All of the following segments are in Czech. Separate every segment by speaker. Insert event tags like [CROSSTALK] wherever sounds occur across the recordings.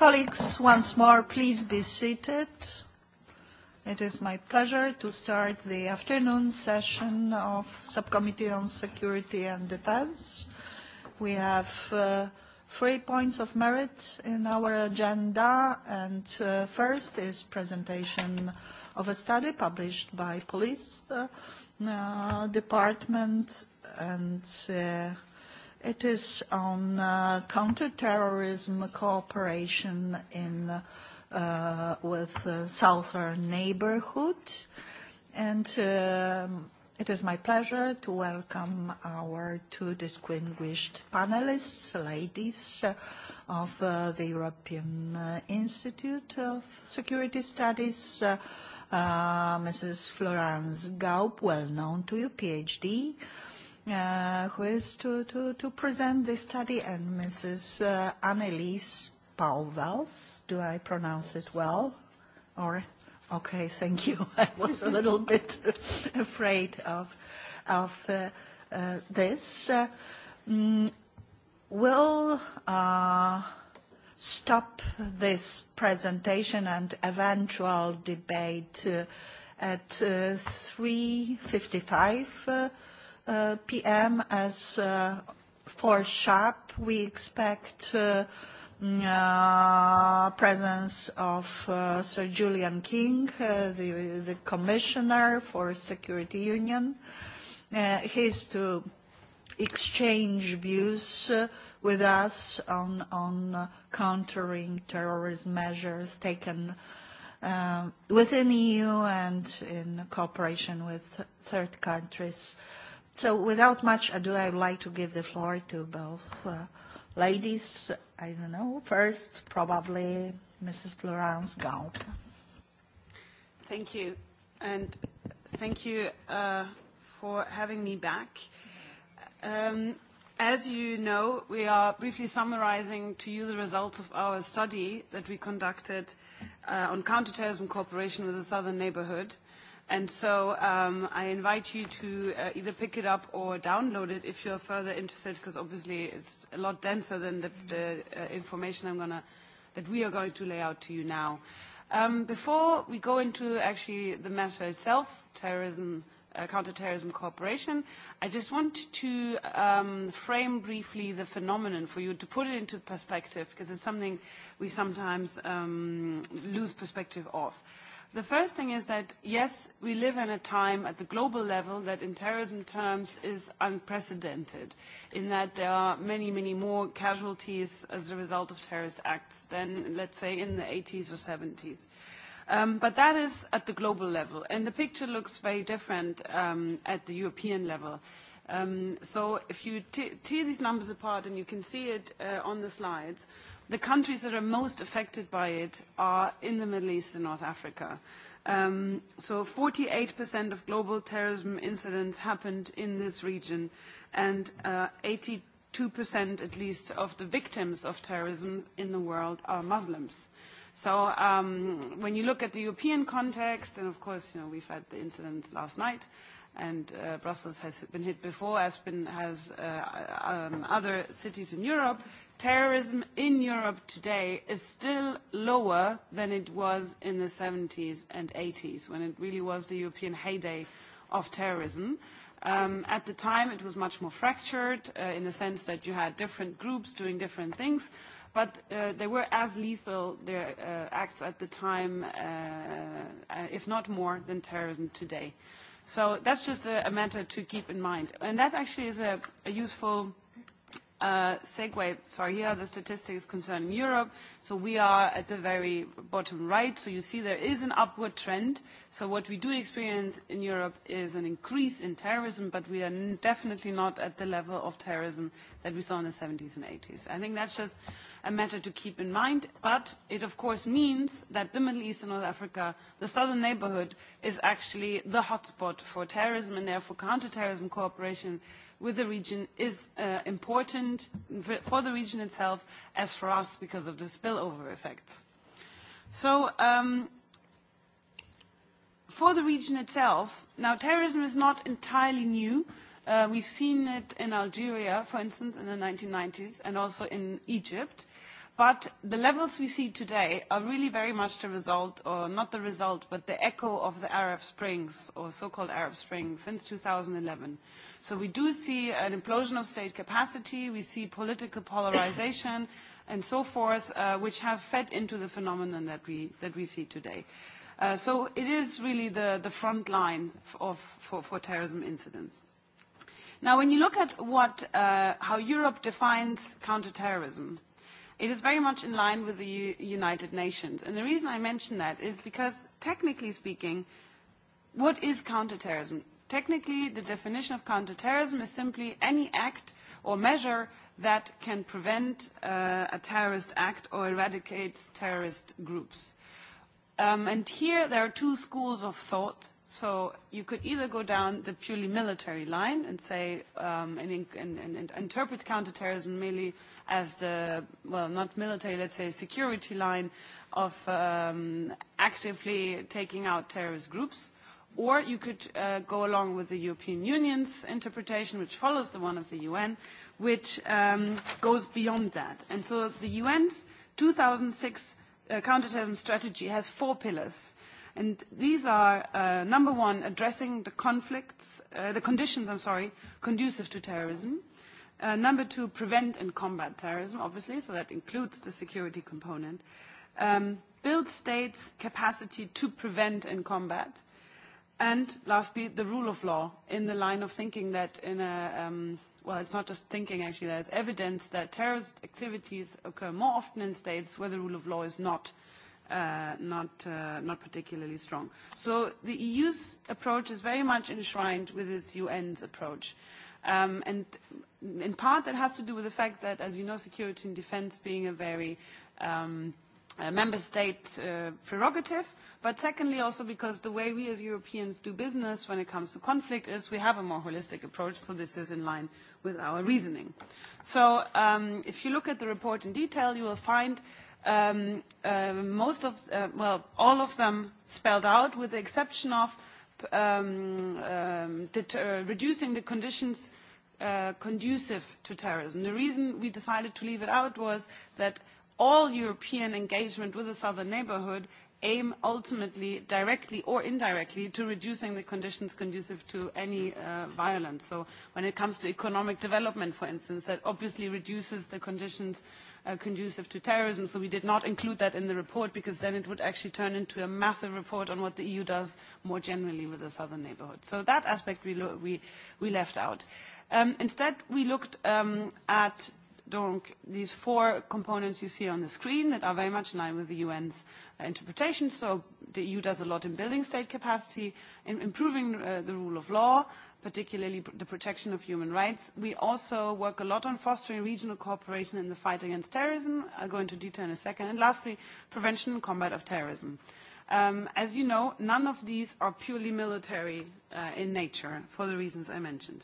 Speaker 1: Colleagues, once more, please be seated. It is my pleasure to start the afternoon session of Subcommittee on Security and Defense. We have uh, three points of merit in our agenda, and uh, first is presentation of a study published by police uh, uh department and uh, It is on counter uh, counterterrorism cooperation in, uh, with southern neighborhood. And um, it is my pleasure to welcome our two distinguished panelists, ladies uh, of the European Institute of Security Studies, Mrs. Florence Gaub, well known to you, PhD, uh, who is to, to, to present this study, and Mrs. Uh, Annelies Pauwels. Do I pronounce it well? Or okay, thank you. [LAUGHS] I was a little [LAUGHS] bit afraid of of uh, uh, this. Uh, mm, will uh, stop this presentation and eventual debate uh, at uh, 3:55. Uh, Uh, p.m. as uh, for sharp, we expect uh, mm, presence of Sir Julian King, the, Commissioner for Security Union. He is to exchange views with us on, countering terrorism measures taken um, within EU and in cooperation with third countries. So without much ado, I would like to give the floor to both uh, ladies. I don't know, first probably Mrs. Florence Gaub.
Speaker 2: Thank you. And thank you uh, for having me back. Um, as you know, we are briefly summarizing to you the results of our study that we conducted uh, on counterterrorism cooperation with the southern neighborhood. And so um, I invite you to uh, either pick it up or download it if you're further interested, because obviously it's a lot denser than the, the uh, information I'm gonna, that we are going to lay out to you now. Um, before we go into actually the matter itself, terrorism, uh, counterterrorism cooperation, I just want to um, frame briefly the phenomenon for you to put it into perspective, because it's something we sometimes um, lose perspective of. The first thing is that, yes, we live in a time at the global level that in terrorism terms is unprecedented, in that there are many, many more casualties as a result of terrorist acts than, let's say, in the 80s or 70s. Um, but that is at the global level, and the picture looks very different um, at the European level. Um, so if you tear these numbers apart, and you can see it uh, on the slides, The countries that are most affected by it are in the Middle East and North Africa. Um, so 48% of global terrorism incidents happened in this region, and uh, 82% at least of the victims of terrorism in the world are Muslims. So um, when you look at the European context, and of course, you know, we've had the incident last night, and uh, Brussels has been hit before, Aspen has uh, um, other cities in Europe, terrorism in Europe today is still lower than it was in the 70s and 80s, when it really was the European heyday of terrorism. Um, at the time, it was much more fractured uh, in the sense that you had different groups doing different things, but uh, they were as lethal, their uh, acts at the time, uh, uh if not more, than terrorism today. So that's just a, a matter to keep in mind. And that actually is a, a useful – Uh, segue, sorry, here are the statistics concerning Europe. So we are at the very bottom right. So you see there is an upward trend. So what we do experience in Europe is an increase in terrorism, but we are definitely not at the level of terrorism that we saw in the 70s and 80s. I think that's just a matter to keep in mind. But it, of course, means that the Middle East and North Africa, the southern neighborhood, is actually the hotspot for terrorism and therefore counterterrorism cooperation with the region is uh, important for the region itself as for us because of the spillover effects. So um, for the region itself, now terrorism is not entirely new. Uh, we've seen it in Algeria, for instance, in the 1990s, and also in Egypt. But the levels we see today are really very much the result, or not the result, but the echo of the Arab Springs, or so-called Arab springs since 2011. So we do see an implosion of state capacity, we see political polarization, and so forth, uh, which have fed into the phenomenon that we, that we see today. Uh, so it is really the, the front line of, for, for terrorism incidents. Now, when you look at what, uh, how Europe defines counterterrorism, It is very much in line with the U United Nations. And the reason I mention that is because, technically speaking, what is counterterrorism? Technically, the definition of counterterrorism is simply any act or measure that can prevent uh, a terrorist act or eradicates terrorist groups. Um, and here there are two schools of thought. So you could either go down the purely military line and say um, and, and, and, and interpret counterterrorism merely as the, well, not military, let's say security line of um, actively taking out terrorist groups. Or you could uh, go along with the European Union's interpretation, which follows the one of the UN, which um, goes beyond that. And so the UN's 2006 uh, counterterrorism strategy has four pillars. And these are, uh, number one, addressing the conflicts, uh, the conditions, I'm sorry, conducive to terrorism. Uh, number two, prevent and combat terrorism, obviously, so that includes the security component. Um, build states' capacity to prevent and combat. And lastly, the rule of law in the line of thinking that in a, um, well, it's not just thinking actually, there's evidence that terrorist activities occur more often in states where the rule of law is not Uh, not, uh, not particularly strong. So the EU's approach is very much enshrined with this UN's approach. Um, and in part that has to do with the fact that, as you know, security and defense being a very um, a member state uh, prerogative, but secondly also because the way we as Europeans do business when it comes to conflict is we have a more holistic approach, so this is in line with our reasoning. So um, if you look at the report in detail, you will find um, uh, most of, uh, well, all of them spelled out with the exception of Um, um, uh, reducing the conditions uh, conducive to terrorism. The reason we decided to leave it out was that all European engagement with the southern neighbourhood aim ultimately, directly or indirectly, to reducing the conditions conducive to any uh, violence. So when it comes to economic development, for instance, that obviously reduces the conditions uh, conducive to terrorism. So we did not include that in the report because then it would actually turn into a massive report on what the EU does more generally with the southern neighborhood. So that aspect we, we, we left out. Um, instead, we looked um, at donc, these four components you see on the screen that are very much in line with the UN's interpretation. So the EU does a lot in building state capacity, in improving uh, the rule of law, particularly the protection of human rights. We also work a lot on fostering regional cooperation in the fight against terrorism. I'll go into detail in a second. And lastly, prevention and combat of terrorism. Um, as you know, none of these are purely military uh, in nature for the reasons I mentioned.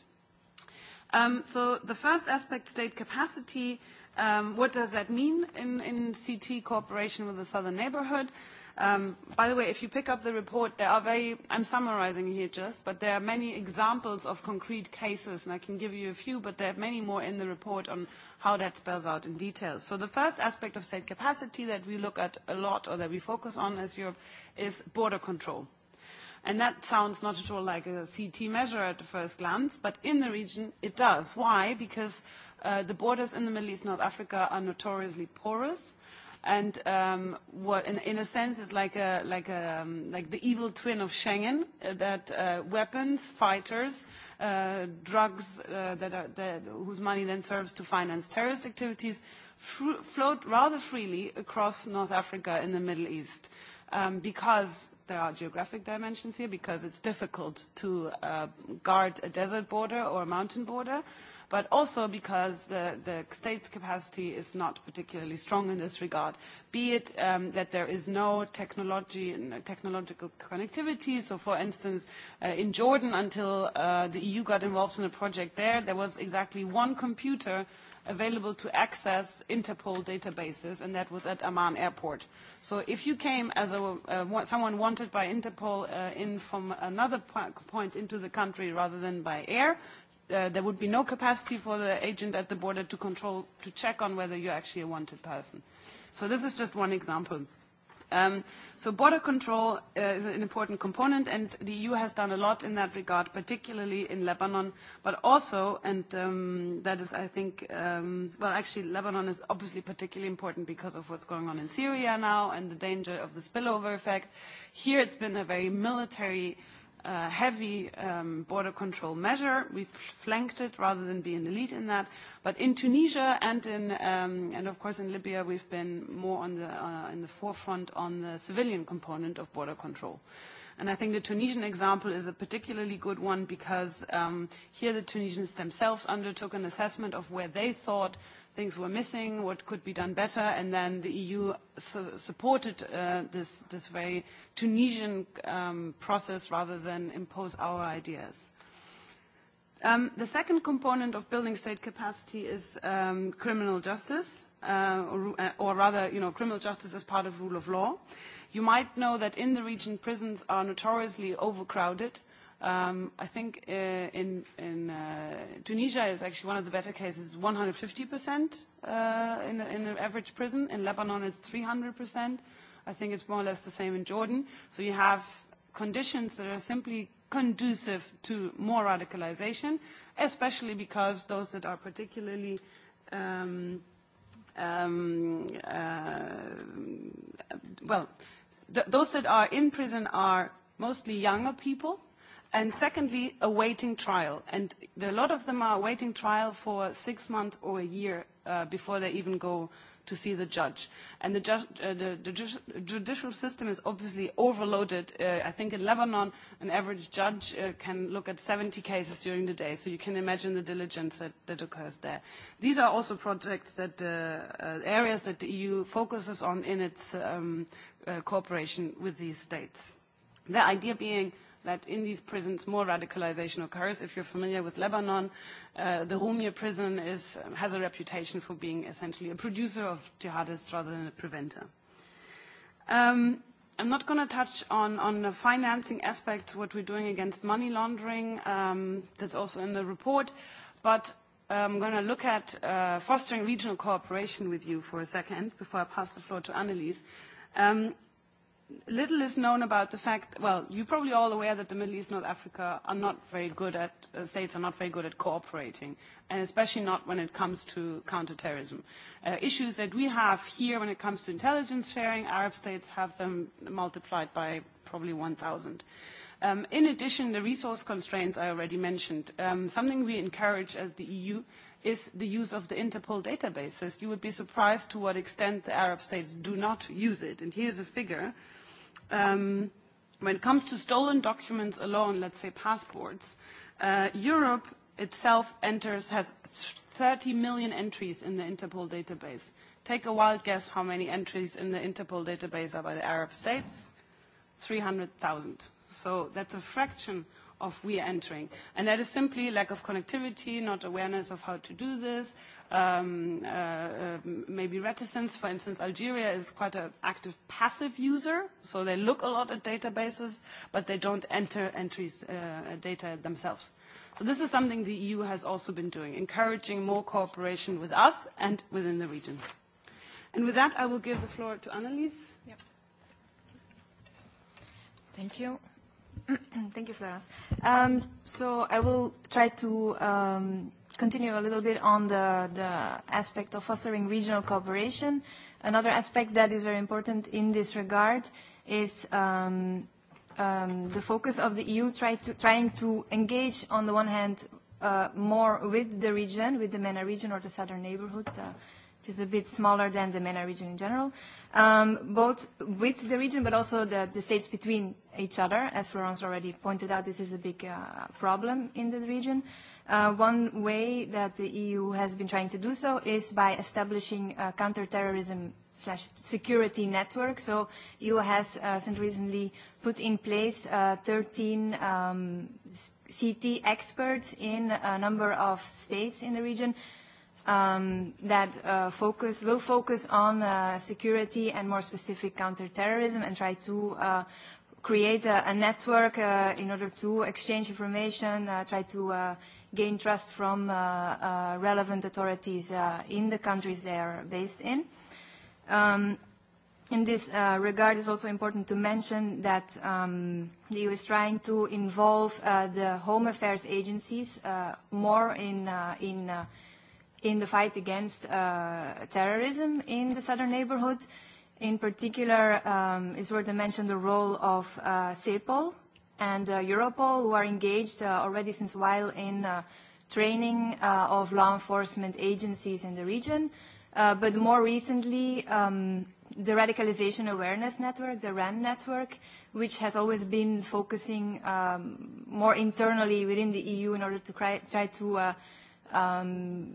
Speaker 2: Um, so the first aspect, state capacity, Um, what does that mean in, in CT cooperation with the southern neighborhood? Um, by the way, if you pick up the report, there are very, I'm summarizing here just, but there are many examples of concrete cases, and I can give you a few, but there are many more in the report on how that spells out in detail. So the first aspect of state capacity that we look at a lot or that we focus on as Europe is border control. And that sounds not at all like a CT measure at the first glance, but in the region it does. Why? Because uh, the borders in the Middle East, North Africa are notoriously porous and um, what in, a sense is um, like the evil twin of Schengen uh, that uh, weapons, fighters, drugs that are whose money then serves to finance terrorist activities float rather freely across North Africa and the Middle East um, because there are geographic dimensions here because it's difficult to uh, guard a desert border or a mountain border, but also because the, the state's capacity is not particularly strong in this regard, be it um, that there is no technology and technological connectivity. So, for instance, uh, in Jordan, until uh, the EU got involved in a project there, there was exactly one computer available to access Interpol databases, and that was at Amman Airport. So if you came as a, uh, someone wanted by Interpol uh, in from another point into the country rather than by air, uh, there would be no capacity for the agent at the border to control, to check on whether you're actually a wanted person. So this is just one example. Um, so border control uh, is an important component, and the EU has done a lot in that regard, particularly in Lebanon, but also, and um, that is, I think, um, well, actually, Lebanon is obviously particularly important because of what's going on in Syria now and the danger of the spillover effect. Here, it's been a very military heavy um, border control measure. We flanked it rather than be in the lead in that. But in Tunisia and in, um, and of course in Libya, we've been more on the, uh, in the forefront on the civilian component of border control. And I think the Tunisian example is a particularly good one because um, here the Tunisians themselves undertook an assessment of where they thought things were missing, what could be done better, and then the EU su supported uh, this, this very Tunisian um, process rather than impose our ideas. Um, the second component of building state capacity is um, criminal justice, uh, or, uh, or rather, you know, criminal justice as part of rule of law. You might know that in the region, prisons are notoriously overcrowded, Um, I think uh, in, in uh, Tunisia is actually one of the better cases, 150% uh, in, in an average prison. In Lebanon, it's 300%. I think it's more or less the same in Jordan. So you have conditions that are simply conducive to more radicalization, especially because those that are particularly um, um, uh, well, th- those that are in prison are mostly younger people And secondly, awaiting trial. And a lot of them are awaiting trial for six months or a year uh, before they even go to see the judge. And the, ju uh, the, the ju judicial system is obviously overloaded. Uh, I think in Lebanon, an average judge uh, can look at 70 cases during the day, so you can imagine the diligence that, that occurs there. These are also projects that uh, uh, areas that the EU focuses on in its um, uh, cooperation with these states. The idea being – that in these prisons more radicalization occurs. If you're familiar with Lebanon, uh, the Rumia prison is, um, has a reputation for being essentially a producer of jihadists rather than a preventer. Um, I'm not going to touch on, on the financing aspect, what we're doing against money laundering. Um, that's also in the report. But um, I'm going to look at uh, fostering regional cooperation with you for a second before I pass the floor to Annelies. Um, little is known about the fact, well, you're probably all aware that the Middle East, North Africa are not very good at, uh, states are not very good at cooperating, and especially not when it comes to counterterrorism. Uh, issues that we have here when it comes to intelligence sharing, Arab states have them multiplied by probably 1,000. Um, in addition, the resource constraints I already mentioned. Um, something we encourage as the EU is the use of the Interpol databases. You would be surprised to what extent the Arab states do not use it. And here's a figure um, when it comes to stolen documents alone, let's say passports, uh, Europe itself enters, has 30 million entries in the Interpol database. Take a wild guess how many entries in the Interpol database are by the Arab states. 300,000. So that's a fraction of we entering. And that is simply lack of connectivity, not awareness of how to do this, um, uh, uh, maybe reticence. For instance, Algeria is quite an active passive user, so they look a lot at databases, but they don't enter entries uh, data themselves. So this is something the EU has also been doing, encouraging more cooperation with us and within the region. And with that, I will give the floor to Annelies. Yep. Thank you. [CLEARS THROAT] Thank you, Florence. Um, so I will
Speaker 3: try to um, continue a little bit on the, the aspect of fostering regional cooperation. Another aspect that is very important in this regard is um, um, the focus of the EU try to, trying to engage, on the one hand, uh, more with the region, with the MENA region or the southern neighborhood, uh, which is a bit smaller than the MENA region in general, um, both with the region but also the, the states between each other. As Florence already pointed out, this is a big uh, problem in the region. Uh, one way that the EU has been trying to do so is by establishing a uh, counterterrorism slash security network. So EU has uh, since recently put in place uh, 13 um, CT experts in a number of states in the region um, that uh, focus will focus on uh, security and more specific counterterrorism and try to uh, create a, a network uh, in order to exchange information, uh, try to uh, gain trust from uh, uh, relevant authorities uh, in the countries they are based in. Um, in this uh, regard, it's also important to mention that um, the EU is trying to involve uh, the home affairs agencies uh, more in, uh, in, uh, in the fight against uh, terrorism in the southern neighborhood. In particular, um, it's worth to mention the role of uh, CEPOL, and uh, Europol, who are engaged uh, already since a while in uh, training uh, of law enforcement agencies in the region. Uh, but more recently, um, the Radicalization Awareness Network, the RAN network, which has always been focusing um, more internally within the EU in order to try, try to uh, um,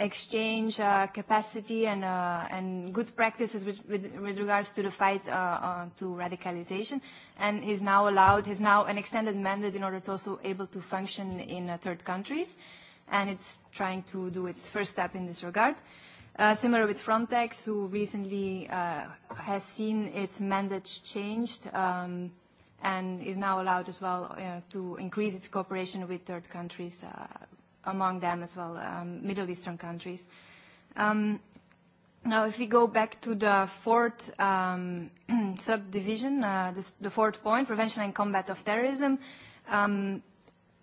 Speaker 3: exchange uh, capacity and, uh, and good practices with, with, with regards to the fight uh, uh, to radicalization. And he's now allowed, he's now an extended mandate in order to also able to function in uh, third countries. And it's trying to do its first step in this regard. Uh, similar with Frontex, who recently uh, has seen its mandate changed um, and is now allowed as well uh, to increase its cooperation with third countries uh, among them as well, um, Middle Eastern countries. Um, now, if we go back to the fourth um, [CLEARS THROAT] subdivision, uh, this, the fourth point, prevention and combat of terrorism, um,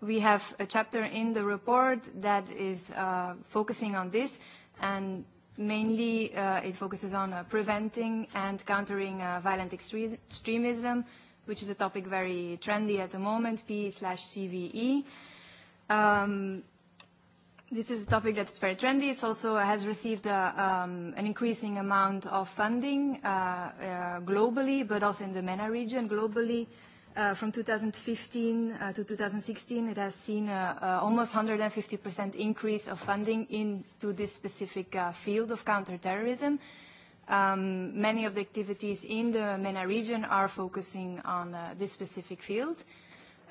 Speaker 3: we have a chapter in the report that is uh, focusing on this, and mainly uh, it focuses on uh, preventing and countering uh, violent extre extremism, which is a topic very trendy at the moment, P slash CVE. Um, this is a topic that's very trendy. It also uh, has received a, uh, um, an increasing amount of funding uh, uh, globally, but also in the MENA region. Globally, uh, from 2015 uh, to 2016, it has seen a, uh, a almost 150% increase of funding into this specific uh, field of counterterrorism. Um, many of the activities in the MENA region are focusing on uh, this specific field.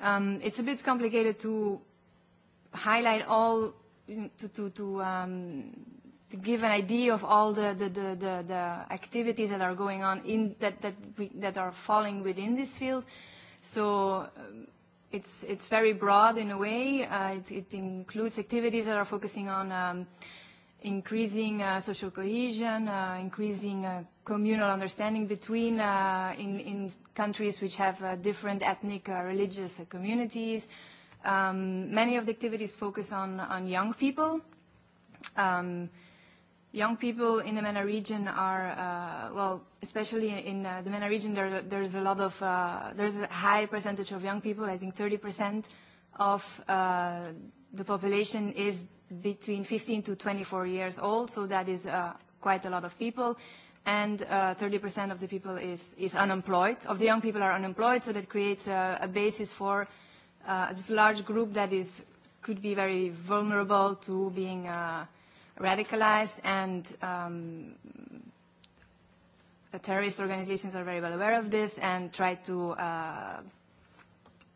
Speaker 3: Um, it's a bit complicated to highlight all Um, to, give an idea of all the, the, the, the, the activities that are going on in that, that, we, that are falling within this field. So um, it's, it's very broad in a way. Uh, it, it includes activities that are focusing on um, increasing uh, social cohesion, uh, increasing uh, communal understanding between uh, in, in countries which have uh, different ethnic uh, religious uh, communities, uh, Um, many of the activities focus on, on young people. Um, young people in the MENA region are, uh, well, especially in uh, the MENA region, there, there's a lot of, uh, there's a high percentage of young people. I think 30% of uh, the population is between 15 to 24 years old, so that is uh, quite a lot of people. And uh, 30% of the people is, is unemployed, of the young people are unemployed, so that creates a, a basis for uh, this large group that is could be very vulnerable to being uh, radicalized, and um, the terrorist organizations are very well aware of this and try to uh,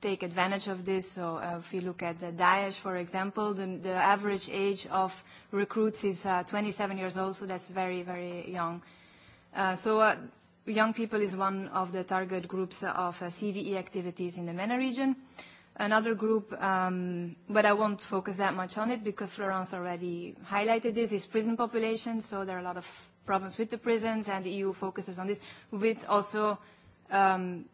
Speaker 3: take advantage of this. So uh, if you look at the Daesh, for example, the, the average age of recruits is uh, 27 years old, so that's very, very young. Uh, so uh, young people is one of the target groups of uh, CVE activities in the MENA region. Uh, Another group, um, but I won't focus that much on it because Florence already highlighted this, is prison population. So there are a lot of problems with the prisons, and the EU focuses on this with also um,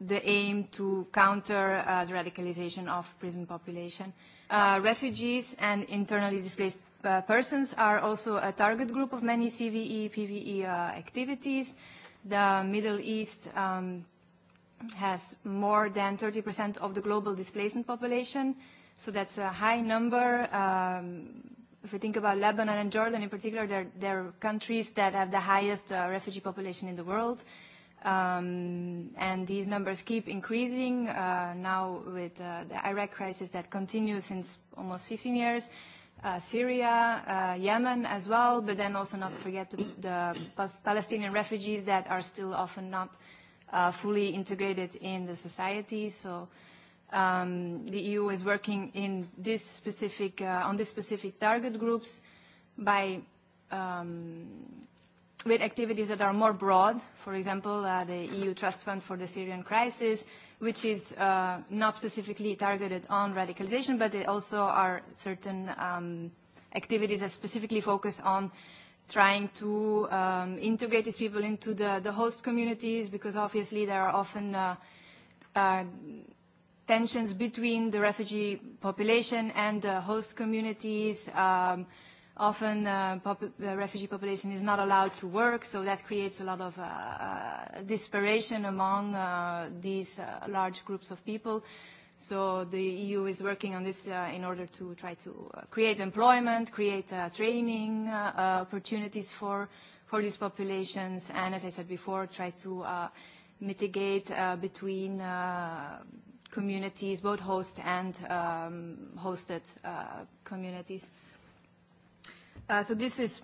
Speaker 3: the aim to counter uh, the radicalization of prison population. Uh, refugees and internally displaced uh, persons are also a target group of many CVE, PVE activities. The Middle East um, has more than 30% of the global displacement population, so that's a high number. Um, if we think about Lebanon and Jordan in particular, they're, they're countries that have the highest uh, refugee population in the world. Um, and these numbers keep increasing uh, now with uh, the Iraq crisis that continues since almost 15 years, uh, Syria, uh, Yemen as well, but then also not forget the, the Palestinian refugees that are still often not Uh, fully integrated in the society. So um, the EU is working in this specific, uh, on these specific target groups by, um, with activities that are more broad, for example, uh, the EU Trust Fund for the Syrian crisis, which is not specifically targeted on radicalization, but there also are certain um, activities that specifically focus on trying to um, integrate these people into the, the host communities because obviously there are often uh, uh, tensions between the refugee population and the host communities. Um, often uh, pop the refugee population is not allowed to work, so that creates a lot of uh, uh, desperation among uh, these uh, large groups of people. Uh, So the EU is working on this uh, in order to try to uh, create employment, create uh, training uh, uh, opportunities for, for these populations, and as I said before, try to uh, mitigate uh, between uh, communities, both host and um, hosted uh, communities. Uh, so this is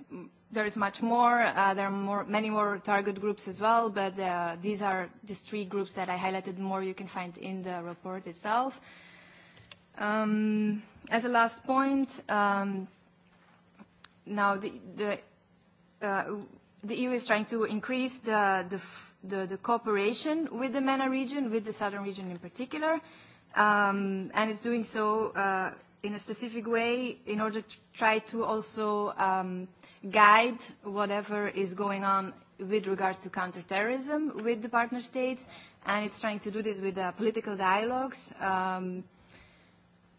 Speaker 3: there is much more. Uh, there are more, many more target groups as well, but uh, these are just three groups that I highlighted more you can find in the report itself. Um, as a last point, um, now the, EU uh, e is trying to increase the, cooperation with the MENA region, with the southern region in particular, um, and it's doing so in a specific way in order to try to also guide whatever is going on with regards to counterterrorism with the partner states, and it's trying to do this with uh, political dialogues. Um,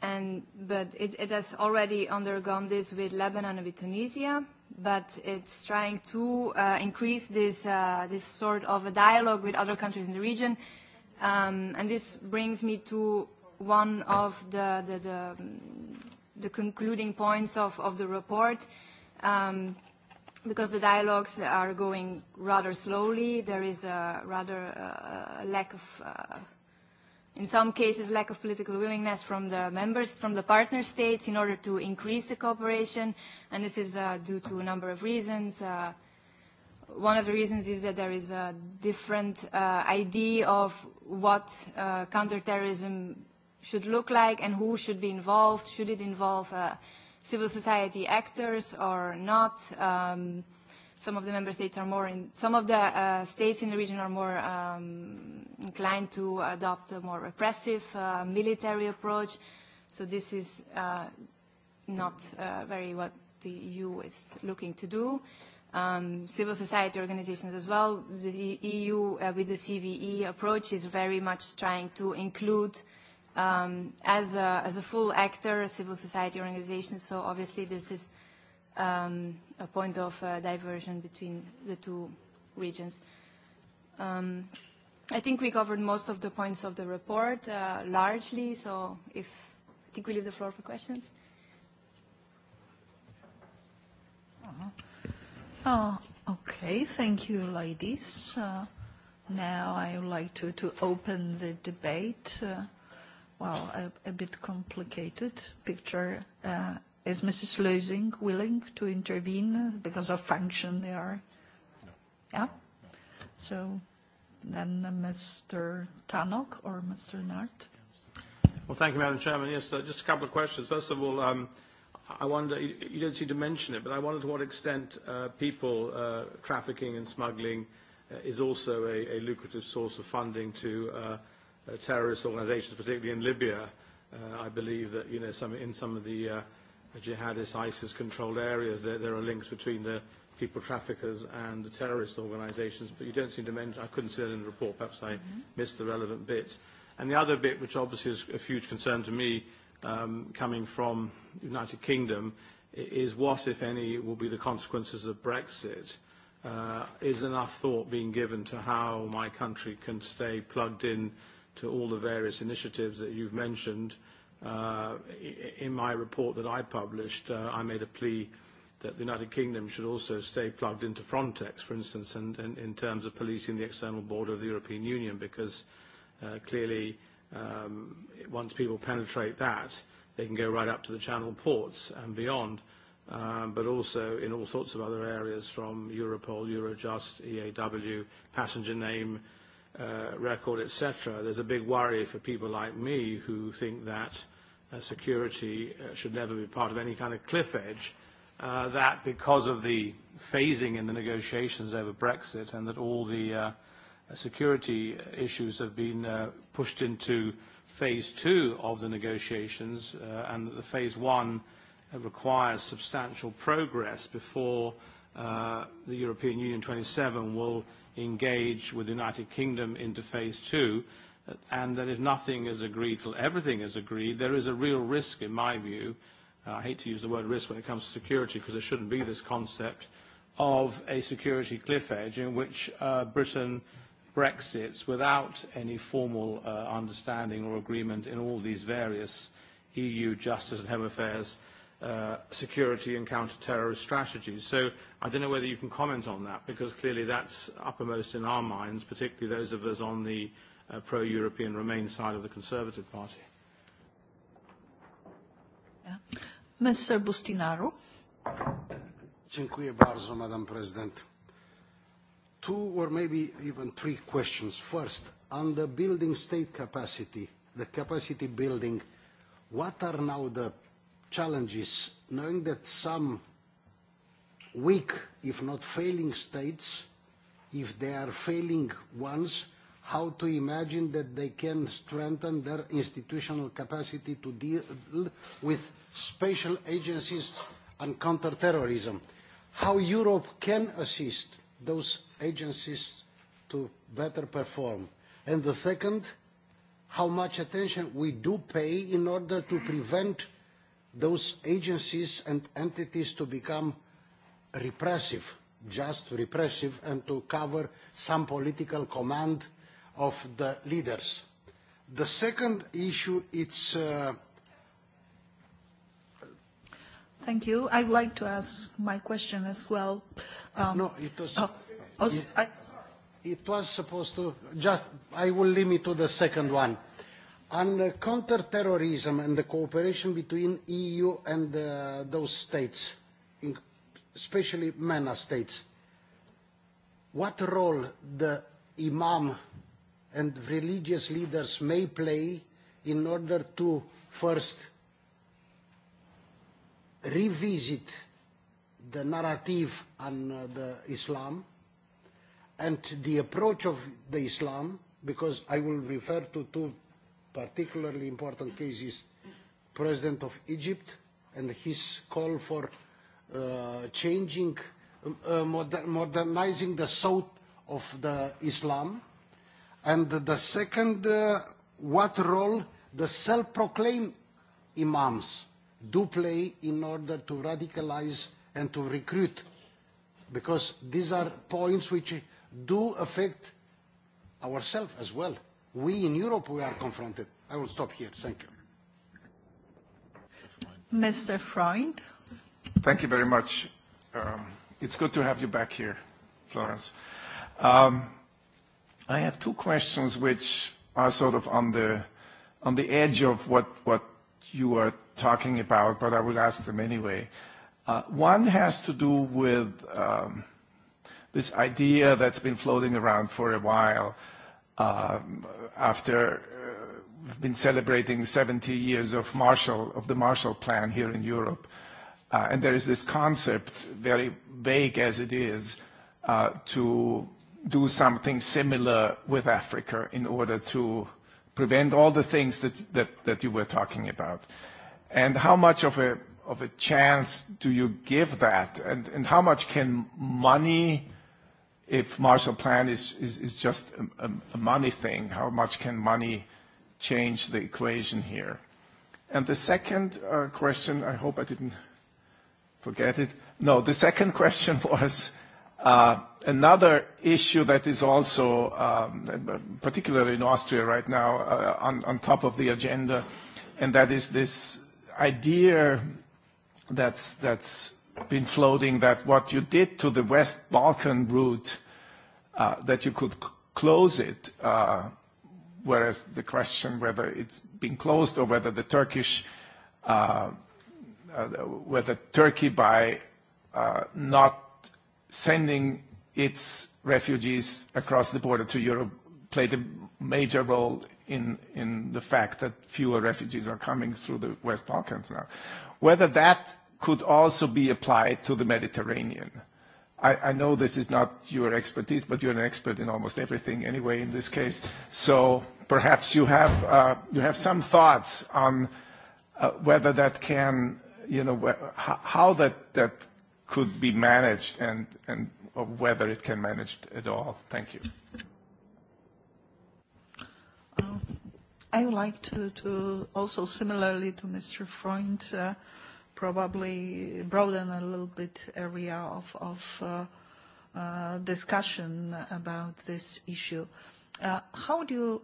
Speaker 3: and, but it, it has already undergone this with Lebanon and with Tunisia, but it's trying to uh, increase this, uh, this sort of a dialogue with other countries in the region. Um, and this brings me to one of the, the, the, the concluding points of, of the report, uh, um, because the dialogues are going rather slowly. There is a rather uh, lack of, uh, in some cases, lack of political willingness from the members, from the partner states in order to increase the cooperation. And this is uh, due to a number of reasons. Uh, one of the reasons is that there is a different uh, idea of what uh, counterterrorism should look like and who should be involved. Should it involve uh, civil society actors or not. Um, some of the member states are more in, some of the uh, states in the region are more um, inclined to adopt a more repressive uh, military approach. So this is uh, not uh, very what the EU is looking to do. Um, civil society organizations as well, the EU uh, with the CVE approach is very much trying to include uh, um, as, a, as a full actor, a civil society organization, so obviously this is um, a point of uh, diversion between the two regions. Um, I think we covered most of the points of the report uh, largely, so if I think we leave the floor for questions. Uh-huh.
Speaker 1: Uh, okay, thank you, ladies. Uh, now I would like to, to open the debate. Uh, well, a, a bit complicated picture. Uh, is Mrs. Lösing willing to intervene because of function they are? No. Yeah? No. So then uh, Mr. Tannock or Mr. Nart?
Speaker 4: Well, thank you, Madam Chairman. Yes, uh, just a couple of questions. First of all, um, I wonder, you, you don't seem to mention it, but I wonder to what extent uh, people uh, trafficking and smuggling uh, is also a, a lucrative source of funding to uh, uh, terrorist organizations, particularly in Libya. Uh, I believe that you know, some, in some of the uh, jihadist ISIS-controlled areas, there, there are links between the people traffickers and the terrorist organizations, but you don't seem to mention, I couldn't see that in the report, perhaps I mm-hmm. missed the relevant bit. And the other bit, which obviously is a huge concern to me, um, coming from the United Kingdom, is what, if any, will be the consequences of Brexit? Uh, is enough thought being given to how my country can stay plugged in to all the various initiatives that you've mentioned. Uh, in my report that I published, uh, I made a plea that the United Kingdom should also stay plugged into Frontex, for instance, and, and in terms of policing the external border of the European Union, because uh, clearly um, once people penetrate that, they can go right up to the Channel ports and beyond, um, but also in all sorts of other areas from Europol, Eurojust, EAW, passenger name, uh, uh, record, etc., there's a big worry for people like me who think that uh, security uh, should never be part of any kind of cliff edge, uh, that because of the phasing in the negotiations over Brexit and that all the uh, security issues have been uh, pushed into phase two of the negotiations uh, and that the phase one requires substantial progress before uh, the European Union 27 will engage with the United Kingdom into phase two, and that if nothing is agreed till everything is agreed, there is a real risk, in my view, uh, I hate to use the word risk when it comes to security because there shouldn't be this concept, of a security cliff edge in which uh, Britain Brexits without any formal uh, understanding or agreement in all these various EU justice and home affairs Uh, security and counter-terrorist strategies. So I don't know whether you can comment on that, because clearly that's uppermost in our minds, particularly those of us on the uh, pro-European Remain side of the Conservative Party.
Speaker 1: Mr. Bustinaro.
Speaker 5: Dziękuję bardzo, Madam President. Two or maybe even three questions. First, on the building state capacity, the capacity building, what are now the challenges, knowing that some weak, if not failing states, if they are failing ones, how to imagine that they can strengthen their institutional capacity to deal with special agencies and counterterrorism. How Europe can assist those agencies to better perform. And the second, how much attention we do pay in order to prevent those agencies and entities to become repressive, just repressive, and to cover some political command of the leaders. The second issue, it's... Uh...
Speaker 1: Thank you. I would like to ask my question as well.
Speaker 5: Um, no, it was... Oh, oh it, I... it was supposed to... Just, I will limit to the second one. On counter-terrorism and the cooperation between EU and uh, those states, especially MENA states, what role the imam and religious leaders may play in order to first revisit the narrative on uh, the Islam and the approach of the Islam, because I will refer to two particularly important case is President of Egypt and his call for uh, changing, um, uh, moder modernizing the south of the Islam. And the second, uh, what role the self-proclaimed imams do play in order to radicalize and to recruit. Because these are points which do affect ourselves as well we in Europe, we are confronted. I will stop here. Thank you.
Speaker 1: Mr. Freund.
Speaker 6: Thank you very much. Um, it's good to have you back here, Florence. Um, I have two questions which are sort of on the, on the edge of what, what you are talking about, but I will ask them anyway. Uh, one has to do with um, this idea that's been floating around for a while, uh, Uh, after we've uh, been celebrating 70 years of Marshall, of the Marshall Plan here in Europe. Uh, and there is this concept, very vague as it is, to do something similar with Africa in order to prevent all the things that, you were talking about. And how much of a, chance do you give that? and how much can money if Marshall Plan is, is, is just a, a money thing, how much can money change the equation here? And the second uh, question, I hope I didn't forget it. No, the second [LAUGHS] question was uh, another issue that is also, um, particularly in Austria right now, uh, on, on top of the agenda, and that is this idea that's, that's been floating that what you did to the West Balkan route, uh, that you could close it, uh, whereas the question whether it's been closed or whether the Turkish, uh, whether Turkey by not sending its refugees across the border to Europe played a major role in the fact that fewer refugees are coming through the West Balkans now. Whether that could also be applied to the Mediterranean. I, know this is not your expertise, but you're an expert in almost everything anyway in this case. So perhaps you have, uh, you have some thoughts on uh, whether that can, you know, how that, that could be managed and, and or whether it can managed at all. Thank you.
Speaker 1: Um, I would like to, to also similarly to Mr. Freund, uh, probably broaden a little bit area of, of uh, uh, discussion about this issue. Uh, how do you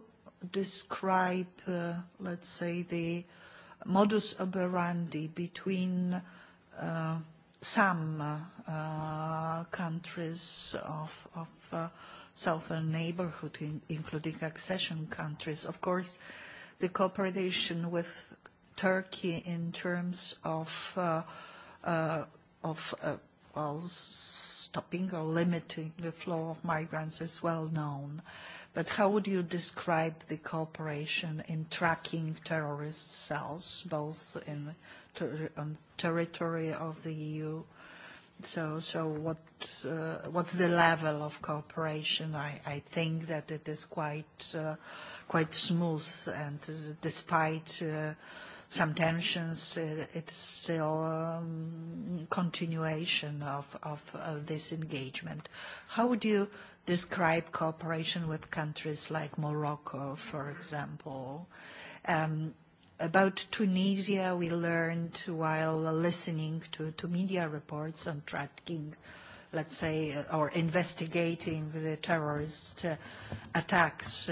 Speaker 1: describe, uh, let's say, the modus operandi between uh, some uh, countries of, of southern neighborhood, in, including accession countries? Of course, the cooperation with Turkey in terms of, uh, uh, uh, stopping or limiting the flow of migrants is well known. But how would you describe the cooperation in tracking terrorist cells, both in the territory of the EU? So, what's the level of cooperation? I, think that it is quite, smooth, and despite some tensions. Uh, it's still um, continuation of, this engagement. How would you describe cooperation with countries like Morocco, for example? Um, about Tunisia, we learned while listening to, media reports on tracking let's say, uh, or investigating the terrorist uh, attacks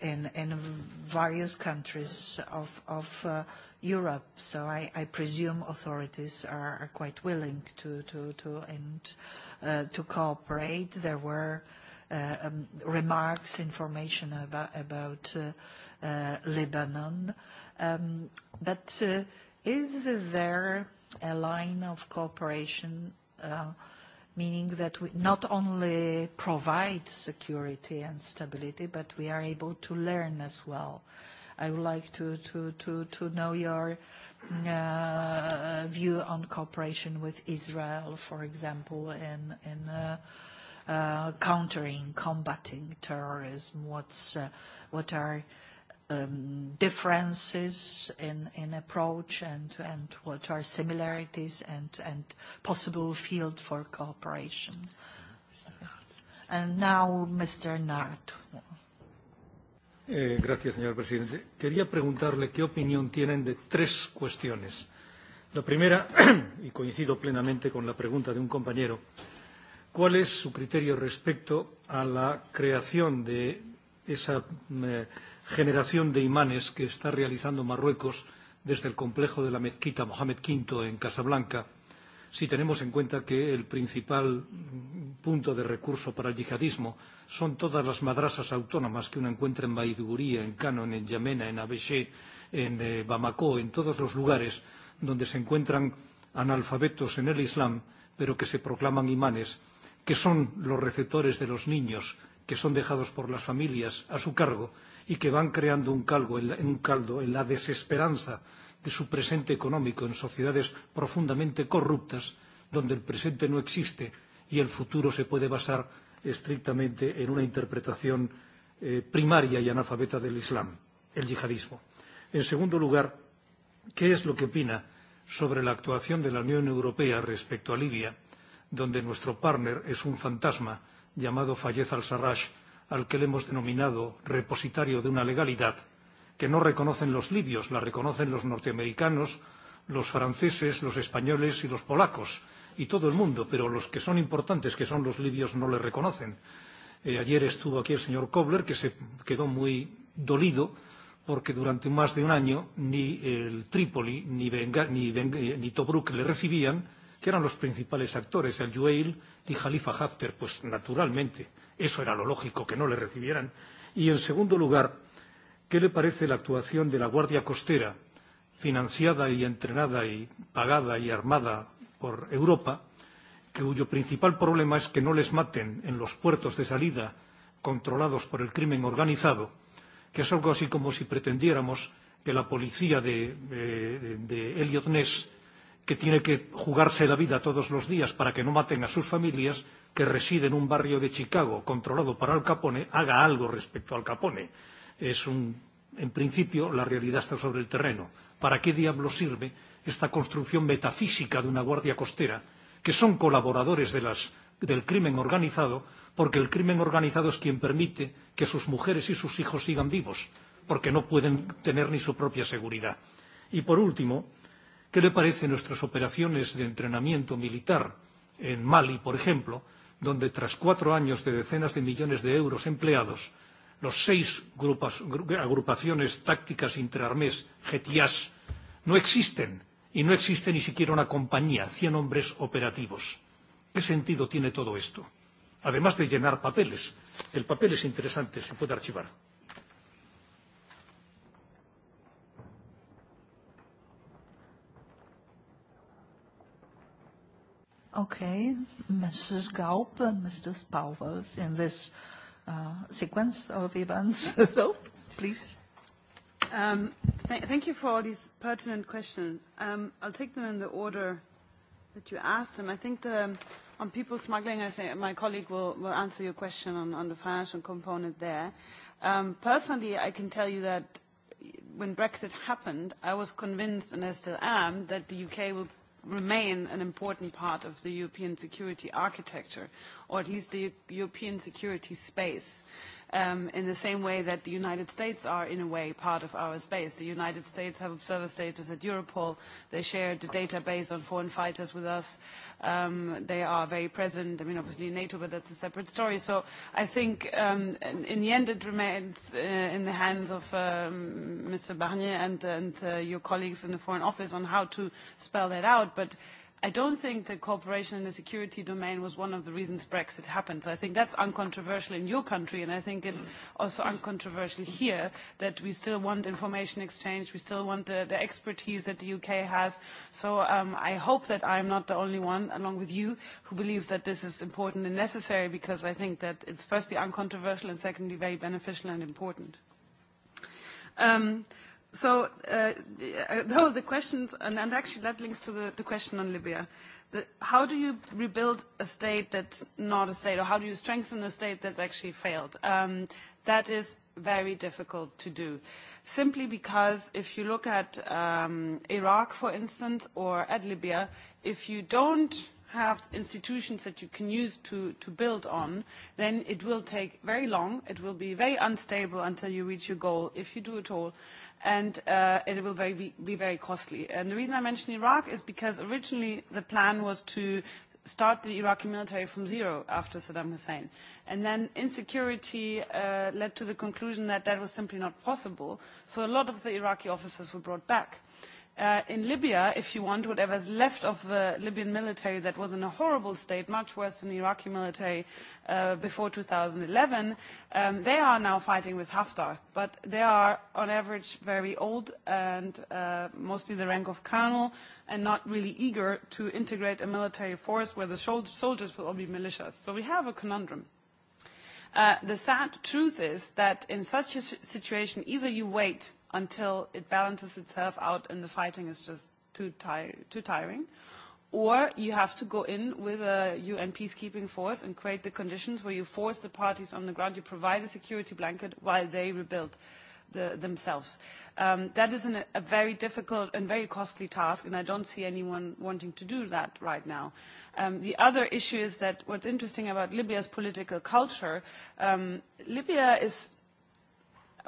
Speaker 1: in, in various countries of, of uh, Europe. So I, I presume authorities are, are quite willing to, to, to, and, uh, to cooperate. There were uh, um, remarks, information about, about uh, uh, Lebanon. Um, but uh, is there a line of cooperation meaning that we not only provide security and stability, but we are able to learn as well. I would like to, to, to, to know your mm, uh, view on cooperation with Israel, for example, in, in uh, uh, countering, combating terrorism. What's, uh, what are um, differences in, in approach and, and what are similarities and, and possible field for cooperation. And now, Mr. Nart.
Speaker 7: Eh, gracias, señor presidente. Quería preguntarle qué opinión tienen de tres cuestiones. La primera, [CLEARS THROAT] y coincido plenamente con la pregunta de un compañero, ¿cuál es su criterio respecto a la creación de esa eh, generación de imanes que está realizando Marruecos desde el complejo de la mezquita Mohamed V en Casablanca, si tenemos en cuenta que el principal punto de recurso para el yihadismo son todas las madrasas autónomas que uno encuentra en Baiduguría, en Canon, en Yamena, en Abeshé, en eh, Bamako, en todos los lugares donde se encuentran analfabetos en el Islam, pero que se proclaman imanes, que son los receptores de los niños que son dejados por las familias a su cargo y que van creando un, caldo en la, un caldo en la desesperanza de su presente económico en sociedades profundamente corruptas, donde el presente no existe y el futuro se puede basar estrictamente en una interpretación eh, primaria y analfabeta del Islam, el yihadismo. En segundo lugar, ¿qué es lo que opina sobre la actuación de la Unión Europea respecto a Libia, donde nuestro partner es un fantasma llamado Fayez al-Sarraj, al que le hemos denominado repositorio de una legalidad que no reconocen los libios, la reconocen los norteamericanos, los franceses, los españoles y los polacos y todo el mundo, pero los que son importantes, que son los libios, no le reconocen. Eh, ayer estuvo aquí el señor Kobler, que se quedó muy dolido porque durante más de un año ni el Trípoli ni, Benga, ni, Benga, eh, ni Tobruk le recibían, que eran los principales actores, el Jueil y Jalifa Haftar, pues naturalmente. Eso era lo lógico, que no le recibieran. Y, en segundo lugar, ¿qué le parece la actuación de la Guardia Costera, financiada y entrenada y pagada y armada por Europa, cuyo principal problema es que no les maten en los puertos de salida controlados por el crimen organizado, que es algo así como si pretendiéramos que la policía de, de, de Elliot Ness, que tiene que jugarse la vida todos los días para que no maten a sus familias, que reside en un barrio de Chicago controlado por Al Capone haga algo respecto a Al Capone. Es un, en principio, la realidad está sobre el terreno. ¿Para qué diablos sirve esta construcción metafísica de una guardia costera que son colaboradores de las, del crimen organizado porque el crimen organizado es quien permite que sus mujeres y sus hijos sigan vivos porque no pueden tener ni su propia seguridad. Y por último, ¿qué le parecen nuestras operaciones de entrenamiento militar en Mali, por ejemplo, donde tras cuatro años de decenas de millones de euros empleados, los seis agrupaciones tácticas interarmés, GTIAS, no existen y no existe ni siquiera una compañía, 100 hombres operativos. ¿Qué sentido tiene todo esto? Además de llenar papeles. El papel es interesante, se puede archivar.
Speaker 1: Okay. Mrs. Gaup and uh, Mr. Spauvers in this uh, sequence of events. [LAUGHS] so, please.
Speaker 2: Um, th thank you for all these pertinent questions. Um, I'll take them in the order that you asked them. I think the, on people smuggling, I think my colleague will, will answer your question on, on the financial component there. Um, personally, I can tell you that when Brexit happened, I was convinced, and I still am, that the UK will remain an important part of the European security architecture, or at least the European security space. Um, in the same way that the United States are, in a way, part of our space. The United States have observer status at Europol. They share the database on foreign fighters with us. Um, they are very present, I mean, obviously NATO, but that's a separate story. So I think um, in the end it remains uh, in the hands of um, Mr. Barnier and, and uh, your colleagues in the Foreign Office on how to spell that out. But i don't think that cooperation in the security domain was one of the reasons Brexit happened. So I think that's uncontroversial in your country, and I think it's also uncontroversial here that we still want information exchange, we still want the, the expertise that the UK has. So um, I hope that I'm not the only one, along with you, who believes that this is important and necessary, because I think that it's firstly uncontroversial and secondly very beneficial and important. Um, So uh, the the questions, and, and actually that links to the, the question on Libya. The, how do you rebuild a state that's not a state, or how do you strengthen a state that's actually failed? Um, that is very difficult to do, simply because if you look at um, Iraq, for instance, or at Libya, if you don't have institutions that you can use to, to build on, then it will take very long. It will be very unstable until you reach your goal, if you do at all and uh, it will very be, be very costly. And the reason I mention Iraq is because originally the plan was to start the Iraqi military from zero after Saddam Hussein. And then insecurity uh, led to the conclusion that that was simply not possible. So a lot of the Iraqi officers were brought back Uh, in Libya, if you want, whatever's left of the Libyan military that was in a horrible state, much worse than the Iraqi military uh, before 2011, um, they are now fighting with Haftar. But they are, on average, very old and uh, mostly the rank of colonel and not really eager to integrate a military force where the soldiers will all be militias. So we have a conundrum. Uh, the sad truth is that in such a situation, either you wait – until it balances itself out and the fighting is just too, tire, too tiring. Or you have to go in with a UN peacekeeping force and create the conditions where you force the parties on the ground, you provide a security blanket while they rebuild the, themselves. Um, that is an, a very difficult and very costly task, and I don't see anyone wanting to do that right now. Um, the other issue is that what's interesting about Libya's political culture, um, Libya is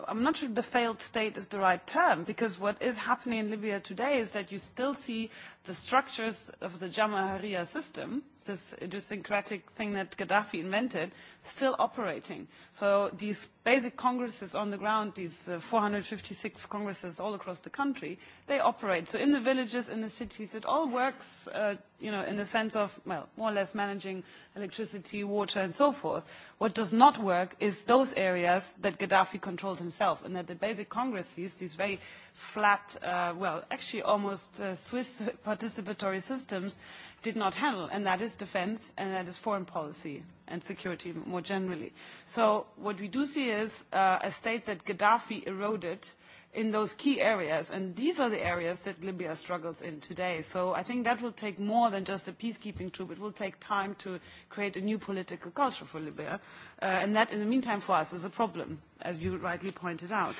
Speaker 2: I'm not sure the failed state is the right term because what is happening in Libya today is that you still see the structures of the Jamaharia system this idiosyncratic thing that Gaddafi invented, still operating. So these basic congresses on the ground, these uh, 456 congresses all across the country, they operate. So in the villages, in the cities, it all works, uh, you know, in the sense of, well, more or less managing electricity, water, and so forth. What does not work is those areas that Gaddafi controlled himself, and that the basic congresses, these very flat, uh, well, actually almost uh, Swiss [LAUGHS] participatory systems did not handle, and that is defense, and that is foreign policy and security more generally. So what we do see is uh, a state that Gaddafi eroded in those key areas, and these are the areas that Libya struggles in today. So I think that will take more than just a peacekeeping troop. It will take time to create a new political culture for Libya, uh, and that, in the meantime, for us is a problem, as you rightly pointed out.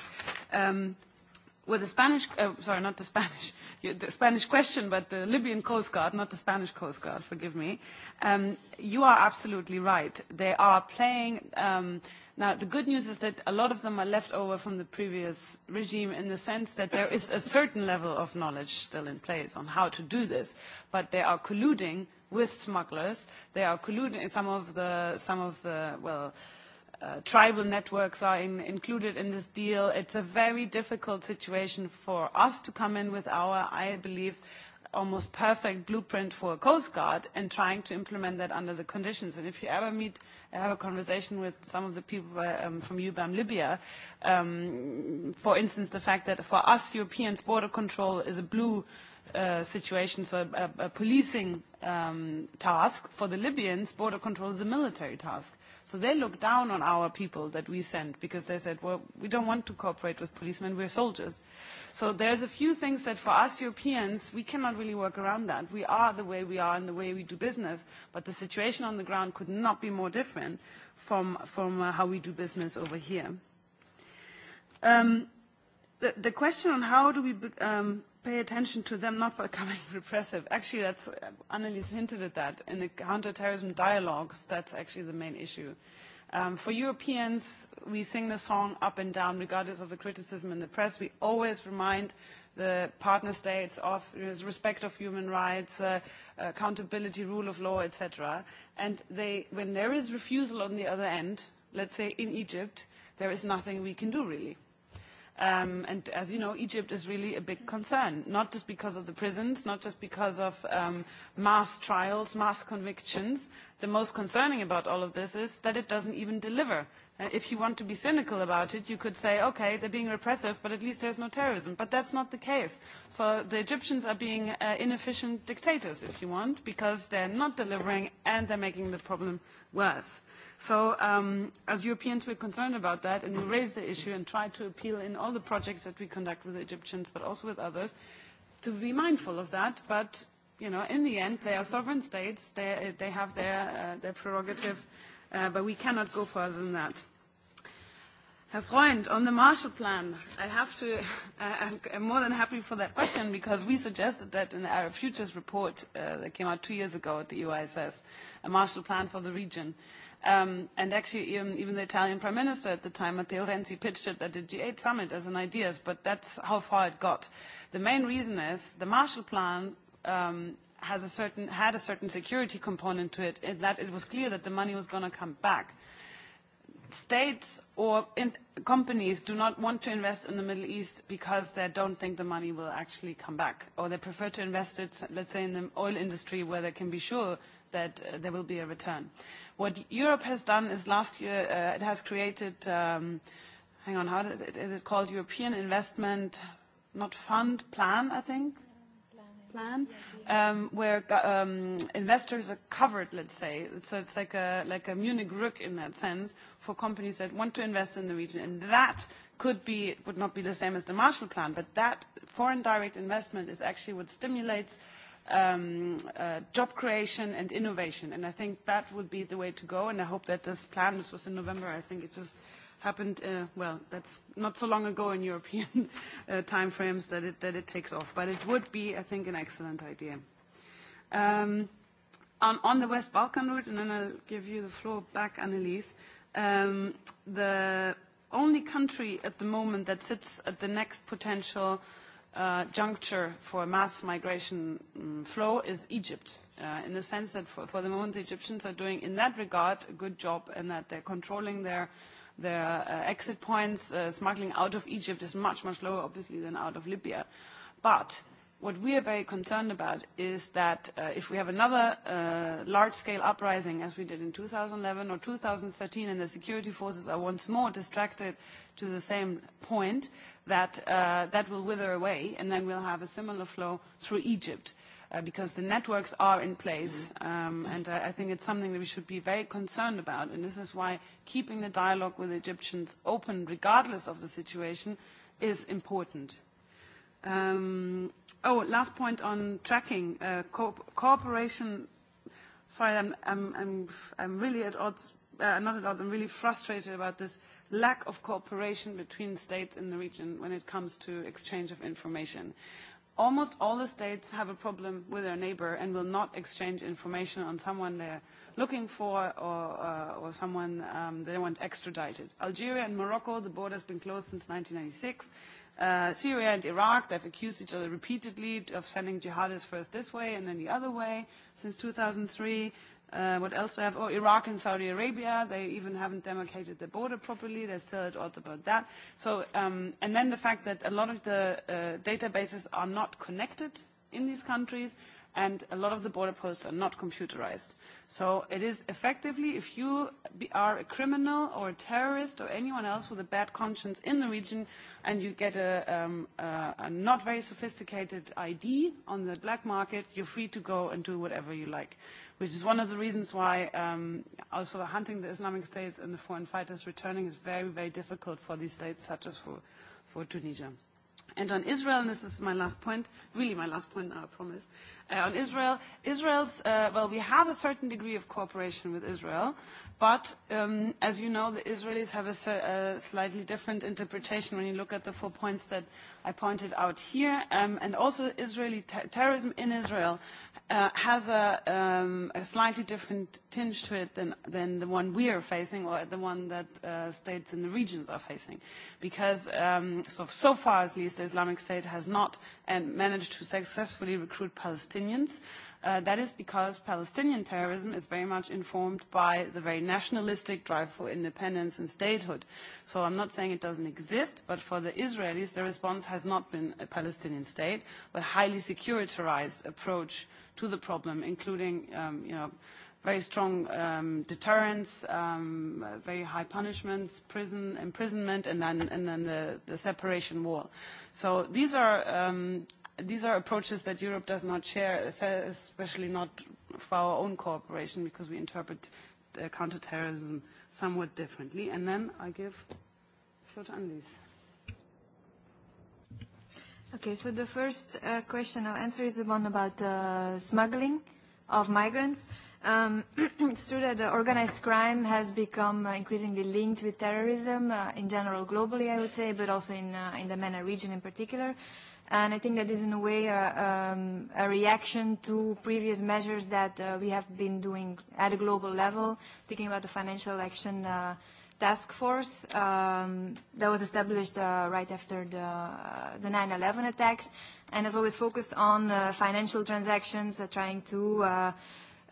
Speaker 2: Um, with the Spanish, uh, sorry, not the Spanish, [LAUGHS] the Spanish question, but the Libyan Coast Guard, not the Spanish Coast Guard, forgive me. Um, you are absolutely right. They are playing. Um, Now, the good news is that a lot of them are left over from the previous regime in the sense that there is a certain level of knowledge still in place on how to do this, but they are colluding with smugglers. They are colluding. Some of the, some of the, well, uh, Uh, tribal networks are in, included in this deal. It's a very difficult situation for us to come in with our, I believe, almost perfect blueprint for a Coast Guard and trying to implement that under the conditions. And if you ever meet, have a conversation with some of the people uh, um, from UBAM Libya, um, for instance, the fact that for us Europeans, border control is a blue Uh, situation, so a, a, a policing um, task. For the Libyans, border control is a military task. So they look down on our people that we send because they said, well, we don't want to cooperate with policemen, we're soldiers. So there's a few things that for us Europeans, we cannot really work around that. We are the way we are and the way we do business, but the situation on the ground could not be more different from, from uh, how we do business over here. Um, the, the question on how do we... Um, pay attention to them not [LAUGHS] becoming repressive. Actually, that's Annelies hinted at that in the counterterrorism dialogues. That's actually the main issue. Um, for Europeans, we sing the song up and down, regardless of the criticism in the press. We always remind the partner states of respect of human rights, uh, accountability, rule of law, etc. And they, when there is refusal on the other end, let's say in Egypt, there is nothing we can do really Um, and as you know, Egypt is really a big concern, not just because of the prisons, not just because of um, mass trials, mass convictions. The most concerning about all of this is that it doesn't even deliver. Uh, if you want to be cynical about it, you could say, okay, they're being repressive, but at least there's no terrorism. But that's not the case. So the Egyptians are being uh, inefficient dictators, if you want, because they're not delivering and they're making the problem worse. Um, as Europeans, we're concerned about that, and we raise the issue and try to appeal in all the projects that we conduct with the Egyptians, but also with others, to be mindful of that. But you know, in the end, they are sovereign states. They, have their, uh, prerogative, uh, but we cannot go further than that. Herr Freund, on the Marshall Plan, I have to, [LAUGHS] I'm more than happy for that question because we suggested that in our Futures report uh, that came out two years ago at the UISS, a Marshall Plan for the region. Um, and actually, even, even the Italian Prime Minister at the time, Matteo Renzi, pitched it at the G8 summit as an idea, but that's how far it got. The main reason is the Marshall Plan um, has a certain, had a certain security component to it, in that it was clear that the money was going to come back. States or in, companies do not want to invest in the Middle East because they don't think the money will actually come back, or they prefer to invest it, let's say, in the oil industry where they can be sure that uh, there will be a return. What Europe has done is last year, uh, it has created, um, hang on, how is it, is it called? European Investment, not fund, plan, I think? plan um, where um, investors are covered, let's say. So it's like a, like a Munich Rook in that sense for companies that want to invest in the region. And that could be, would not be the same as the Marshall Plan, but that foreign direct investment is actually what stimulates Um, uh, job creation and innovation. And I think that would be the way to go. And I hope that this plan, this was in November, I think it just happened, uh, well, that's not so long ago in [LAUGHS] European time uh, timeframes that it, that it takes off. But it would be, I think, an excellent idea. Um, on, on the West Balkan route, and then I'll give you the floor back, Annelies, um, the only country at the moment that sits at the next potential uh, juncture for mass migration um, flow is Egypt, uh, in the sense that for, for the moment the Egyptians are doing, in that regard, a good job and that they're controlling their their uh, exit points. Uh, smuggling out of Egypt is much, much lower, obviously, than out of Libya. But uh, What we are very concerned about is that uh, if we have another uh, large-scale uprising, as we did in 2011 or 2013, and the security forces are once more distracted to the same point, that uh, that will wither away, and then we'll have a similar flow through Egypt. because the networks are in place. Mm-hmm. Um, and I think it's something that we should be very concerned about. And this is why keeping the dialogue with Egyptians open, regardless of the situation, is important. Um, oh, last point on tracking. Uh, co cooperation. Sorry, I'm, I'm, I'm, I'm really at odds, uh, not at odds, I'm really frustrated about this lack of cooperation between states in the region when it comes to exchange of information. Almost all the states have a problem with their neighbor and will not exchange information on someone they're looking for or, uh, or someone um, they want extradited. Algeria and Morocco, the border's been closed since 1996 Uh, Syria and Iraq, they've accused each other repeatedly of sending jihadists first this way and then the other way since 2003. Uh, what else do I have? Oh, Iraq and Saudi Arabia. They even haven't demarcated the border properly. They're still at odds about that. So, um, and then the fact that a lot of the uh, databases are not connected in these countries and a lot of the border posts are not computerized. So it is effectively, if you are a criminal or a terrorist or anyone else with a bad conscience in the region and you get a, um, a, a not very sophisticated ID on the black market, you're free to go and do whatever you like, which is one of the reasons why um, also hunting the Islamic States and the foreign fighters returning is very, very difficult for these states, such as for, for Tunisia. And on Israel, and this is my last point, really my last point I promise, Uh, on Israel, Israel's, uh, well, we have a certain degree of cooperation with Israel, but um, as you know, the Israelis have a, a slightly different interpretation when you look at the four points that I pointed out here. Um, and also Israeli ter terrorism in Israel uh, has a, um, a slightly different tinge to it than, than the one we are facing or the one that uh, states in the regions are facing. Because um, so, so far, at least, the Islamic State has not and managed to successfully recruit Palestinians Palestinians. Uh, that is because Palestinian terrorism is very much informed by the very nationalistic drive for independence and statehood. So I'm not saying it doesn't exist, but for the Israelis, the response has not been a Palestinian state, but highly securitized approach to the problem, including, um, you know, very strong um, deterrence, um, very high punishments, prison, imprisonment, and then, and then the, the separation wall. So these are um, these are approaches that Europe does not share, especially not for our own cooperation, because we interpret uh, counterterrorism somewhat differently. And then I give floor to Annelies.
Speaker 3: Okay, so the first uh, question I'll answer is the one about uh, smuggling of migrants. Um, [CLEARS THROAT] it's true that the organized crime has become uh, increasingly linked with terrorism uh, in general globally, I would say, but also in, uh, in the MENA region in particular. And I think that is in a way a, um, a reaction to previous measures that uh, we have been doing at a global level, thinking about the financial action uh, task force um, that was established uh, right after the, uh, the 9-11 attacks and has always focused on uh, financial transactions, uh, trying to uh,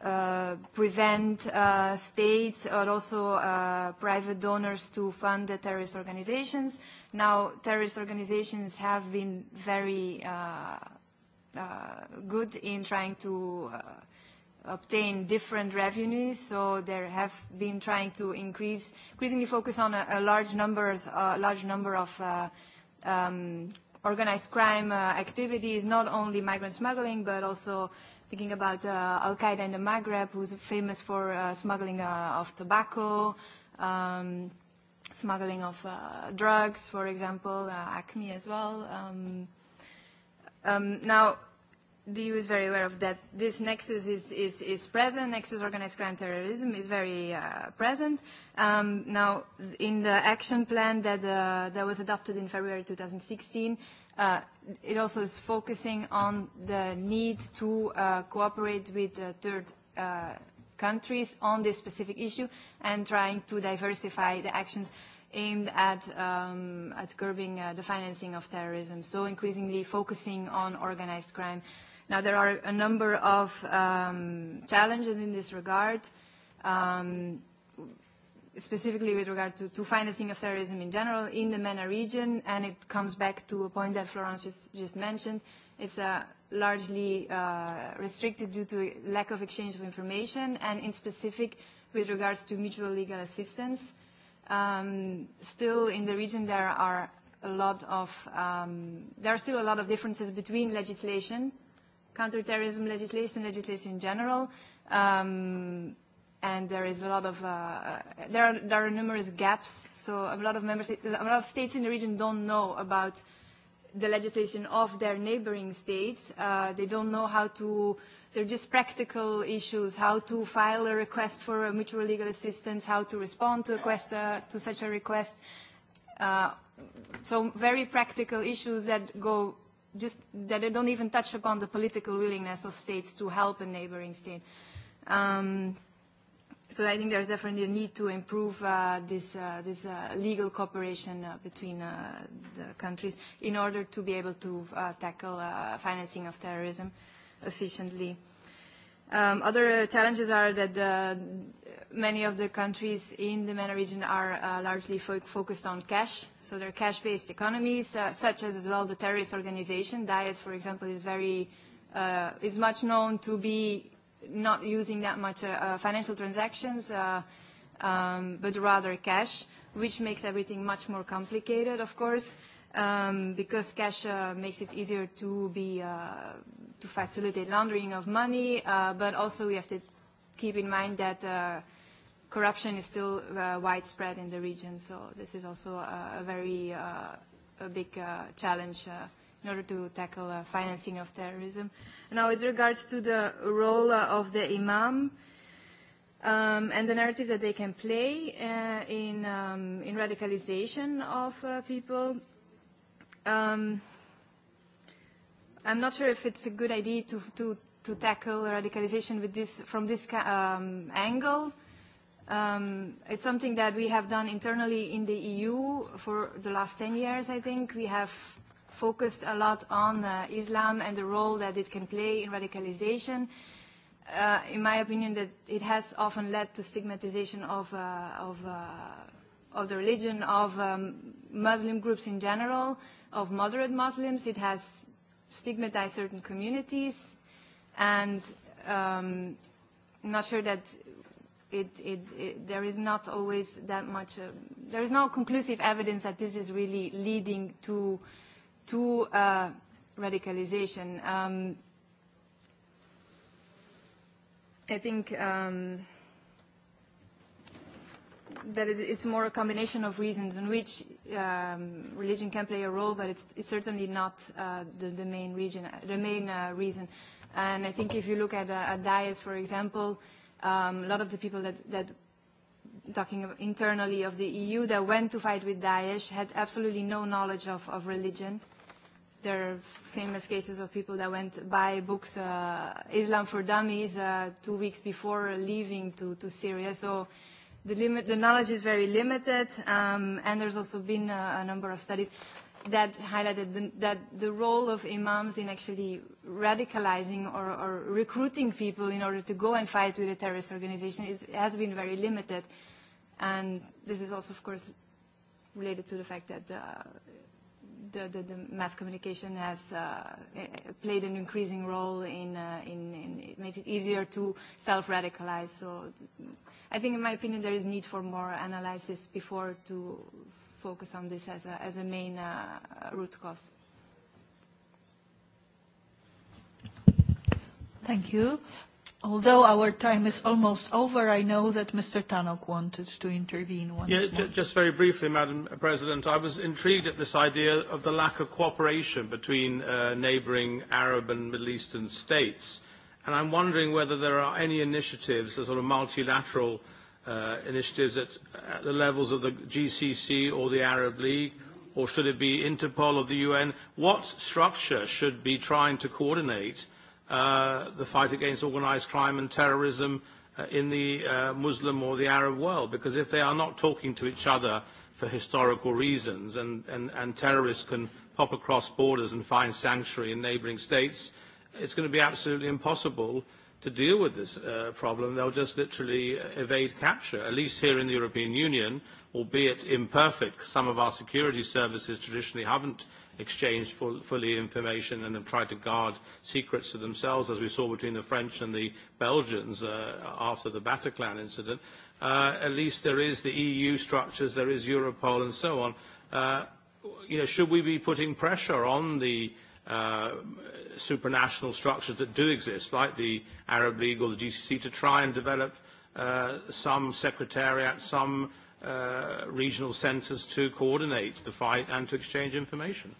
Speaker 3: uh, prevent uh, states but also uh, private donors to fund the terrorist organizations. Uh, Now, terrorist organizations have been very uh, uh, good in trying to uh, obtain different revenues, so they have been trying to increase, increasingly focus on a, a large, numbers, uh, large number of uh, um, organized crime uh, activities, not only migrant smuggling, but also thinking about uh, Al-Qaeda in the Maghreb, who's famous for uh, smuggling uh, of tobacco, um, smuggling of uh, drugs, for example, uh, ACME as well. Um, um, now, the EU is very aware of that. This nexus is, is, is present. Nexus organized crime terrorism is very uh, present. Um, now, in the action plan that, uh, that was adopted in February 2016, uh, it also is focusing on the need to uh, cooperate with uh, third uh, countries on this specific issue and trying to diversify the actions aimed at, um, curbing uh, the financing of terrorism, so increasingly focusing on organized crime. Now, there are a number of um, challenges in this regard, um, specifically with regard to, financing of terrorism in general in the MENA region, and it comes back to a point that Florence just, mentioned, It's uh, largely uh, restricted due to lack of exchange of information and in specific with regards to mutual legal assistance. Um, still in the region there are a lot of, um, there are still a lot of differences between legislation, counterterrorism legislation, legislation in general, um, and there is a lot of, uh, there, are, there are numerous gaps, so a lot of, members, a lot of states in the region don't know about the legislation of their neighboring states. Uh, they don't know how to, they're just practical issues, how to file a request for a mutual legal assistance, how to respond to, a quest, uh, to such a request. Uh, so very practical issues that go just that don't even touch upon the political willingness of states to help a neighboring state. Um, So I think there's definitely a need to improve uh, this, uh, this uh, legal cooperation uh, between uh, the countries in order to be able to uh, tackle uh, financing of terrorism efficiently. Um, other uh, challenges are that uh, many of the countries in the MENA region are uh, largely fo focused on cash, so they're cash-based economies, uh, such as as well the terrorist organization. Daesh, for example, is very uh, is much known to be not using that much uh, uh, financial transactions, uh, um, but rather cash, which makes everything much more complicated, of course, um, because cash uh, makes it easier to be uh, to facilitate laundering of money, uh, but also we have to keep in mind that uh, corruption is still uh, widespread in the region, so this is also a, uh, a very uh, a big uh, challenge. Uh, in order to tackle uh, financing of terrorism. Now, with regards to the role uh, of the imam um, and the narrative that they can play uh, in, um, in radicalization of uh, people, um, I'm not sure if it's a good idea to, to, to tackle radicalization with this, from this um, angle. Um, it's something that we have done internally in the EU for the last 10 years, I think. We have focused a lot on uh, Islam and the role that it can play in radicalization. Uh, in my opinion, that it has often led to stigmatization of, uh, of, uh, of the religion, of um, Muslim groups in general, of moderate Muslims. It has stigmatized certain communities, and um, I'm not sure that it, it, it, there is not always that much, uh, there is no conclusive evidence that this is really leading to uh, to uh, radicalization. Um, I think um, that it's more a combination of reasons in which um, religion can play a role, but it's, it's certainly not uh, the, the main, region, the main uh, reason. And I think if you look at, uh, at Daesh, for example, um, a lot of the people that, that talking internally of the EU that went to fight with Daesh had absolutely no knowledge of, of religion There are famous cases of people that went buy books, uh, Islam for Dummies, uh, two weeks before leaving to, to Syria. So the, limit, the knowledge is very limited, um, and there's also been a, a number of studies that highlighted the, that the role of imams in actually radicalizing or, or recruiting people in order to go and fight with a terrorist organization is, has been very limited. And this is also, of course, related to the fact that uh, the, the, the mass communication has uh, played an increasing role in, uh, in, in it makes it easier to self-radicalize. So I think, in my opinion, there is need for more analysis before to focus on this as a, as a main uh, root cause.
Speaker 1: Thank you. Although our time is almost over, I know that Mr. Tannock wanted to intervene
Speaker 4: once yeah, more. Just very briefly, Madam President, I was intrigued at this idea of the lack of cooperation between uh, neighbouring Arab and Middle Eastern states. And I'm wondering whether there are any initiatives, the sort of multilateral uh, initiatives at, at the levels of the GCC or the Arab League, or should it be Interpol or the UN? What structure should be trying to coordinate uh, the fight against organised crime and terrorism uh, in the uh, Muslim or the Arab world, because if they are not talking to each other for historical reasons and, and, and terrorists can pop across borders and find sanctuary in neighbouring states, it's going to be absolutely impossible to deal with this uh, problem. They'll just literally uh, evade capture, at least here in the European Union, albeit imperfect. Some of our security services traditionally haven't exchanged full, fully information and have tried to guard secrets to themselves, as we saw between the French and the Belgians uh, after the Bataclan incident. Uh, at least there is the EU structures, there is Europol and so on. Uh, you know, should we be putting pressure on the uh, supranational structures that do exist, like the Arab League or the GCC, to try and develop uh, some secretariat, some uh, regional centres to coordinate the fight and to exchange information?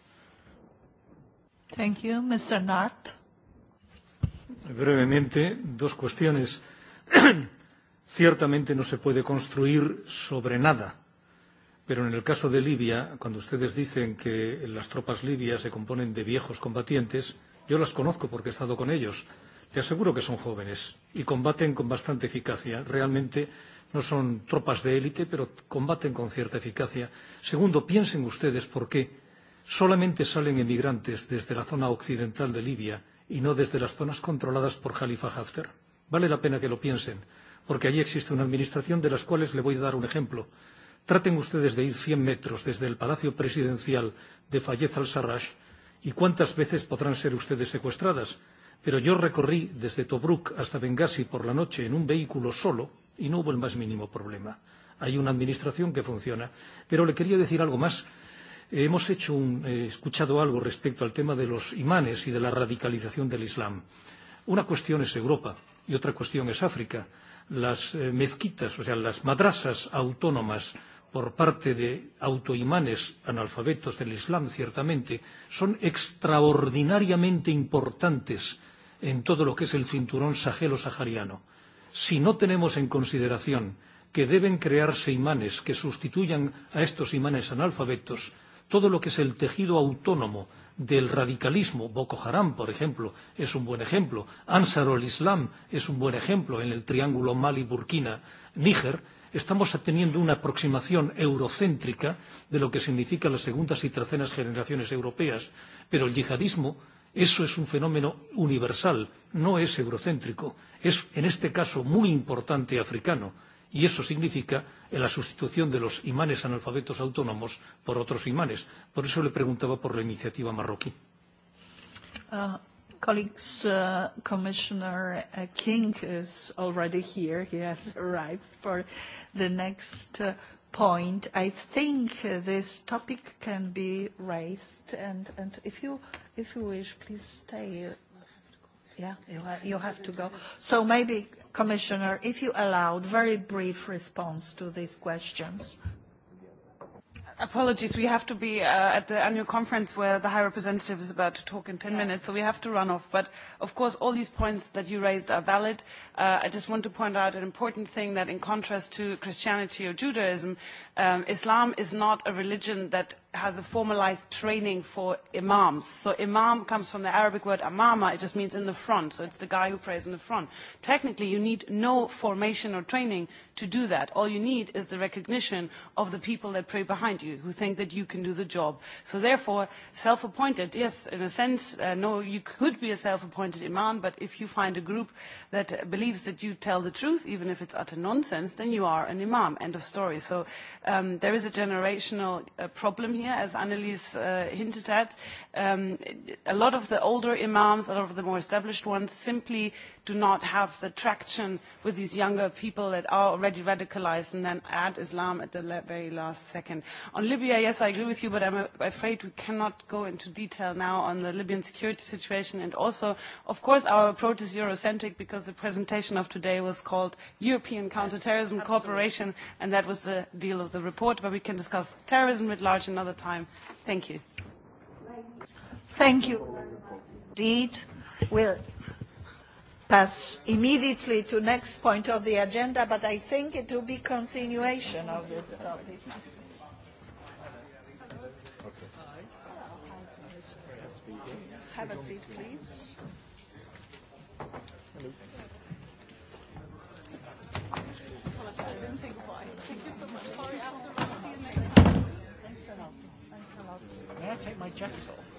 Speaker 1: Thank you. Mr. Nart.
Speaker 7: Brevemente, dos cuestiones. [CLEARS THROAT] Ciertamente no se puede construir sobre nada, pero en el caso de Libia, cuando ustedes dicen que las tropas libias se componen de viejos combatientes, yo las conozco porque he estado con ellos. Le aseguro que son jóvenes y combaten con bastante eficacia. Realmente no son tropas de élite, pero combaten con cierta eficacia. Segundo, piensen ustedes por qué solamente salen emigrantes desde la zona occidental de Libia y no desde las zonas controladas por Khalifa Haftar. Vale la pena que lo piensen, porque allí existe una administración de las cuales le voy a dar un ejemplo. Traten ustedes de ir 100 metros desde el Palacio Presidencial de Fayez al-Sarraj y cuántas veces podrán ser ustedes secuestradas. Pero yo recorrí desde Tobruk hasta Benghazi por la noche en un vehículo solo y no hubo el más mínimo problema. Hay una administración que funciona. Pero le quería decir algo más hemos hecho un, eh, escuchado algo respecto al tema de los imanes y de la radicalización del Islam. Una cuestión es Europa y otra cuestión es África. Las eh, mezquitas, o sea, las madrasas autónomas por parte de autoimanes analfabetos del Islam, ciertamente, son extraordinariamente importantes en todo lo que es el cinturón sahelo-sahariano. Si no tenemos en consideración que deben crearse imanes que sustituyan a estos imanes analfabetos, todo lo que es el tejido autónomo del radicalismo. Boko Haram, por ejemplo, es un buen ejemplo. Ansar al-Islam es un buen ejemplo en el triángulo Mali-Burkina-Níger. Estamos teniendo una aproximación eurocéntrica de lo que significan las segundas y terceras generaciones europeas, pero el yihadismo Eso es un fenómeno universal, no es eurocéntrico. Es, en este caso, muy importante africano y eso significa la sustitución de los imanes analfabetos autónomos por otros imanes. Por eso le preguntaba por la iniciativa marroquí.
Speaker 1: Uh, colleagues, uh, Commissioner uh, King is already here. He has [LAUGHS] arrived for the next uh, point. I think uh, this topic can be raised, and, and if, you, if you wish, please stay. Yeah, you have to go. So maybe Commissioner, if you allowed, very brief response to these questions.
Speaker 2: Apologies, we have to be uh, at the annual conference where the High Representative is about to talk in 10 yeah. minutes, so we have to run off. But of course, all these points that you raised are valid. Uh, I just want to point out an important thing that in contrast to Christianity or Judaism, um, Islam is not a religion that has a formalized training for imams. So imam comes from the Arabic word amama. It just means in the front. So it's the guy who prays in the front. Technically, you need no formation or training to do that. All you need is the recognition of the people that pray behind you you, who think that you can do the job. So therefore, self-appointed, yes, in a sense, uh, no, you could be a self-appointed imam, but if you find a group that believes that you tell the truth, even if it's utter nonsense, then you are an imam, end of story. So um, there is a generational uh, problem here, as Annelies uh, hinted at. Um, a lot of the older imams, a lot of the more established ones, simply do not have the traction with these younger people that are already radicalized and then add Islam at the very last second. On Libya, yes, I agree with you, but I'm afraid we cannot go into detail now on the Libyan security situation. And also, of course, our approach is Eurocentric because the presentation of today was called European Counterterrorism yes, Cooperation, and that was the deal of the report, but we can discuss terrorism at large another time. Thank you. Thank you. Indeed. We'll pass
Speaker 1: immediately to next point of the agenda, but I think it will be continuation of this topic.
Speaker 2: Have a seat, please.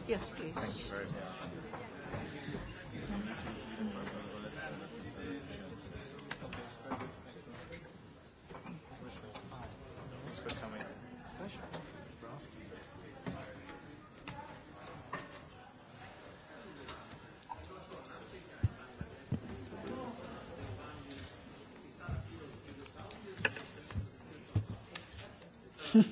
Speaker 2: Yes, please. Thank you very much.
Speaker 1: [LAUGHS]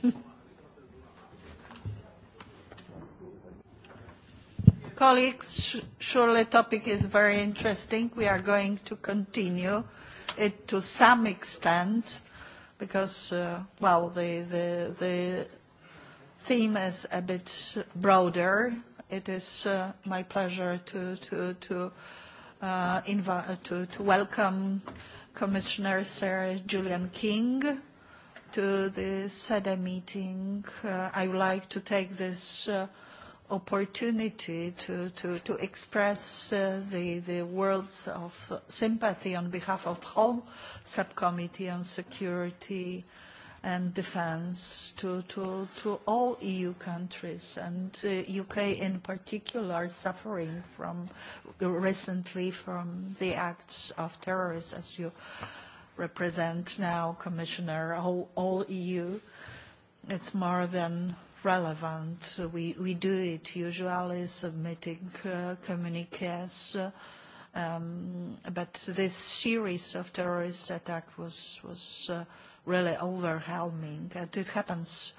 Speaker 1: Colleagues, surely topic is very interesting. We are going to continue it to some extent because, uh, well, the, the, the theme is a bit broader. It is uh, my pleasure to, to, to, uh, to welcome Commissioner Sir Julian King, to the SEDA meeting. Uh, I would like to take this uh, opportunity to, express uh, the, words of sympathy on behalf of whole subcommittee on security and Defense to, all EU countries and UK in particular suffering recently from the acts of terrorists as you represent now, Commissioner, all, EU. It's more than relevant. We, we do it usually submitting uh, communiques, uh, um, but this series of terrorist attack was, was uh, really overwhelming. And it happens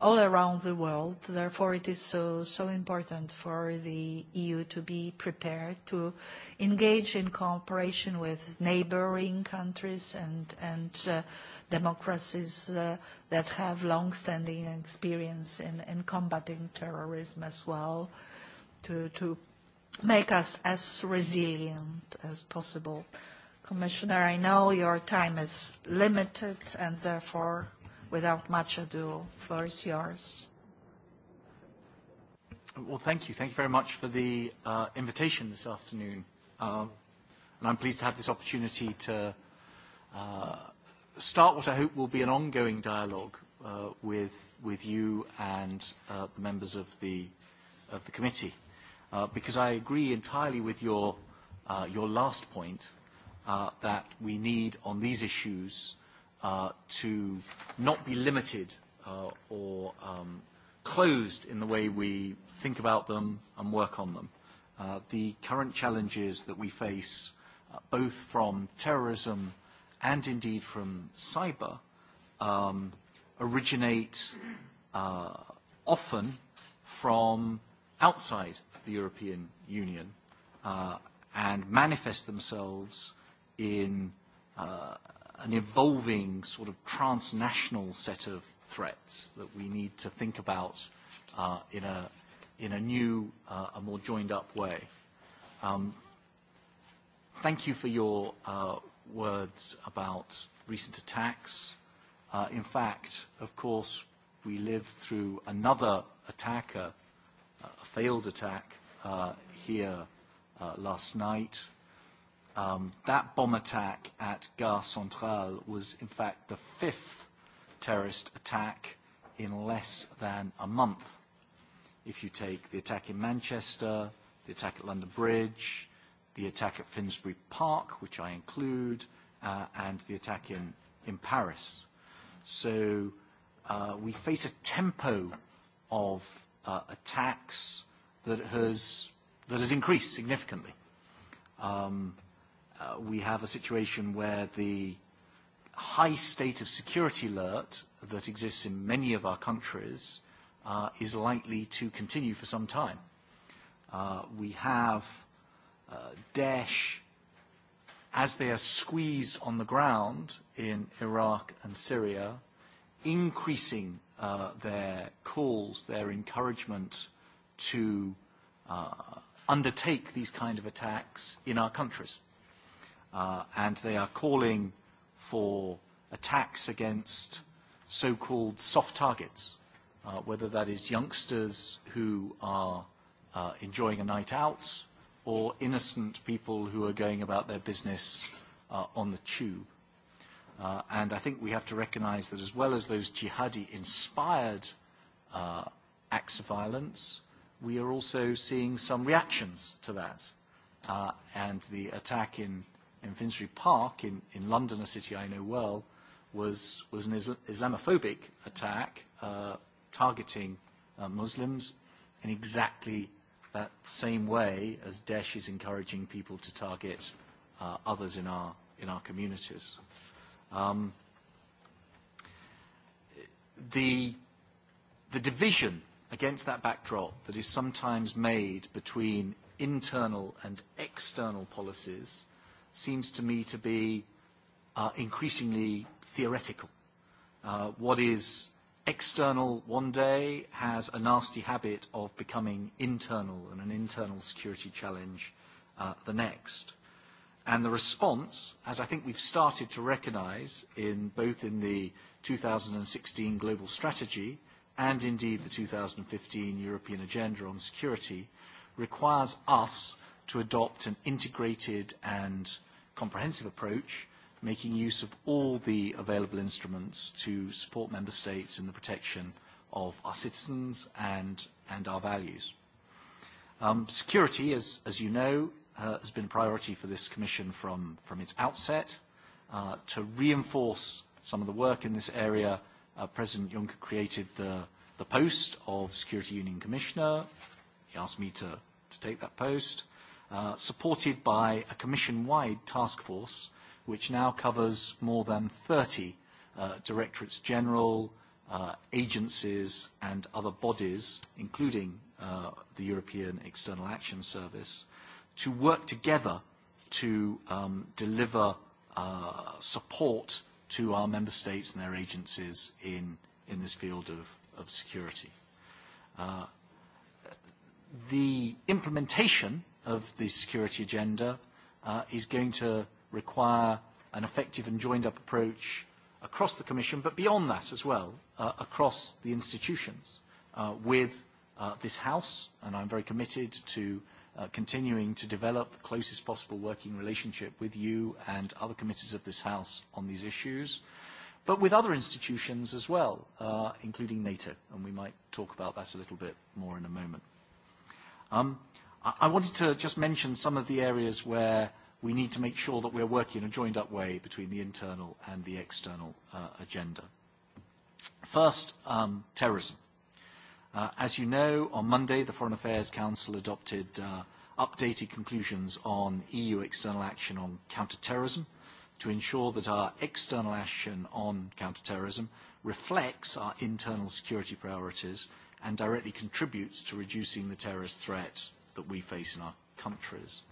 Speaker 1: all around the world. Therefore, it is so, so important for the EU to be prepared to engage in cooperation with neighboring countries and, and uh, democracies uh, that have long-standing experience in, in combating terrorism as well, to, to make us as resilient as possible. Commissioner, I know your time is limited, and therefore without much ado, floor is yours.
Speaker 8: Well, thank you. Thank you very much for the uh, invitation this afternoon. Um, and I'm pleased to have this opportunity to uh, start what I hope will be an ongoing dialogue uh, with, with you and uh, the members of the, of the committee. Uh, because I agree entirely with your, uh, your last point uh, that we need on these issues Uh, to not be limited uh, or um, closed in the way we think about them and work on them. Uh, the current challenges that we face, uh, both from terrorism and indeed from cyber, um, originate uh, often from outside the European Union uh, and manifest themselves in uh, an evolving sort of transnational set of threats that we need to think about uh, in, a, in a new, uh, a more joined-up way. Um, thank you for your uh, words about recent attacks. Uh, in fact, of course, we lived through another attacker, a, uh, a failed attack uh, here uh, last night. Um, that bomb attack at Gare Centrale was, in fact, the fifth terrorist attack in less than a month. If you take the attack in Manchester, the attack at London Bridge, the attack at Finsbury Park, which I include, uh, and the attack in, in Paris. So uh, we face a tempo of uh, attacks that has, that has increased significantly. Um, Uh, we have a situation where the high state of security alert that exists in many of our countries uh, is likely to continue for some time. Uh, we have uh, Daesh, as they are squeezed on the ground in Iraq and Syria, increasing uh, their calls, their encouragement to uh, undertake these kind of attacks in our countries uh, and they are calling for attacks against so-called soft targets, uh, whether that is youngsters who are uh, enjoying a night out or innocent people who are going about their business uh, on the tube. Uh, and I think we have to recognize that as well as those jihadi-inspired uh, acts of violence, we are also seeing some reactions to that. Uh, and the attack in in Finsbury Park in, in London, a city I know well, was, was an Islamophobic attack uh, targeting uh, Muslims in exactly that same way as Daesh is encouraging people to target uh, others in our, in our communities. Um, the, the division against that backdrop that is sometimes made between internal and external policies seems to me to be uh, increasingly theoretical. Uh, what is external one day has a nasty habit of becoming internal and an internal security challenge uh, the next. And the response, as I think we've started to recognize in both in the 2016 global strategy and indeed the 2015 European agenda on security, requires us to adopt an integrated and comprehensive approach, making use of all the available instruments to support member states in the protection of our citizens and, and our values. Um, security, as, as you know, uh, has been a priority for this commission from, from its outset. Uh, to reinforce some of the work in this area, uh, President Juncker created the, the post of Security Union Commissioner. He asked me to, to take that post. Uh, supported by a commission-wide task force which now covers more than 30 uh, directorates general, uh, agencies and other bodies, including the European External Action Service, to work together to um, deliver support to our member states and their agencies in, in this field of, security. the implementation of the security agenda uh, is going to require an effective and joined-up approach across the Commission, but beyond that as well, uh, across the institutions uh, with uh, this House, and I'm very committed to uh, continuing to develop the closest possible working relationship with you and other committees of this House on these issues, but with other institutions as well, uh, including NATO, and we might talk about that a little bit more in a moment. Um, i wanted to just mention some of the areas where we need to make sure that we're working in a joined-up way between the internal and the external uh, agenda. First, um, terrorism. Uh, as you know, on Monday, the Foreign Affairs Council adopted uh, updated conclusions on EU external action on counterterrorism to ensure that our external action on counterterrorism reflects our internal security priorities and directly contributes to reducing the terrorist threat that we face in our countries.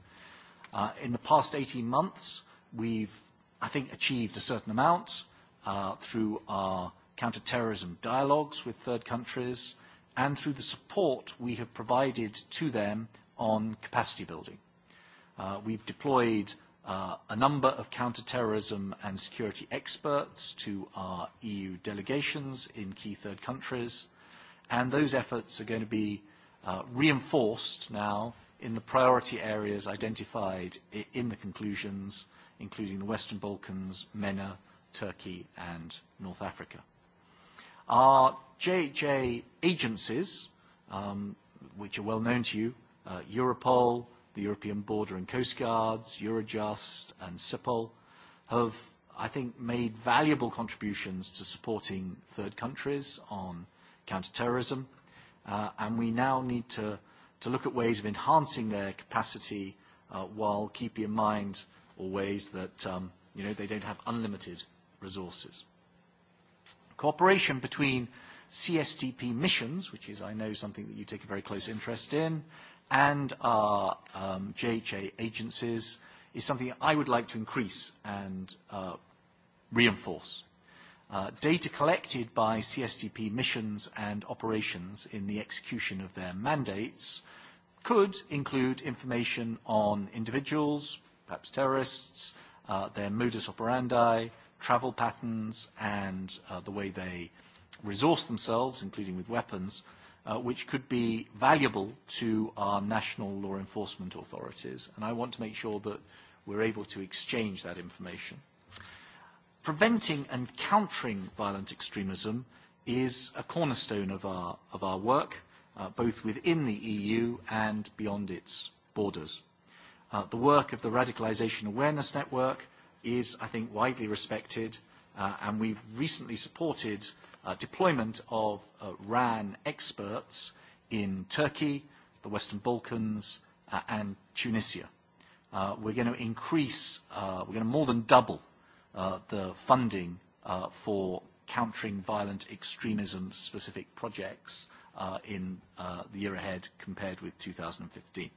Speaker 8: Uh, in the past 18 months, we've, I think, achieved a certain amount uh, through our counterterrorism dialogues with third countries and through the support we have provided to them on capacity building. Uh, we've deployed Uh, a number of counterterrorism and security experts to our EU delegations in key third countries, and those efforts are going to be Uh, reinforced now in the priority areas identified in the conclusions, including the Western Balkans, MENA, Turkey, and North Africa. Our JJ agencies, um, which are well known to you, uh, Europol, the European Border and Coast Guards, Eurojust, and CIPOL, have, I think, made valuable contributions to supporting third countries on counterterrorism, terrorism Uh, and we now need to, to look at ways of enhancing their capacity uh, while keeping in mind always that um, you know, they don't have unlimited resources. Cooperation between CSTP missions, which is, I know, something that you take a very close interest in, and our um, JHA agencies is something I would like to increase and uh, reinforce. Uh, data collected by CSDP missions and operations in the execution of their mandates could include information on individuals, perhaps terrorists, uh, their modus operandi, travel patterns, and uh, the way they resource themselves, including with weapons, uh, which could be valuable to our national law enforcement authorities. And I want to make sure that we're able to exchange that information preventing and countering violent extremism is a cornerstone of our, of our work, uh, both within the EU and beyond its borders. Uh, the work of the Radicalisation Awareness Network is, I think, widely respected, uh, and we've recently supported uh, deployment of uh, RAN experts in Turkey, the Western Balkans, uh, and Tunisia. Uh, we're going to increase, uh, we're going to more than double Uh, the funding uh, for countering violent extremism-specific projects uh, in uh, the year ahead compared with 2015.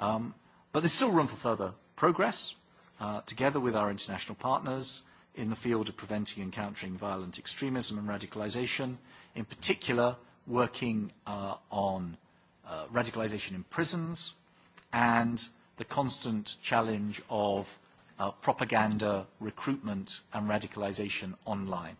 Speaker 8: Um, but there's still room for further progress, uh, together with our international partners in the field of preventing and countering violent extremism and radicalization, in particular, working on radicalization in prisons and the constant challenge of uh, propaganda, recruitment and radicalization online.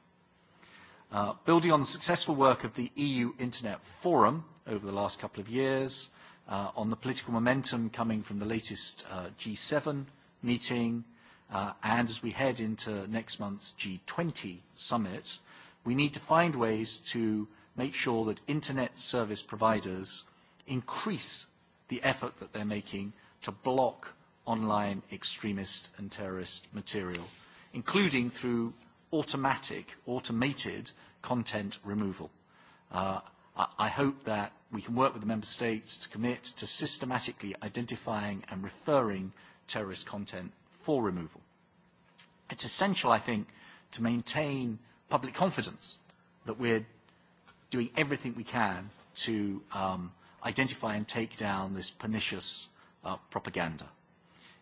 Speaker 8: Uh, building on the successful work of the EU Internet Forum over the last couple of years, uh, on the political momentum coming from the latest uh, G7 meeting, uh, and as we head into next month's G20 summit, we need to find ways to make sure that internet service providers increase the effort that they're making to block online extremist and terrorist material, including through automatic, automated content removal. Uh, I hope that we can work with the member states to commit to systematically identifying and referring terrorist content for removal. It's essential, I think, to maintain public confidence that we're doing everything we can to um, identify and take down this pernicious uh, propaganda.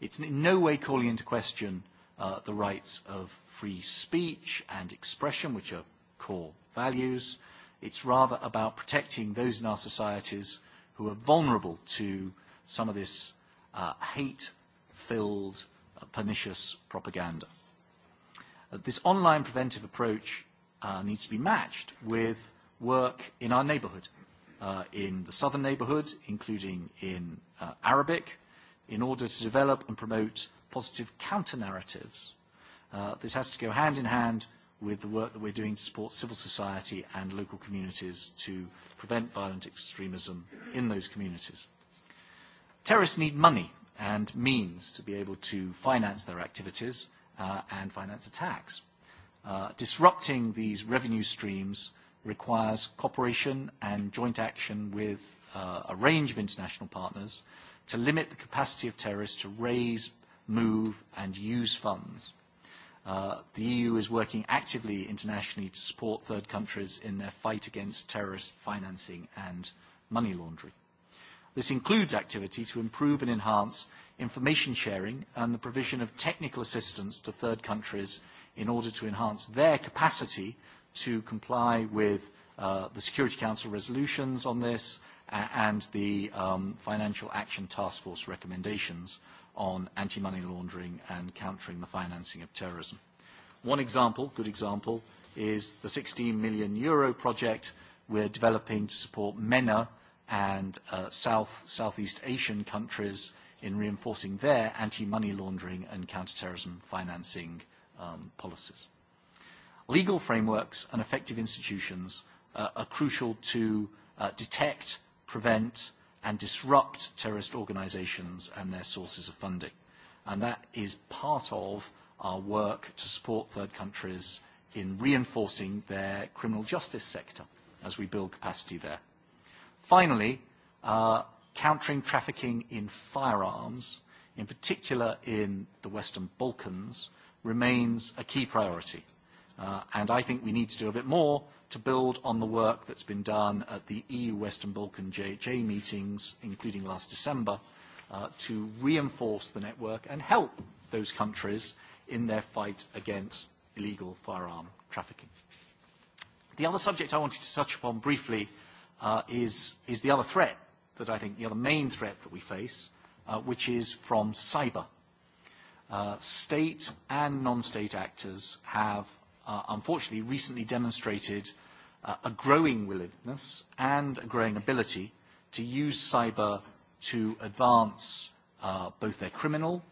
Speaker 8: It's in no way calling into question uh, the rights of free speech and expression, which are core values. It's rather about protecting those in our societies who are vulnerable to some of this uh, hate-filled, uh, pernicious propaganda. Uh, this online preventive approach uh, needs to be matched with work in our neighbourhood, uh, in the southern neighbourhood, including in uh, Arabic, in order to develop and promote positive counter-narratives. Uh, this has to go hand in hand with the work that we're doing to support civil society and local communities to prevent violent extremism in those communities. Terrorists need money and means to be able to finance their activities uh, and finance attacks. Uh, disrupting these revenue streams requires cooperation and joint action with uh, a range of international partners, to limit the capacity of terrorists to raise, move and use funds. Uh, the EU is working actively internationally to support third countries in their fight against terrorist financing and money laundering. This includes activity to improve and enhance information sharing and the provision of technical assistance to third countries in order to enhance their capacity to comply with uh, the Security Council resolutions on this and the um, Financial Action Task Force recommendations on anti-money laundering and countering the financing of terrorism. One example, good example, is the 16 million euro project we're developing to support MENA and uh, South, Southeast Asian countries in reinforcing their anti-money laundering and counterterrorism financing um, policies. Legal frameworks and effective institutions uh, are crucial to uh, detect prevent, and disrupt terrorist organizations and their sources of funding. And that is part of our work to support third countries in reinforcing their criminal justice sector as we build capacity there. Finally, uh, countering trafficking in firearms, in particular in the Western Balkans, remains a key priority. Uh, and I think we need to do a bit more to build on the work that's been done at the EU Western Balkan JHA meetings, including last December, uh, to reinforce the network and help those countries in their fight against illegal firearm trafficking. The other subject I wanted to touch upon briefly uh, is, is the other threat that I think, the other main threat that we face, uh, which is from cyber. Uh, state and non-state actors have Uh, unfortunately recently demonstrated uh, a growing willingness and a growing ability to use cyber to advance uh, both their criminal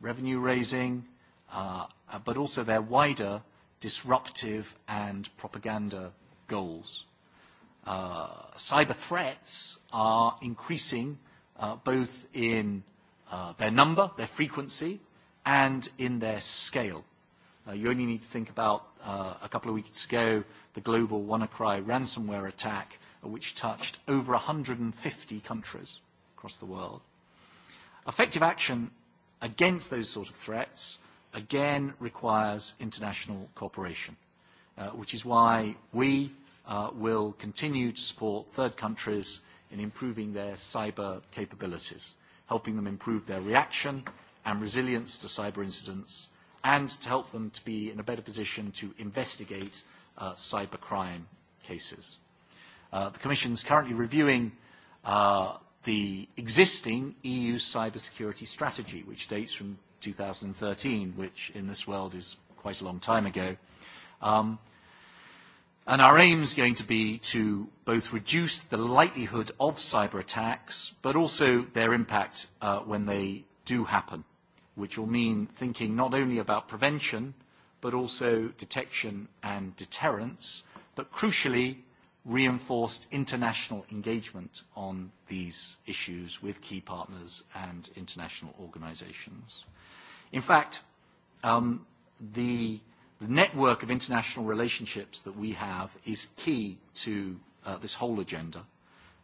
Speaker 8: revenue raising, uh, uh, but also their wider disruptive and propaganda goals. Uh, cyber threats are increasing uh, both in uh, their number, their frequency, and in their scale. Uh, you only need to think about uh, a couple of weeks ago the global WannaCry ransomware attack, uh, which touched over 150 countries across the world. Effective action against those sort of threats, again, requires international cooperation, uh, which is why we uh, will continue to support third countries in improving their cyber capabilities, helping them improve their reaction and resilience to cyber incidents, and to help them to be in a better position to investigate uh, cybercrime cases. Uh, the Commission is currently reviewing uh, the existing EU cybersecurity strategy, which dates from 2013, which in this world is quite a long time ago. Um, and our aim is going to be to both reduce the likelihood of cyber attacks, but also their impact uh, when they do happen which will mean thinking not only about prevention, but also detection and deterrence, but crucially, reinforced international engagement on these issues with key partners and international organizations. In fact, um, the, the network of international relationships that we have is key to uh, this whole agenda.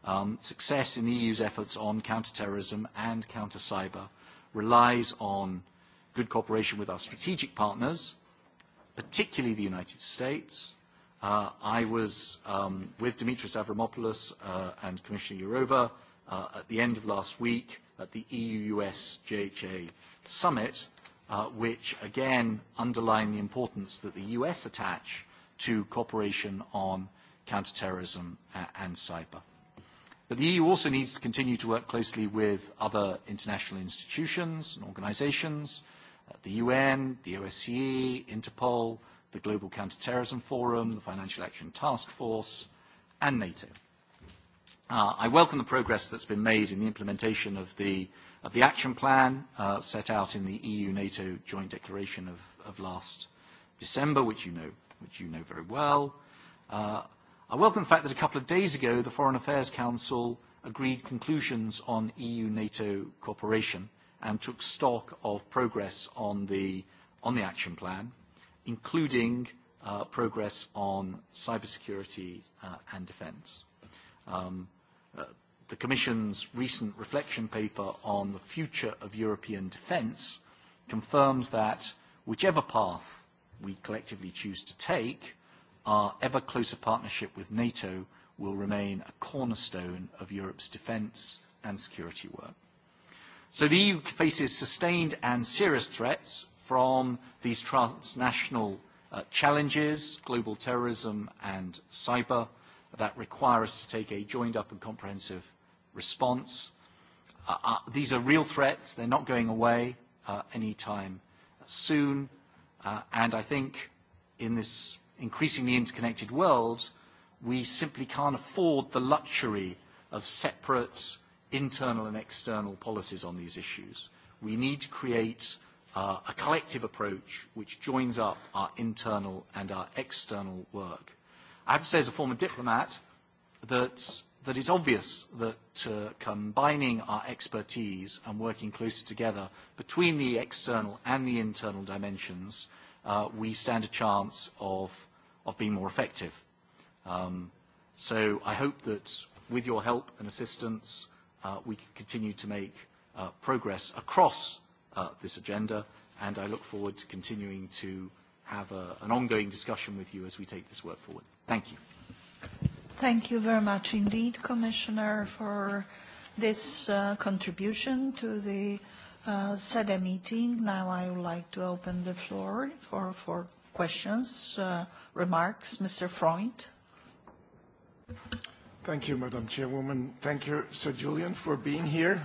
Speaker 8: Um, success in the EU's efforts on counterterrorism and counter-cyber relies on good cooperation with our strategic partners, particularly the United States. Uh, I was um, with Dimitris Avramopoulos uh, and Commissioner Jourova uh, at the end of last week at the EU-US JHA summit, uh, which again underlined the importance that the US attach to cooperation on counterterrorism uh, and cyber. But the EU also needs to continue to work closely with other international institutions and organizations, uh, the UN, the OSCE, Interpol, the Global Counterterrorism Forum, the Financial Action Task Force, and NATO. Uh, I welcome the progress that's been made in the implementation of the, of the action plan uh, set out in the EU-NATO joint declaration of, of last December, which you know, which you know very well. Uh, i welcome the fact that a couple of days ago, the Foreign Affairs Council agreed conclusions on EU-NATO cooperation and took stock of progress on the, on the action plan, including uh, progress on cybersecurity uh, and defence. Um, uh, the Commission's recent reflection paper on the future of European defence confirms that whichever path we collectively choose to take, Our ever closer partnership with NATO will remain a cornerstone of Europe's defence and security work. So the EU faces sustained and serious threats from these transnational uh, challenges, global terrorism and cyber, that require us to take a joined up and comprehensive response. Uh, uh, these are real threats. They're not going away uh, anytime soon. Uh, and I think in this increasingly interconnected world, we simply can't afford the luxury of separate internal and external policies on these issues. We need to create uh, a collective approach which joins up our internal and our external work. I have to say as a former diplomat that, that it's obvious that uh, combining our expertise and working closer together between the external and the internal dimensions, uh, we stand a chance of of being more effective. Um, so I hope that with your help and assistance, uh, we can continue to make uh, progress across uh, this agenda, and I look forward to continuing to have a, an ongoing discussion with you as we take this work forward. Thank you.
Speaker 1: Thank you very much indeed, Commissioner, for this uh, contribution to the uh, SEDA meeting. Now I would like to open the floor for, for questions. Uh, remarks. Mr. Freund.
Speaker 6: Thank you, Madam Chairwoman. Thank you, Sir Julian, for being here.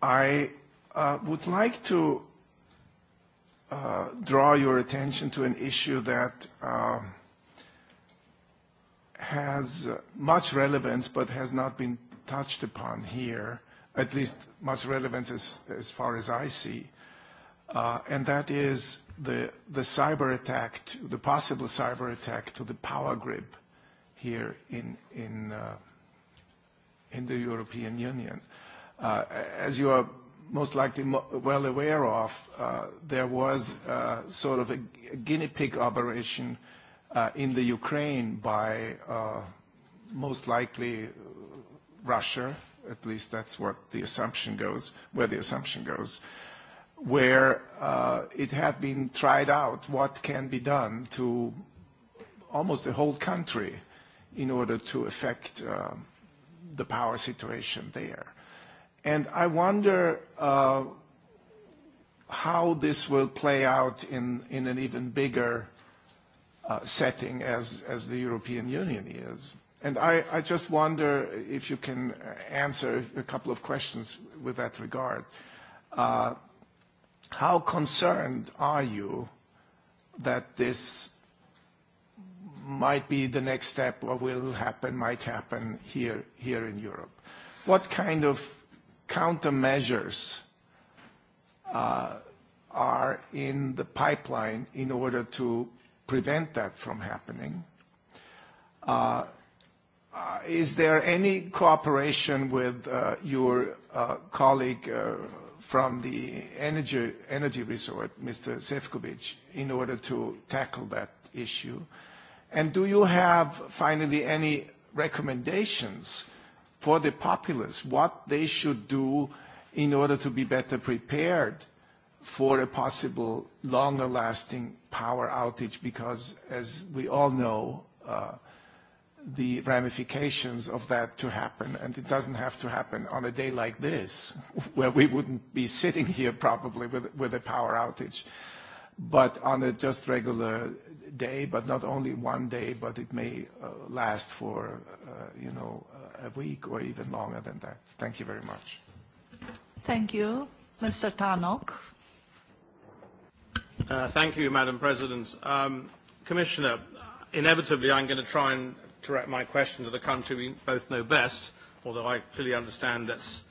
Speaker 6: I uh, would like to uh, draw your attention to an issue that um, has much relevance but has not been touched upon here, at least much relevance as far as I see, uh, and that is the, cyber attack, the possible cyber attack to the power grid here in, in, uh, the European Union. Uh, as you are most likely well aware of, uh, there was sort of a, guinea pig operation in the Ukraine by most likely Russia, at least that's what the assumption goes, where the assumption goes, where uh, it had been tried out what can be done to almost the whole country in order to affect uh, the power situation there. And I wonder uh, how this will play out in, in an even bigger setting as, as the European Union is. And I just wonder if you can answer a couple of questions with that regard. How concerned are you that this might be the next step What will happen, might happen here, here in Europe? What kind of countermeasures uh, are in the pipeline in order to prevent that from happening? Uh, uh, is there any cooperation with your colleague from the energy, energy resort, Mr. Šefčovič, in order to tackle that issue? And do you have, finally, any recommendations for the populace, what they should do in order to be better prepared for a possible longer-lasting power outage? Because as we all know, uh, the ramifications of that to happen, and it doesn't have to happen on a day like this, [LAUGHS] where we wouldn't be sitting here probably with, with a power outage, but on a just regular day, but not only one day, but it may uh, last for, uh, you know, a week or even longer than that. Thank you very
Speaker 4: much.
Speaker 1: Thank you. Mr. Tannock.
Speaker 4: Uh, thank you, Madam President. Um, Commissioner, inevitably, I'm going to try and direct my question to the country we both know best, although I clearly understand that's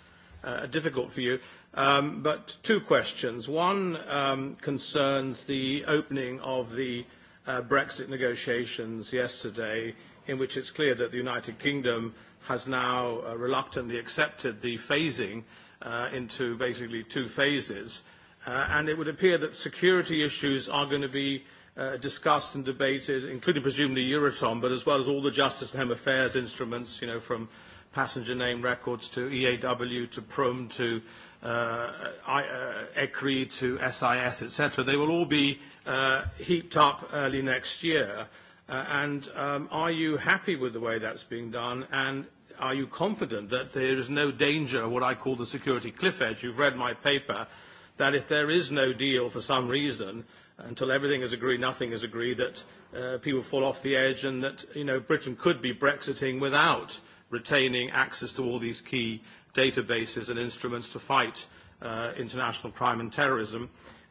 Speaker 4: uh, difficult for you. Um, but two questions. One um, concerns the opening of the uh, Brexit negotiations yesterday, in which it's clear that the United Kingdom has now uh, reluctantly accepted the phasing uh, into basically two phases. Uh, and it would appear that security issues are going to be uh, uh, discussed and debated, including presumably Euratom, but as well as all the Justice and Home Affairs instruments, you know, from passenger name records to EAW to PROM to uh, I, uh, ECRI e to SIS, etc. They will all be uh, heaped up early next year. Uh, and um, are you happy with the way that's being done? And are you confident that there is no danger of what I call the security cliff edge? You've read my paper, that if there is no deal for some reason, until everything is agreed, nothing is agreed, that uh, people fall off the edge and that, you know, Britain could be Brexiting without retaining access to all these key databases and instruments to fight uh, international crime and terrorism.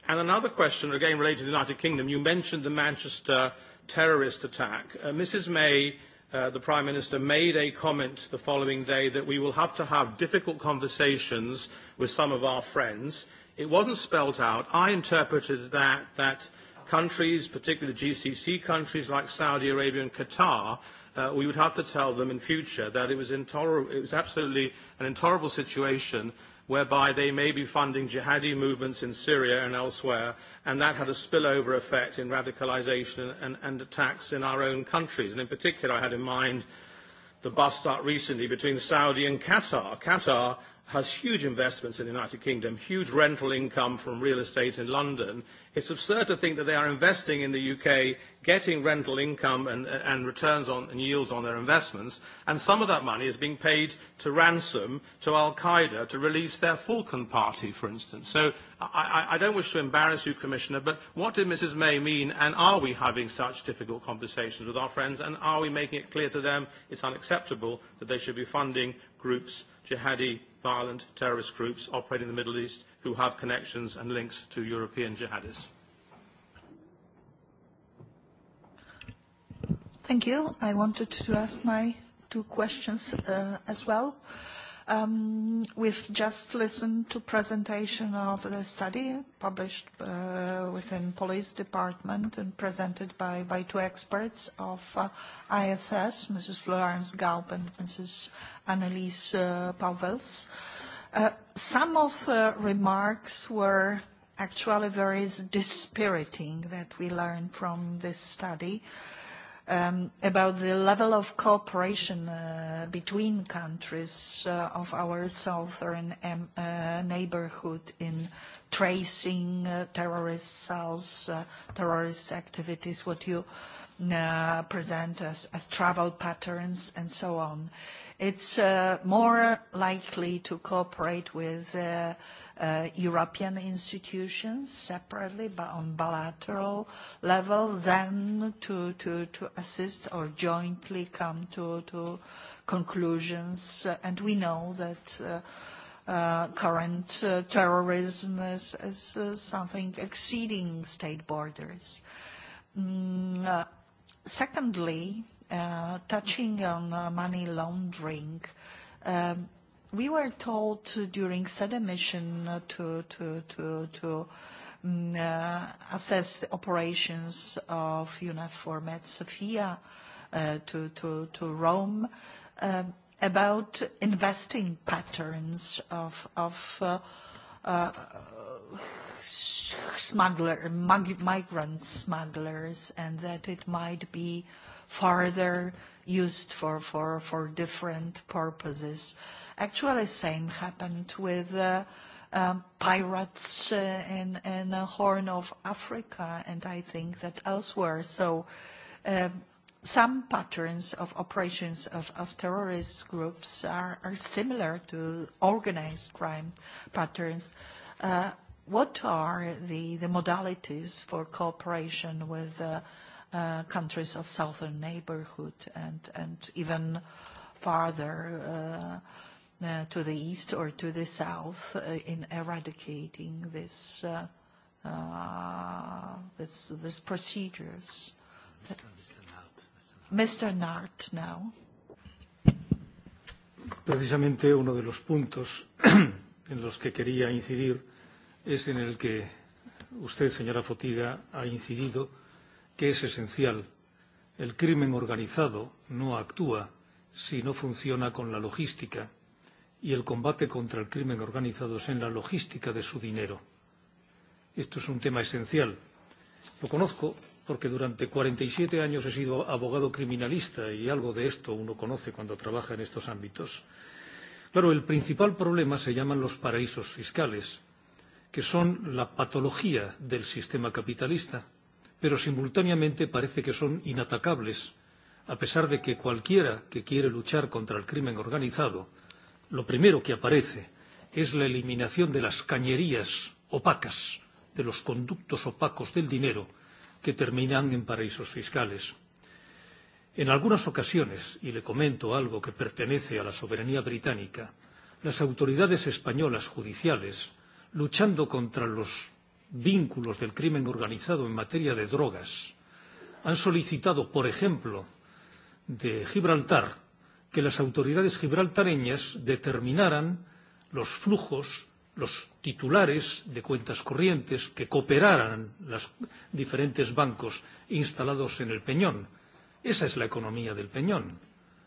Speaker 4: And another question, again related to the United Kingdom, you mentioned the Manchester terrorist attack. Uh, Mrs May, uh, the Prime Minister, made a comment the following day that we will have to have difficult conversations with some of our friends It wasn't spelled out. I interpreted that, that countries, particularly GCC countries like Saudi Arabia and Qatar, uh, we would have to tell them in future that it was, intoler- it was absolutely an intolerable situation whereby they may be funding jihadi movements in Syria and elsewhere, and that had a spillover effect in radicalisation and, and attacks in our own countries. And in particular, I had in mind the bust up recently between Saudi and Qatar. Qatar has huge investments in the United Kingdom, huge rental income from real estate in London. It's absurd to think that they are investing in the UK, getting rental income and, and returns on and yields on their investments, and some of that money is being paid to ransom to Al Qaeda to release their falcon Party, for instance. So I, I don't wish to embarrass you, Commissioner, but what did Mrs May mean, and are we having such difficult conversations with our friends, and are we making it clear to them it's unacceptable that they should be funding groups, jihadi violent terrorist groups operating in the Middle East who have connections and links to European jihadists.
Speaker 1: Thank you. I wanted to ask my two questions uh, as well. Uh, Um, we've just listened to presentation of the study published uh, within police department and presented by, by two experts of uh, ISS, Mrs. Florence Gaup and Mrs. Annelies uh, Pauwels. Uh, some of the remarks were actually very dispiriting that we learned from this study. Uh, Um, about the level of cooperation uh, between countries uh, of our southern neighbourhood um, uh, neighborhood in tracing terrorist cells, terrorist activities, what you present as travel patterns, and so on. It's more likely to cooperate with Uh, European institutions separately, but on bilateral level, then to, to, to assist or jointly come to, to conclusions. And we know that uh, Uh, current uh, terrorism is is uh, something exceeding state borders. Mm, uh, secondly, uh, touching on money laundering, um, we were told during SEDA mission uh, to, to mm, uh, assess the operations of UNAFOR Med Sofia uh, to Rome about investing patterns of, smuggler, migrant smugglers, and that it might be further used for, different purposes. Actually, same happened with uh, um, pirates uh, in, in Horn of Africa, and I think that elsewhere. So uh, some patterns of operations of, of terrorist groups are, are similar to organized crime patterns. Uh, what are the, the modalities for cooperation with uh, uh, countries of southern neighborhood and, and even farther uh, Uh, to the east or to the south uh, in eradicating this, uh, uh, this, this procedures. Mr. Mr. Nart now.
Speaker 7: Precisamente uno de los puntos [CLEARS THROAT] en los que quería incidir es en el que usted, señora Fotiga, ha incidido, que es esencial. El crimen organizado no actúa si no funciona con la logística y el combate contra el crimen organizado en la logística de su dinero. Esto es un tema esencial. Lo conozco porque durante 47 años he sido abogado criminalista y algo de esto uno conoce cuando trabaja en estos ámbitos. Claro, el principal problema se llaman los paraísos fiscales, que son la patología del sistema capitalista, pero simultáneamente parece que son inatacables, a pesar de que cualquiera que quiere luchar contra el crimen organizado lo primero que aparece es la eliminación de las cañerías opacas, de los conductos opacos del dinero que terminan en paraísos fiscales. En algunas ocasiones, y le comento algo que pertenece a la soberanía británica, las autoridades españolas judiciales, luchando contra los vínculos del crimen organizado en materia de drogas, han solicitado, por ejemplo, de Gibraltar que las autoridades gibraltareñas determinaran los flujos, los titulares de cuentas corrientes que cooperaran los diferentes bancos instalados en el Peñón. Esa es la economía del Peñón,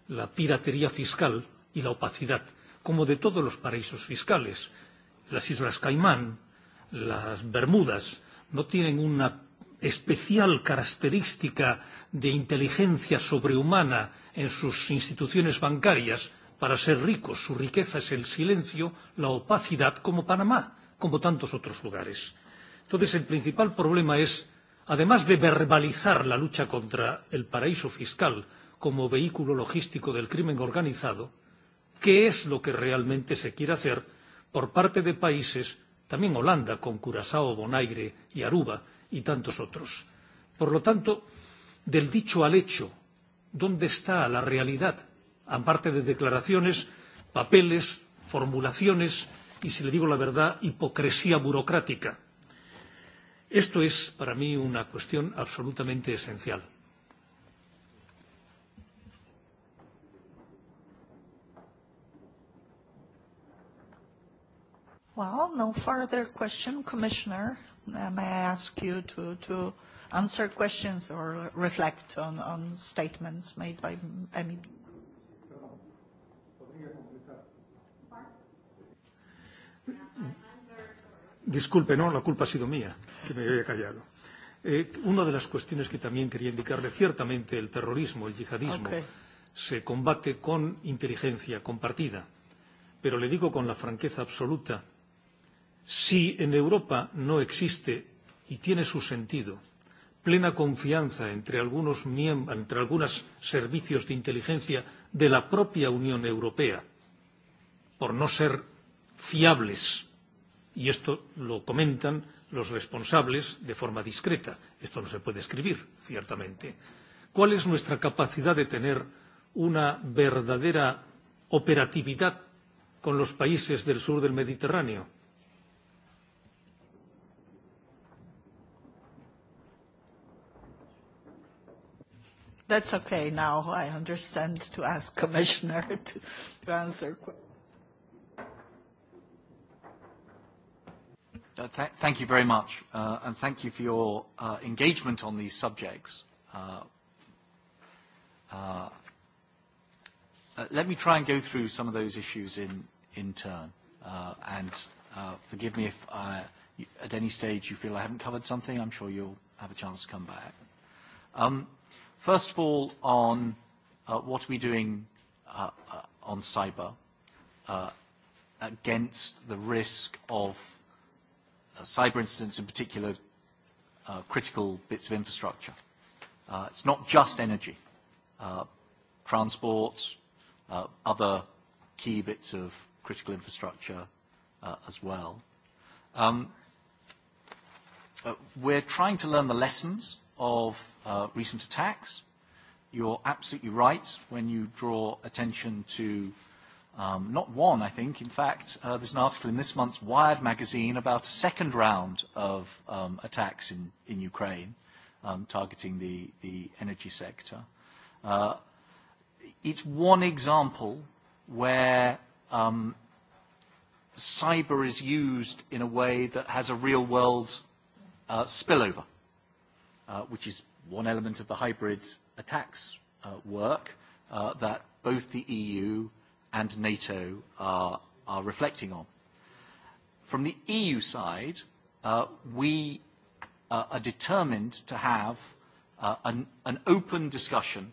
Speaker 7: la piratería fiscal y la opacidad, como de todos los paraísos fiscales. Las Islas Caimán, las Bermudas, no tienen una especial característica de inteligencia sobrehumana en sus instituciones bancarias para ser ricos. Su riqueza es el silencio, la opacidad, como Panamá, como tantos otros lugares. Entonces, el principal problema es, además de verbalizar la lucha contra el paraíso fiscal como vehículo logístico del crimen organizado, ¿qué es lo que realmente se quiere hacer por parte de países, también Holanda, con Curazao, Bonaire y Aruba y tantos otros? Por lo tanto, del dicho al hecho. ¿Dónde está la realidad? Aparte de declaraciones, papeles, formulaciones y, si le digo la verdad, hipocresía burocrática. Esto es para mí una cuestión absolutamente esencial.
Speaker 1: Well, no further question. Commissioner, may I ask you to, to answer questions or reflect on, on statements made by
Speaker 7: MEP. Disculpe, no, la culpa ha sido mía, que me había callado. Eh, una de las cuestiones que también quería indicarle, ciertamente el terrorismo, el yihadismo, okay. se combate con inteligencia compartida, pero le digo con la franqueza absoluta, si en Europa no existe y tiene su sentido plena confianza entre algunos entre algunos servicios de inteligencia de la propia Unión Europea por no ser fiables y esto lo comentan los responsables de forma discreta. Esto no se puede escribir, ciertamente. ¿Cuál es nuestra capacidad de tener una verdadera operatividad con los países del sur del Mediterráneo?
Speaker 1: That's okay now. I understand to ask Commissioner [LAUGHS] to, to answer
Speaker 8: Uh, th thank you very much, uh, and thank you for your uh, engagement on these subjects. Uh, uh, let me try and go through some of those issues in, in turn. Uh, and forgive me if I, at any stage you feel I haven't covered something. I'm sure you'll have a chance to come back. Um, First of all, on uh, what are we doing uh, uh, on cyber uh, against the risk of uh, cyber incidents, in particular uh, critical bits of infrastructure. Uh, it's not just energy, uh, transport, uh, other key bits of critical infrastructure uh, as well. Um, uh, we're trying to learn the lessons of Uh, recent attacks. You're absolutely right when you draw attention to um, not one, I think. In fact, uh, there's an article in this month's Wired magazine about a second round of um, attacks in, Ukraine um, targeting the, energy sector. Uh, it's one example where cyber is used in a way that has a real world spillover, which is one element of the hybrid attacks uh, work uh, that both the EU and NATO are, are reflecting on. From the EU side, uh, we uh, are determined to have uh, an, an open discussion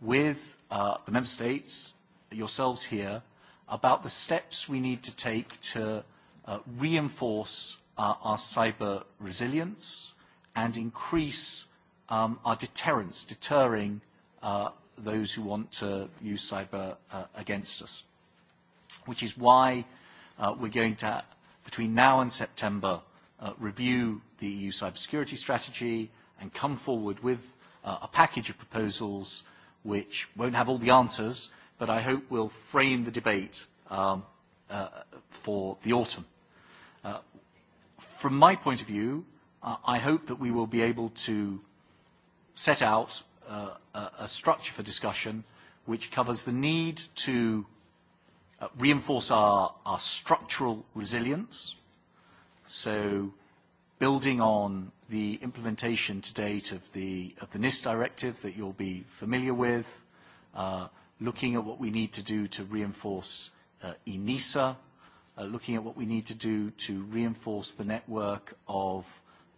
Speaker 8: with uh, the Member States, yourselves here, about the steps we need to take to uh, reinforce uh, our cyber resilience and increase um, are deterrents, deterring uh, those who want to use cyber uh, against us, which is why uh, we're going to, between now and September, uh, review the EU cybersecurity strategy and come forward with uh, a package of proposals which won't have all the answers, but I hope will frame the debate um, uh, for the autumn. Uh, from my point of view, uh, I hope that we will be able to set out uh, a, a structure for discussion which covers the need to uh, reinforce our, our structural resilience, so building on the implementation to date of the, of the NIST directive that you'll be familiar with, uh, looking at what we need to do to reinforce uh, ENISA, uh, looking at what we need to do to reinforce the network of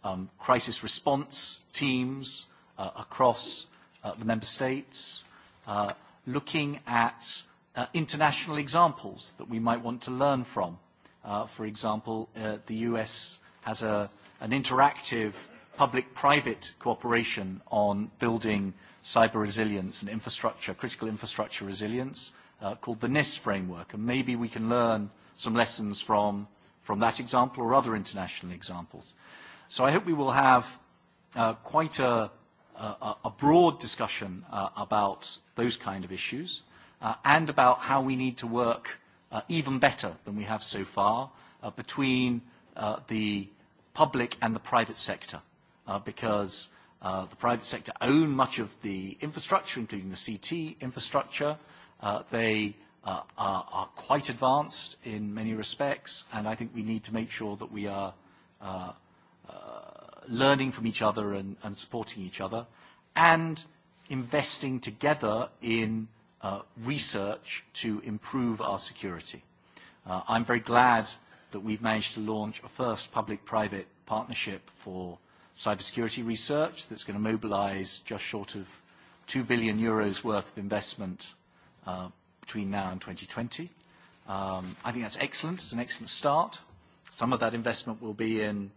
Speaker 8: um, crisis response teams, uh, across uh, the member states, uh, looking at uh, international examples that we might want to learn from. Uh, for example, uh, the US has a, an interactive public-private cooperation on building cyber resilience and infrastructure, critical infrastructure resilience, uh, called the NIST framework. And maybe we can learn some lessons from, from that example or other international examples. So I hope we will have uh, quite a, Uh, a, broad discussion uh, about those kind of issues uh, and about how we need to work uh, even better than we have so far uh, between uh, the public and the private sector uh, because uh, the private sector own much of the infrastructure, including the CT infrastructure. Uh, they uh, are, are quite advanced in many respects, and I think we need to make sure that we are uh, learning from each other and, and supporting each other, and investing together in uh, research to improve our security. Uh, I'm very glad that we've managed to launch a first public-private partnership for cybersecurity research that's going to mobilize just short of 2 billion euros worth of investment uh, between now and 2020. Um, I think that's excellent. It's an excellent start. Some of that investment will be in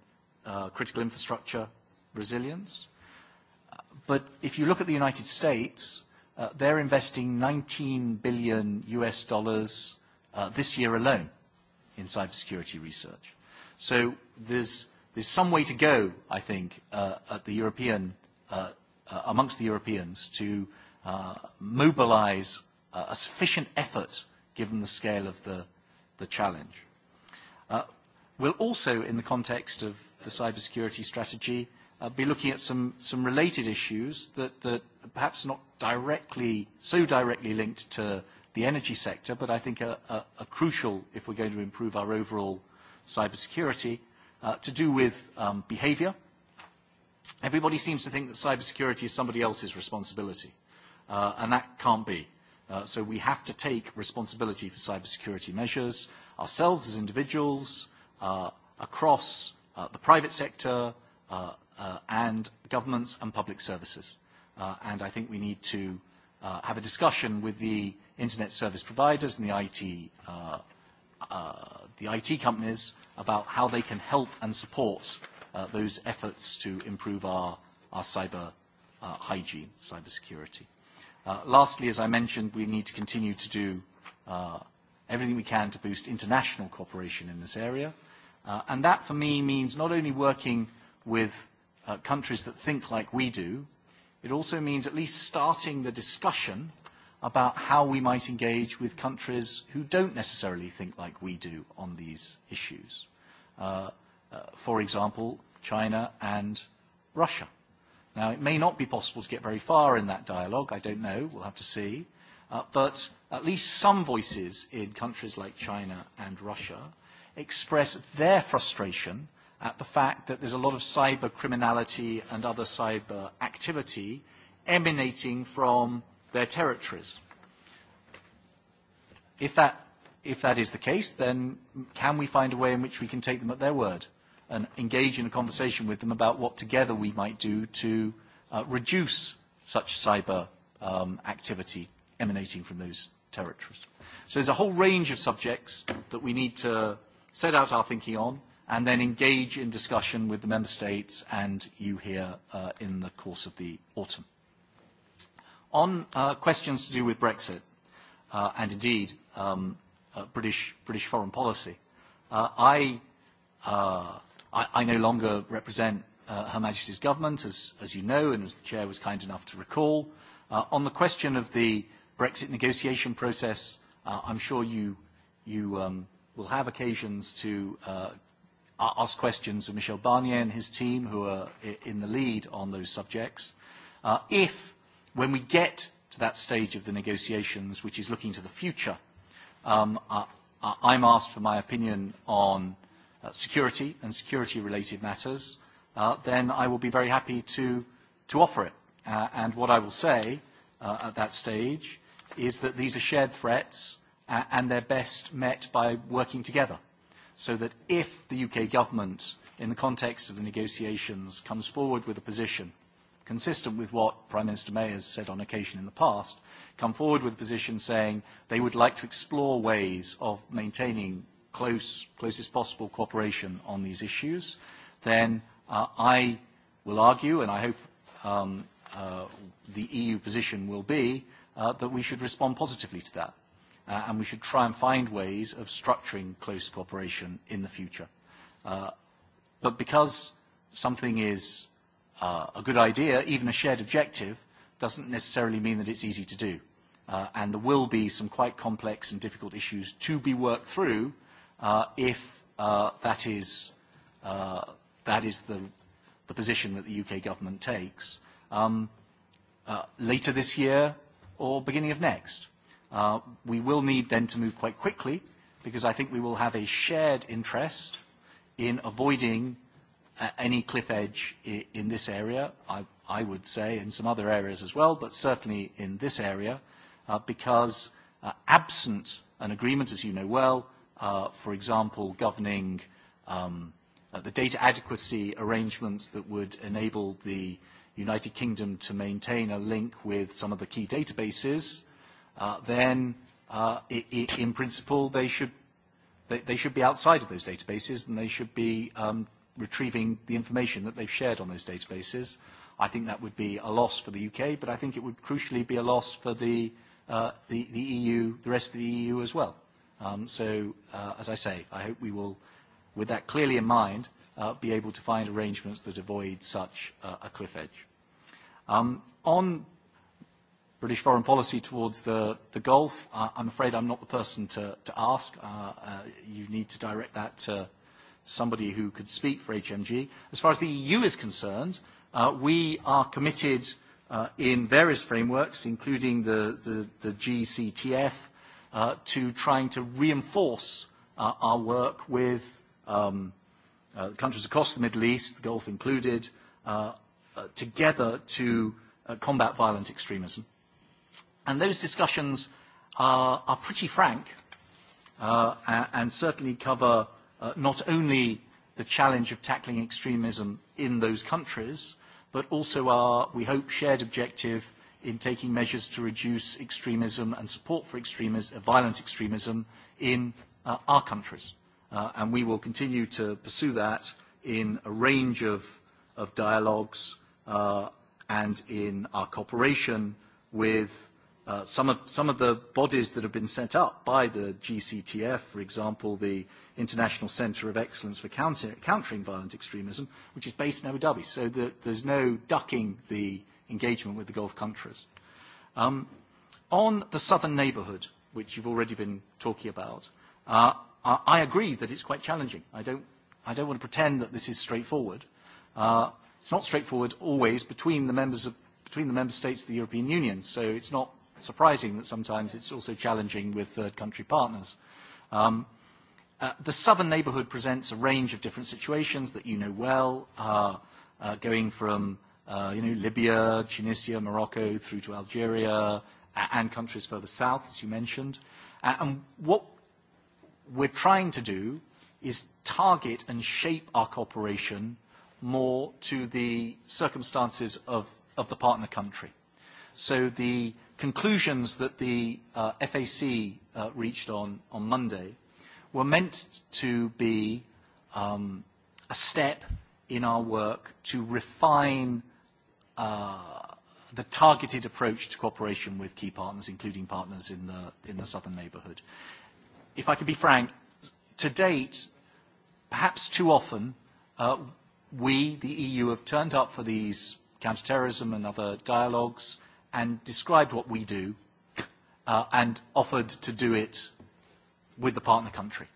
Speaker 8: Uh, critical infrastructure resilience. Uh, but if you look at the United States, uh, they're investing 19 billion US dollars uh, this year alone in cybersecurity research. So there's, there's some way to go, I think, uh, at the European, uh, uh, amongst the Europeans to uh, mobilize uh, a sufficient effort given the scale of the, the challenge. Uh, we'll also, in the context of the cybersecurity strategy, uh, be looking at some, some related issues that, that perhaps not directly, so directly linked to the energy sector, but I think are, are, are crucial if we're going to improve our overall cybersecurity, uh, to do with um, behavior. Everybody seems to think that cybersecurity is somebody else's responsibility, uh, and that can't be. Uh, so we have to take responsibility for cybersecurity measures ourselves as individuals, uh, across uh, the private sector, uh, uh, and governments and public services. Uh, and I think we need to uh, have a discussion with the internet service providers and the IT, uh, uh, the IT companies about how they can help and support uh, those efforts to improve our, our cyber uh, hygiene, security. Uh, lastly, as I mentioned, we need to continue to do uh, everything we can to boost international cooperation in this area. Uh, and that, for me, means not only working with uh, countries that think like we do, it also means at least starting the discussion about how we might engage with countries who don't necessarily think like we do on these issues. Uh, uh, for example, China and Russia. Now, it may not be possible to get very far in that dialogue. I don't know. We'll have to see. Uh, but at least some voices in countries like China and Russia express their frustration at the fact that there's a lot of cyber criminality and other cyber activity emanating from their territories. If that, if that is the case, then can we find a way in which we can take them at their word and engage in a conversation with them about what together we might do to uh, reduce such cyber um, activity emanating from those territories? So there's a whole range of subjects that we need to set out our thinking on, and then engage in discussion with the member states and you here uh, in the course of the autumn. On uh, questions to do with Brexit, uh, and indeed um, uh, British, British foreign policy, uh, I, uh, I, I no longer represent uh, Her Majesty's government, as, as you know, and as the Chair was kind enough to recall. Uh, on the question of the Brexit negotiation process, uh, I'm sure you, you um, will have occasions to uh, ask questions of Michel Barnier and his team, who are in the lead on those subjects. Uh, if, when we get to that stage of the negotiations, which is looking to the future, um, uh, I'm asked for my opinion on uh, security and security-related matters, uh, then I will be very happy to, to offer it. Uh, and what I will say uh, at that stage is that these are shared threats And and they're best met by working together. So that if the UK government, in the context of the negotiations, comes forward with a position consistent with what Prime Minister May has said on occasion in the past, come forward with a position saying they would like to explore ways of maintaining close, closest possible cooperation on these issues, then uh, I will argue, and I hope um, uh, the EU position will be, uh, that we should respond positively to that. Uh, and we should try and find ways of structuring close cooperation in the future. Uh, but because something is uh, a good idea, even a shared objective, doesn't necessarily mean that it's easy to do. Uh, and there will be some quite complex and difficult issues to be worked through uh, if uh, that is, uh, that is the, the position that the UK government takes um, uh, later this year or beginning of next. Uh, we will need then to move quite quickly because I think we will have a shared interest in avoiding uh, any cliff edge in this area, I, would say in some other areas as well, but certainly in this area, uh, because absent an agreement, as you know well, for example, governing um, the data adequacy arrangements that would enable the United Kingdom to maintain a link with some of the key databases, Uh, then uh, in principle they should, they, they should be outside of those databases and they should be um, retrieving the information that they've shared on those databases. I think that would be a loss for the UK, but I think it would crucially be a loss for the, uh, the, the EU, the rest of the EU as well. Um, so, uh, as I say, I hope we will, with that clearly in mind, uh, be able to find arrangements that avoid such uh, a cliff edge. Um, on British foreign policy towards the, the Gulf, uh, I'm afraid I'm not the person to, to ask. Uh, uh, you need to direct that to somebody who could speak for HMG. As far as the EU is concerned, uh, we are committed uh, in various frameworks, including the, the, the GCTF, uh, to trying to reinforce uh, our work with um, uh, countries across the Middle East, the Gulf included, uh, uh, together to uh, combat violent extremism. And those discussions are, are pretty frank uh, and certainly cover uh, not only the challenge of tackling extremism in those countries, but also our, we hope, shared objective in taking measures to reduce extremism and support for extremism, uh, violent extremism in uh, our countries. Uh, and we will continue to pursue that in a range of, of dialogues uh, and in our cooperation with Uh, some, of, some of the bodies that have been set up by the GCTF, for example, the International Centre of Excellence for Counter, Countering Violent Extremism, which is based in Abu Dhabi. So the, there's no ducking the engagement with the Gulf countries. Um, on the southern neighbourhood, which you've already been talking about, uh, I, I agree that it's quite challenging. I don't, I don't want to pretend that this is straightforward. Uh, it's not straightforward always between the members of, between the member states of the European Union, so it's not surprising that sometimes it's also challenging with third country partners. Um, uh, the southern neighbourhood presents a range of different situations that you know well, uh, uh, going from uh, you know, Libya, Tunisia, Morocco, through to Algeria, and countries further south, as you mentioned. Uh, and what we're trying to do is target and shape our cooperation more to the circumstances of, of the partner country. So the conclusions that the uh, FAC uh, reached on, on Monday were meant to be um, a step in our work to refine uh, the targeted approach to cooperation with key partners, including partners in the, in the southern neighborhood. If I could be frank, to date, perhaps too often, uh, we, the EU, have turned up for these counterterrorism and other dialogues and described what we do uh, and offered to do it with the partner country.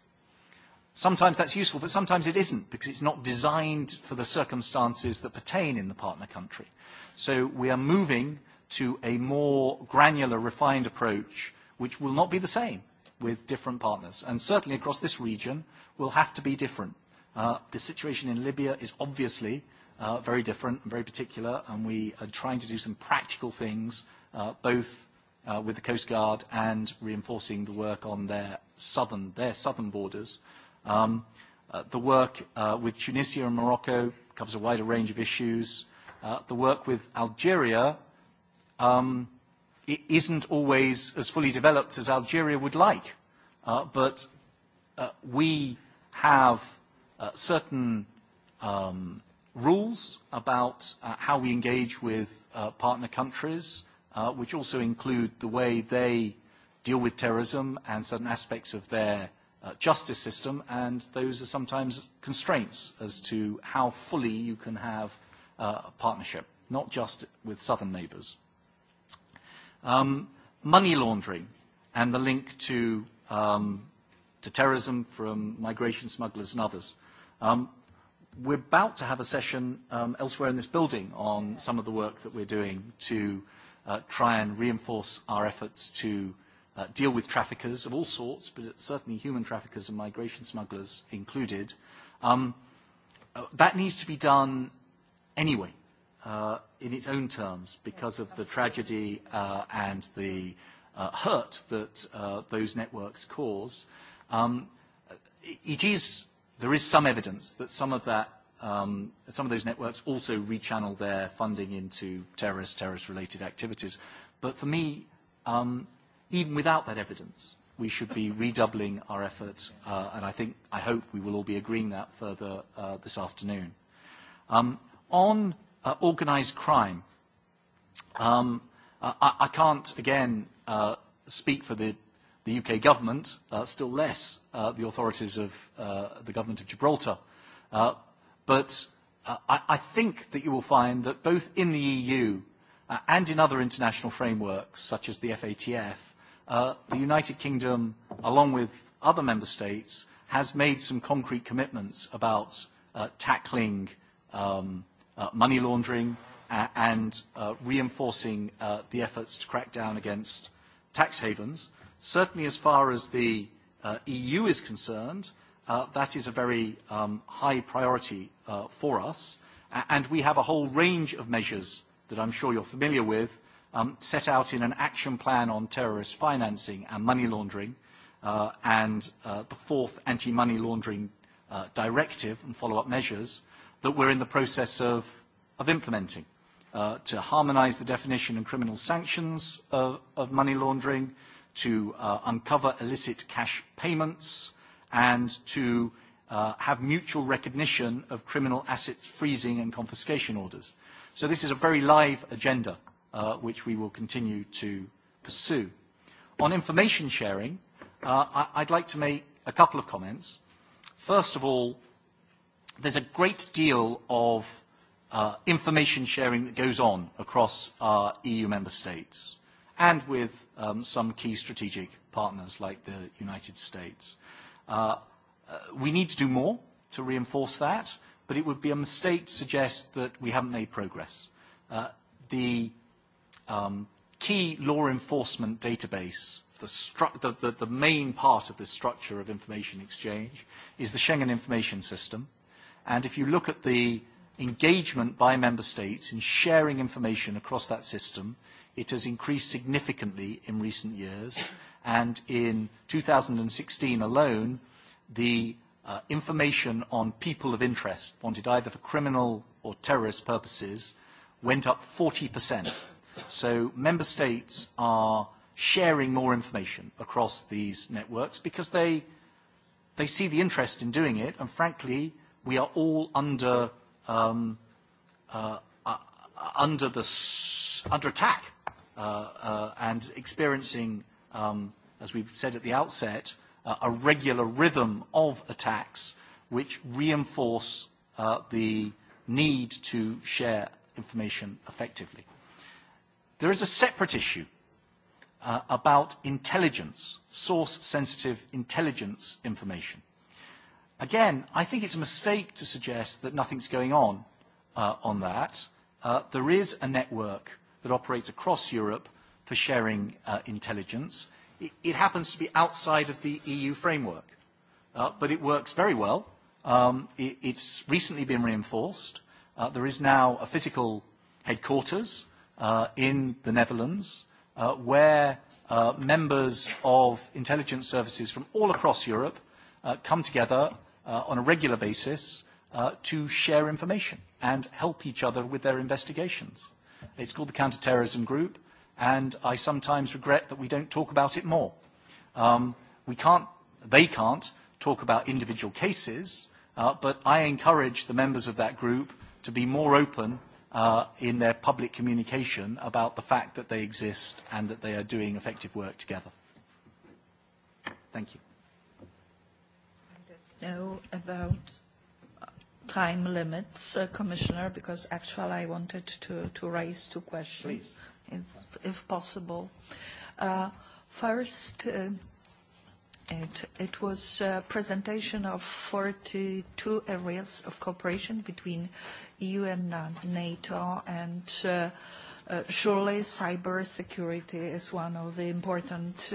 Speaker 8: Sometimes that's useful, but sometimes it isn't because it's not designed for the circumstances that pertain in the partner country. So we are moving to a more granular, refined approach, which will not be the same with different partners. And certainly across this region will have to be different. Uh, the situation in Libya is obviously uh, very different and very particular, and we are trying to do some practical things, uh, both uh, with the Coast Guard and reinforcing the work on their southern, their southern borders. Um, uh, the work uh, with Tunisia and Morocco covers a wider range of issues. Uh, the work with Algeria um, it isn't always as fully developed as Algeria would like, uh, but uh, we have uh, certain um, rules about uh, how we engage with uh, partner countries, uh, which also include the way they deal with terrorism and certain aspects of their justice system, and those are sometimes constraints as to how fully you can have a partnership, not just with southern neighbours. Um, money laundering and the link to, um, to terrorism from migration smugglers and others. Um, we're about to have a session um, elsewhere in this building on some of the work that we're doing to uh, try and reinforce our efforts to uh, deal with traffickers of all sorts, but certainly human traffickers and migration smugglers included. Um, uh, that needs to be done anyway, uh, in its own terms, because of the tragedy uh, and the uh, hurt that uh, those networks cause. Um, it is There is some evidence that some of that um, some of those networks also rechannel their funding into terrorist, terrorist-related activities. But for me, um, even without that evidence, we should be redoubling our efforts, uh, and I think, I hope we will all be agreeing that further uh, this afternoon. Um, on uh, organised crime, um, I, I can't, again, uh, speak for the the UK government, uh, still less uh, the authorities of uh, the government of Gibraltar. Uh, but uh, I, I think that you will find that both in the EU uh, and in other international frameworks, such as the FATF, uh, the United Kingdom, along with other member states, has made some concrete commitments about uh, tackling um, uh, money laundering and uh, reinforcing uh, the efforts to crack down against tax havens. Certainly as far as the uh, EU is concerned, uh, that is a very um, high priority uh, for us. And we have a whole range of measures that I'm sure you're familiar with, um, set out in an action plan on terrorist financing and money laundering, uh, and uh, the fourth anti-money laundering uh, directive and follow-up measures that we're in the process of, of implementing. Uh, to harmonize the definition and criminal sanctions of, of money laundering, uh, to uh, uncover illicit cash payments, and to uh, have mutual recognition of criminal asset freezing and confiscation orders. So this is a very live agenda, uh, which we will continue to pursue. On information sharing, uh, I I'd like to make a couple of comments. First of all, there's a great deal of information sharing that goes on across our EU member states and with um, some key strategic partners like the United States. Uh, uh, we need to do more to reinforce that, but it would be a mistake to suggest that we haven't made progress. Uh, the um, key law enforcement database, the, the, the, the main part of the structure of information exchange, is the Schengen Information System. And if you look at the engagement by member states in sharing information across that system, It has increased significantly in recent years, and in 2016 alone, the uh, information on people of interest wanted either for criminal or terrorist purposes went up 40%. So member states are sharing more information across these networks because they, they see the interest in doing it, and frankly, we are all under, um, uh, uh, under, the, under attack Uh, uh, and experiencing, um, as we've said at the outset, uh, a regular rhythm of attacks which reinforce the need to share information effectively. There is a separate issue uh, about intelligence, source-sensitive intelligence information. Again, I think it's a mistake to suggest that nothing's going on uh, on that. Uh, there is a network uh, that operates across Europe for sharing uh, intelligence. It, it happens to be outside of the EU framework, uh, but it works very well. Um, it, it's recently been reinforced. Uh, there is now a physical headquarters uh, in the Netherlands uh, where uh, members of intelligence services from all across Europe uh, come together uh, on a regular basis uh, to share information and help each other with their investigations. It's called the Counterterrorism Group, and I sometimes regret that we don't talk about it more. Um, we can't, they can't talk about individual cases, uh, but I encourage the members of that group to be more open uh, in their public communication about the fact that they exist and that they are doing effective work together. Thank you.
Speaker 1: Know about time limits, uh, Commissioner, because actually I wanted to, to raise two questions, if, if possible. Uh, first, uh, it, it was a uh, presentation of 42 areas of cooperation between EU and NATO, and uh, uh, surely cybersecurity is one of the important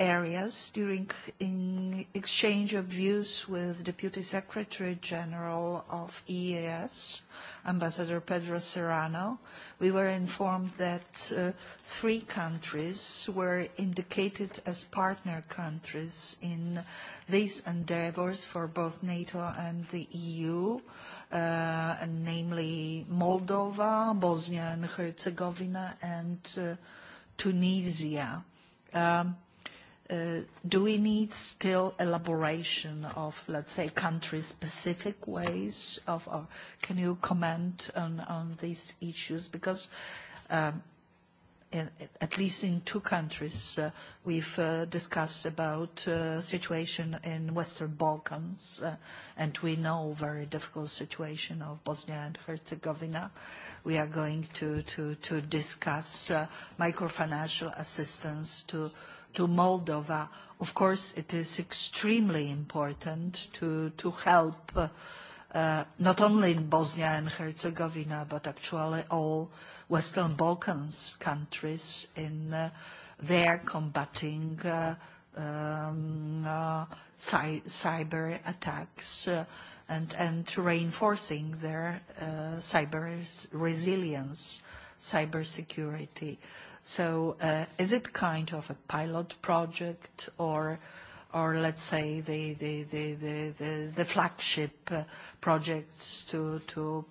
Speaker 1: areas during in exchange of views with Deputy Secretary General of EAS, Ambassador Pedro Serrano. We were informed that uh, three countries were indicated as partner countries in these endeavors for both NATO and the EU. Uh, namely Moldova, Bosnia and Herzegovina, and uh, Tunisia. Um, Uh, do we need still elaboration of, let's say, country-specific ways of, or can you comment on, on these issues? Because um, in, at least in two countries, uh, we've uh, discussed about uh, situation in Western Balkans, uh, and we know very difficult situation of Bosnia and Herzegovina. We are going to, to, to discuss microfinancial assistance to to Moldova. Of course, it is extremely important to, to help uh, uh, not only in Bosnia and Herzegovina, but actually all Western Balkans countries in uh, their combating uh, um, uh, cy cyber attacks uh, and, and reinforcing their uh, cyber resilience, cyber security. Uh, So uh, is it kind of a pilot project or, or let's say, the, the, the, the flagship uh, projects to, to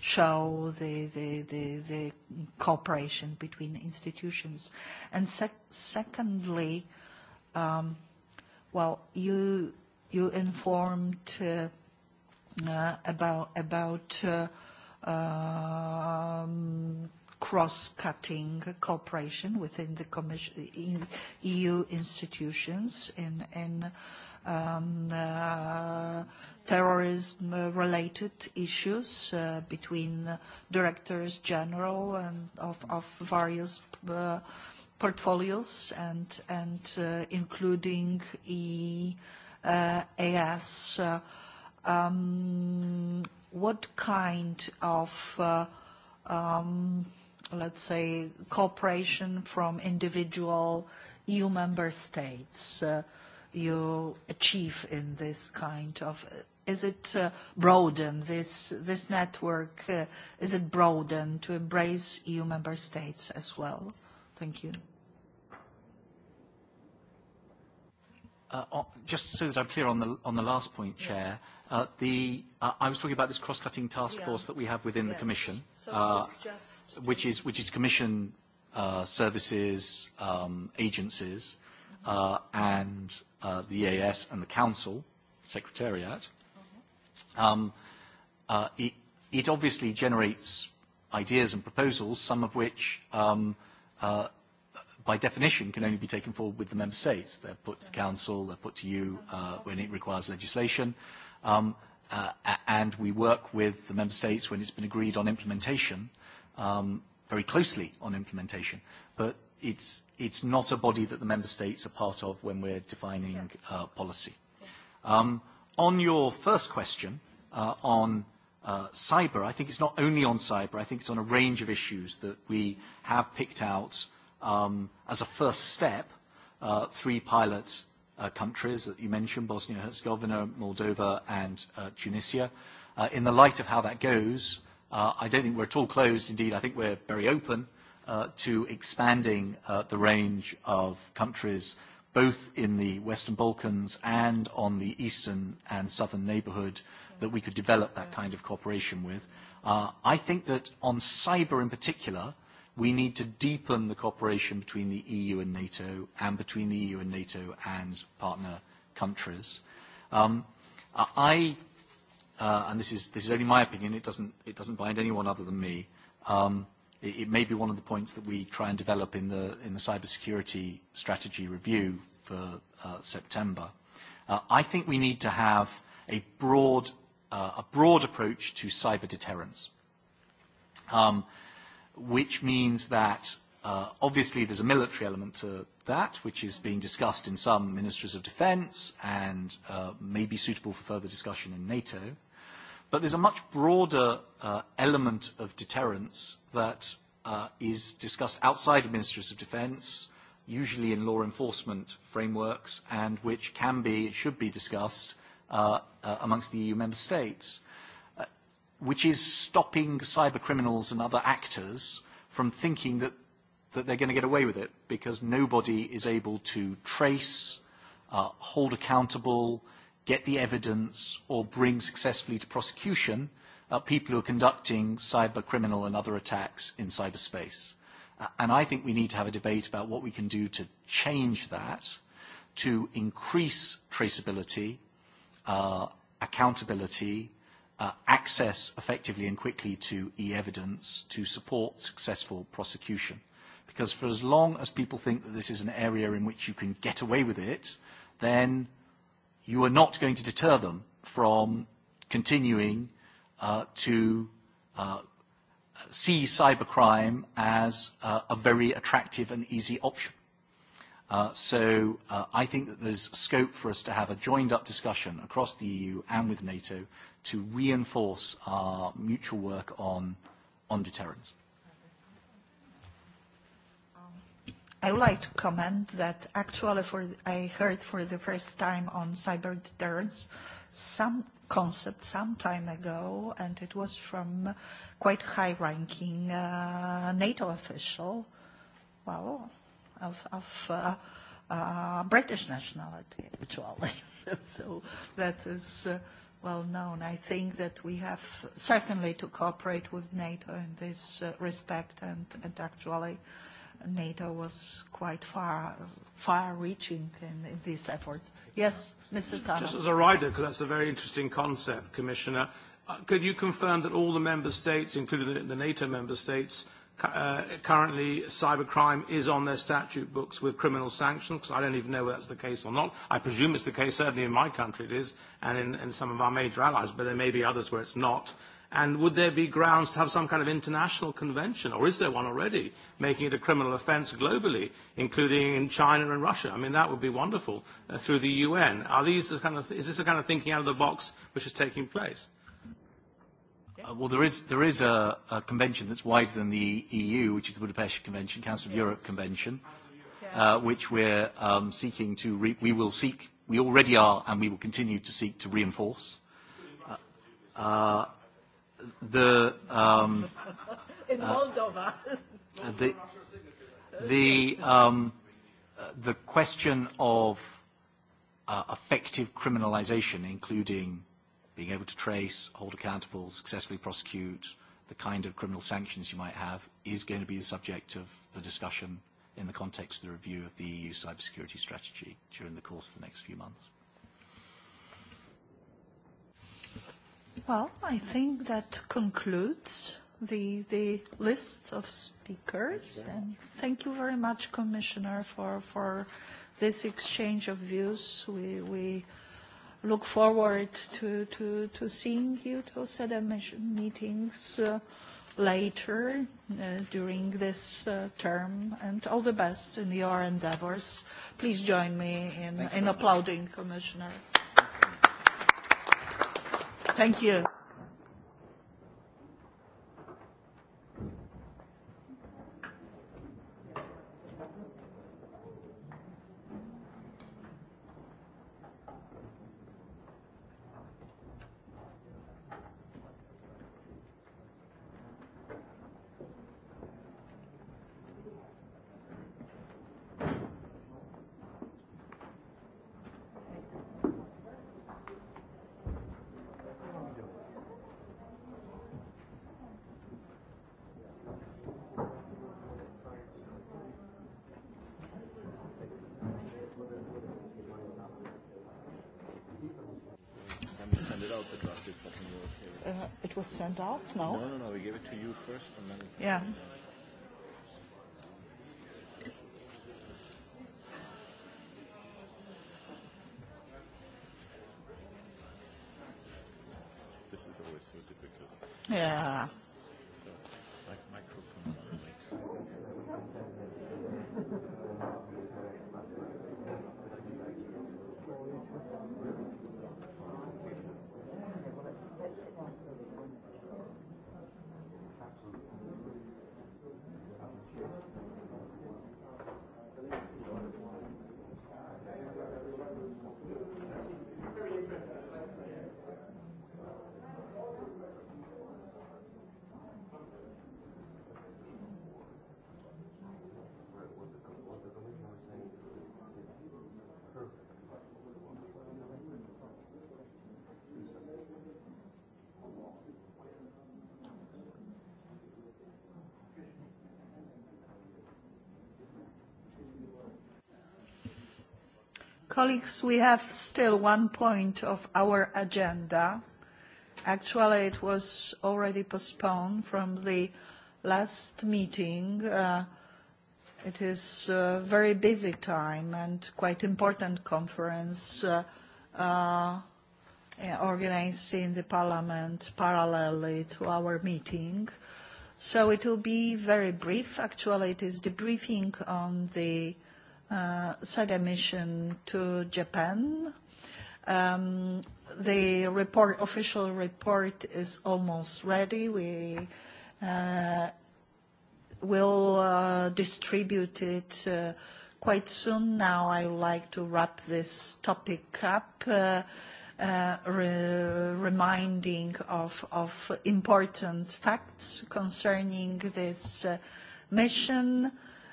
Speaker 1: show the cooperation between institutions? And secondly, um, well, you, you informed uh, about, about cross-cutting cooperation within the commission, in EU institutions in, in um, uh, terrorism-related issues uh, between directors general and of, of various uh, portfolios and, and uh, including EAS. Uh, uh, um, what kind of um, let's say, cooperation from individual EU member states uh, you achieve in this kind of? Uh, is it uh, broadened, this, this network, uh, is it broadened to embrace EU member states as well? Thank you.
Speaker 8: Uh, just so that I'm clear on the, on the last point, Chair, uh, the, uh, I was talking about this cross-cutting task force yeah. that we have within yes. the Commission, so uh, which is which is Commission uh, services, um, agencies, mm-hmm. and the EAS and the Council Secretariat. Mm-hmm. Um, it, it obviously generates ideas and proposals, some of which um, by definition, can only be taken forward with the member states. They're put to the council, they're put to you uh, when it requires legislation. Um, uh, and we work with the member states when it's been agreed on implementation, um, very closely on implementation. But it's, it's not a body that the member states are part of when we're defining uh, policy. Um, on your first question uh, on Uh, cyber, I think it's not only on cyber, I think it's on a range of issues that we have picked out um, as a first step, uh, three pilot uh, countries that you mentioned, Bosnia-Herzegovina, Moldova, and uh, Tunisia. Uh, in the light of how that goes, uh, I don't think we're at all closed. Indeed, I think we're very open uh, to expanding uh, the range of countries both in the Western Balkans and on the eastern and southern neighborhood that we could develop that kind of cooperation with. Uh, I think that on cyber in particular, we need to deepen the cooperation between the EU and NATO and between the EU and NATO and partner countries. Um, I, uh, and this is, this is only my opinion, it doesn't, it doesn't bind anyone other than me, um, it, it may be one of the points that we try and develop in the, in the cybersecurity strategy review for uh, September. Uh, I think we need to have a broad, uh, a broad approach to cyber deterrence. Um, which means that uh, obviously there's a military element to that, which is being discussed in some ministries of defense and uh, may be suitable for further discussion in NATO. But there's a much broader uh, element of deterrence that uh, is discussed outside of ministries of defense, usually in law enforcement frameworks, and which can be, should be discussed uh, uh, amongst the EU member states which is stopping cyber criminals and other actors from thinking that, that they're going to get away with it because nobody is able to trace, uh, hold accountable, get the evidence, or bring successfully to prosecution uh, people who are conducting cyber criminal and other attacks in cyberspace. Uh, and I think we need to have a debate about what we can do to change that, to increase traceability, uh, accountability, uh, access effectively and quickly to e-evidence to support successful prosecution. Because for as long as people think that this is an area in which you can get away with it, then you are not going to deter them from continuing uh, to uh, see cybercrime as uh, a very attractive and easy option. Uh, so uh, I think that there's scope for us to have a joined-up discussion across the EU and with NATO to reinforce our mutual work on, on deterrence.
Speaker 1: I would like to comment that actually for, I heard for the first time on cyber deterrence some concept some time ago, and it was from quite high-ranking uh, NATO official. Well, of, of uh, uh, British nationality, actually. [LAUGHS] so that is uh, well known. I think that we have certainly to cooperate with NATO in this uh, respect, and, and actually NATO was quite far, far-reaching in, in these efforts. Yes, Mr. Tanner. Just as a
Speaker 4: rider, because that's a very interesting concept, Commissioner. Uh, could you confirm that all the member states, including the, the NATO member states, Uh, currently, cybercrime is on their statute books with criminal sanctions, because I don't even know whether that's the case or not. I presume it's the case, certainly in my country it is, and in, in some of our major allies, but there may be others where it's not. And would there be grounds to have some kind of international convention, or is there one already, making it a criminal offence globally, including in China and Russia? I mean, that would be wonderful uh, through the UN. Are these the kind of, is this the kind of thinking out of the box which is taking place?
Speaker 8: Uh, well, there is, there is a, a convention that's wider than the EU, which is the Budapest Convention, Council of Europe Convention, uh, which we're um, seeking to, re- we will seek, we already are, and we will continue to seek to reinforce. Uh, uh, the, um,
Speaker 1: [LAUGHS] In uh, Moldova. Uh, the, the, um,
Speaker 8: the question of uh, effective criminalization, including being able to trace, hold accountable, successfully prosecute the kind of criminal sanctions you might have is going to be the subject of the discussion in the context of the review of the EU cybersecurity strategy during the course of the next few months.
Speaker 1: Well, I think that concludes the, the list of speakers. Thank and thank you very much, Commissioner, for, for this exchange of views. We, we look forward to, to, to seeing you to other meetings uh, later uh, during this uh, term, and all the best in your endeavors. Please join me in, in applauding Commissioner. Thank you. was sent out? No? No,
Speaker 4: no, no. We gave it to you first and then... We
Speaker 1: yeah. This is always so difficult. Yeah. Colleagues, we have still one point of our agenda. Actually, it was already postponed from the last meeting. Uh, it is a uh, very busy time and quite important conference uh, uh, organized in the parliament parallelly to our meeting. So it will be very brief. Actually, it is debriefing on the uh, uh, Saga mission to Japan. Um, the report, official report is almost ready. We uh, will uh, distribute it uh, quite soon. Now I would like to wrap this topic up, reminding of important facts concerning this mission.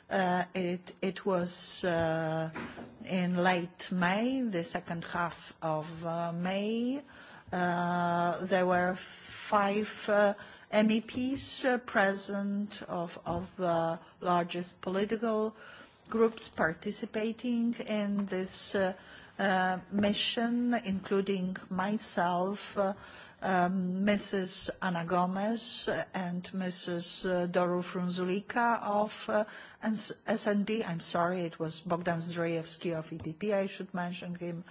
Speaker 1: Uh, it, was uh, in late May, the second half of uh, May. There were five MEPs present of the largest political groups participating in this mission, including myself, Mrs. Um, Ana Gomes and Mrs. Uh, Doru Frunzulica of uh, S&D. I'm sorry, it was Bogdan Zdrojewski of EPP, I should mention him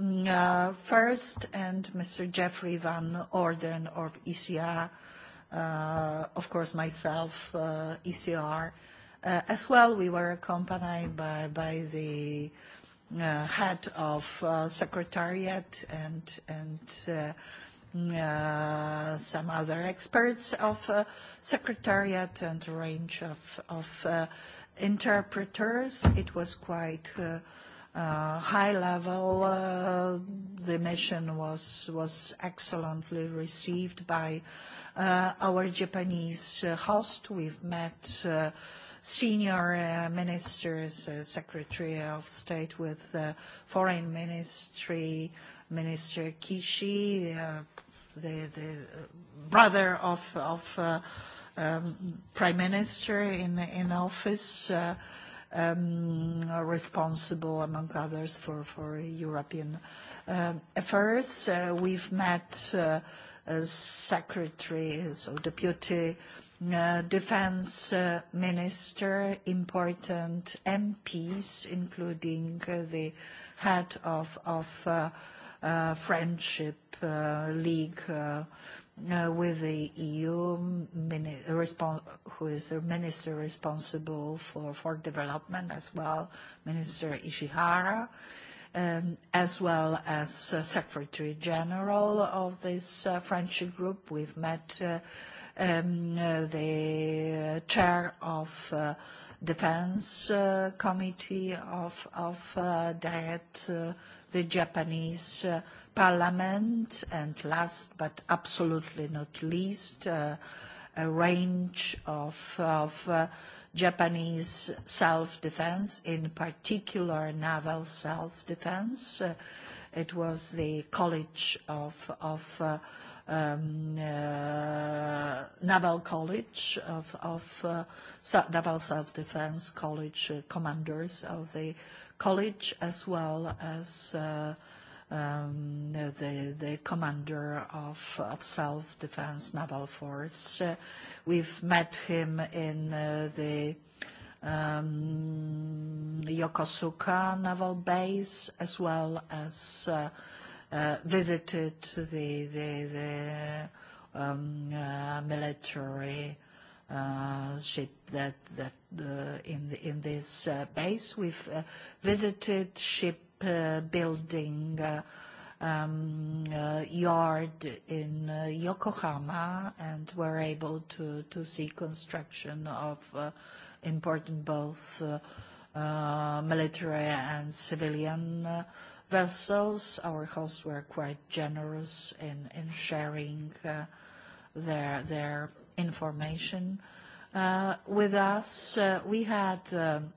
Speaker 1: mm, uh, first, and Mr. Jeffrey Van Orden of ECR, of course, myself, ECR. As well, we were accompanied by, by the head of secretariat and, and Uh, some other experts of uh, secretariat and a range of, of uh, interpreters. It was quite uh, uh, high level. The mission was, was excellently received by our Japanese host. We've met senior ministers, Secretary of State with Foreign Ministry, Minister Kishi, the, the brother of, of uh, um, prime minister in, in office, uh, um, responsible, among others, for, for European uh, affairs. Uh, we've met uh, as secretary, so deputy uh, defense uh, minister, important MPs, including uh, the head of, of uh, uh, friendship Uh, league uh, uh, with the EU, who is the minister responsible for, for development as well, Minister Ishihara. Um, as well as uh, Secretary General of this uh, friendship group. We've met uh, um, the chair of Defense Committee of, of DIET, the Japanese Parliament, and last but absolutely not least, uh, a range of, of uh, Japanese self-defense, in particular naval self-defense. Uh, it was the College of, of uh, um, uh, Naval College of, of uh, Naval Self-Defense College commanders of the college, as well as um, the, the commander of, of self-defense naval force. Uh, we've met him in uh, the um, Yokosuka naval base, as well as uh, uh, visited the, the, the um, uh, military Uh, ship that, that uh, in, the, in this uh, base. We've uh, visited ship Uh, building uh, um, uh, yard in Yokohama and were able to, to see construction of important both military and civilian vessels. Our hosts were quite generous in, in sharing their, their information with us. we had um,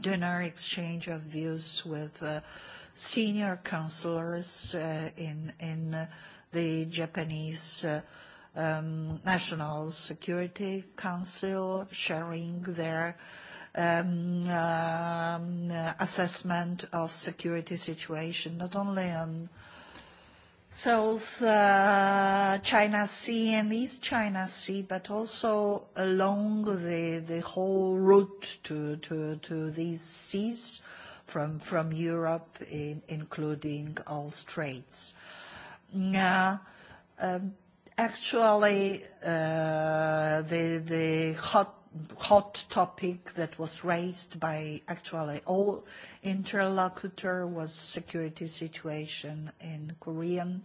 Speaker 1: dinner exchange of views with uh, senior counselors uh, in, in the Japanese uh, um, National Security Council, sharing their um, um, assessment of security situation, not only on South uh, China Sea and East China Sea, but also along the, the whole route to, to, to these seas from, from Europe, in, including all straits. Now, um, actually, uh, the, the hot hot topic that was raised by actually all interlocutor was security situation in Korean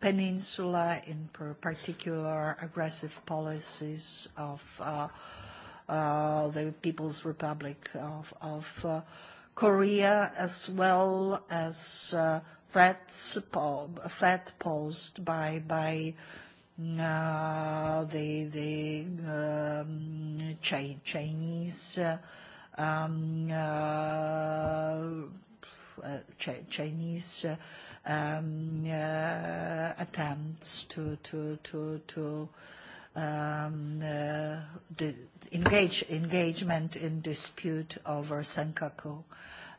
Speaker 1: peninsula, in particular aggressive policies of uh, uh, the People's Republic of, of uh, Korea, as well as uh, threats threat posed by, by Uh, the, the um, Chinese um, uh, Chinese um, uh, attempts to to to to um, uh, the engage, engagement in dispute over Senkaku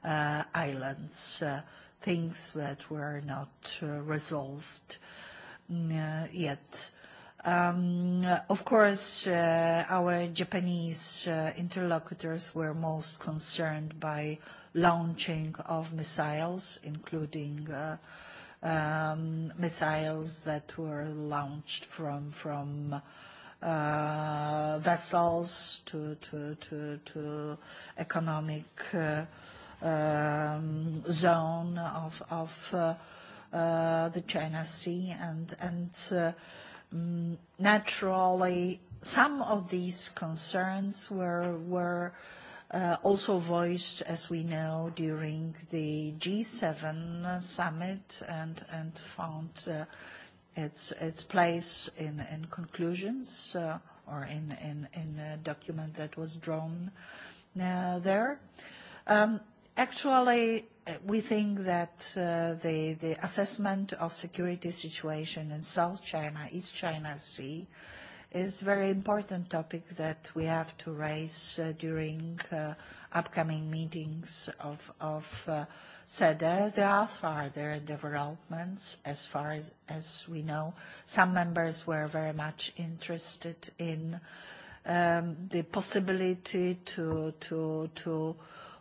Speaker 1: uh, Islands, uh, things that were not uh, resolved Uh, yet. Um, of course, uh, our Japanese uh, interlocutors were most concerned by launching of missiles, including um, missiles that were launched from, from vessels to, to, to, economic um, zone of, of Uh, the China Sea and, and uh, mm, naturally some of these concerns were, were uh, also voiced, as we know, during the G7 summit and, and found uh, its, its place in, in conclusions uh, or in, in, in a document that was drawn uh, there. Um, actually, Uh, we think that uh, the, the assessment of security situation in South China, East China Sea, is very important topic that we have to raise uh, during uh, upcoming meetings of, of uh, There are further developments as far as, as we know. Some members were very much interested in um, the possibility to, to, to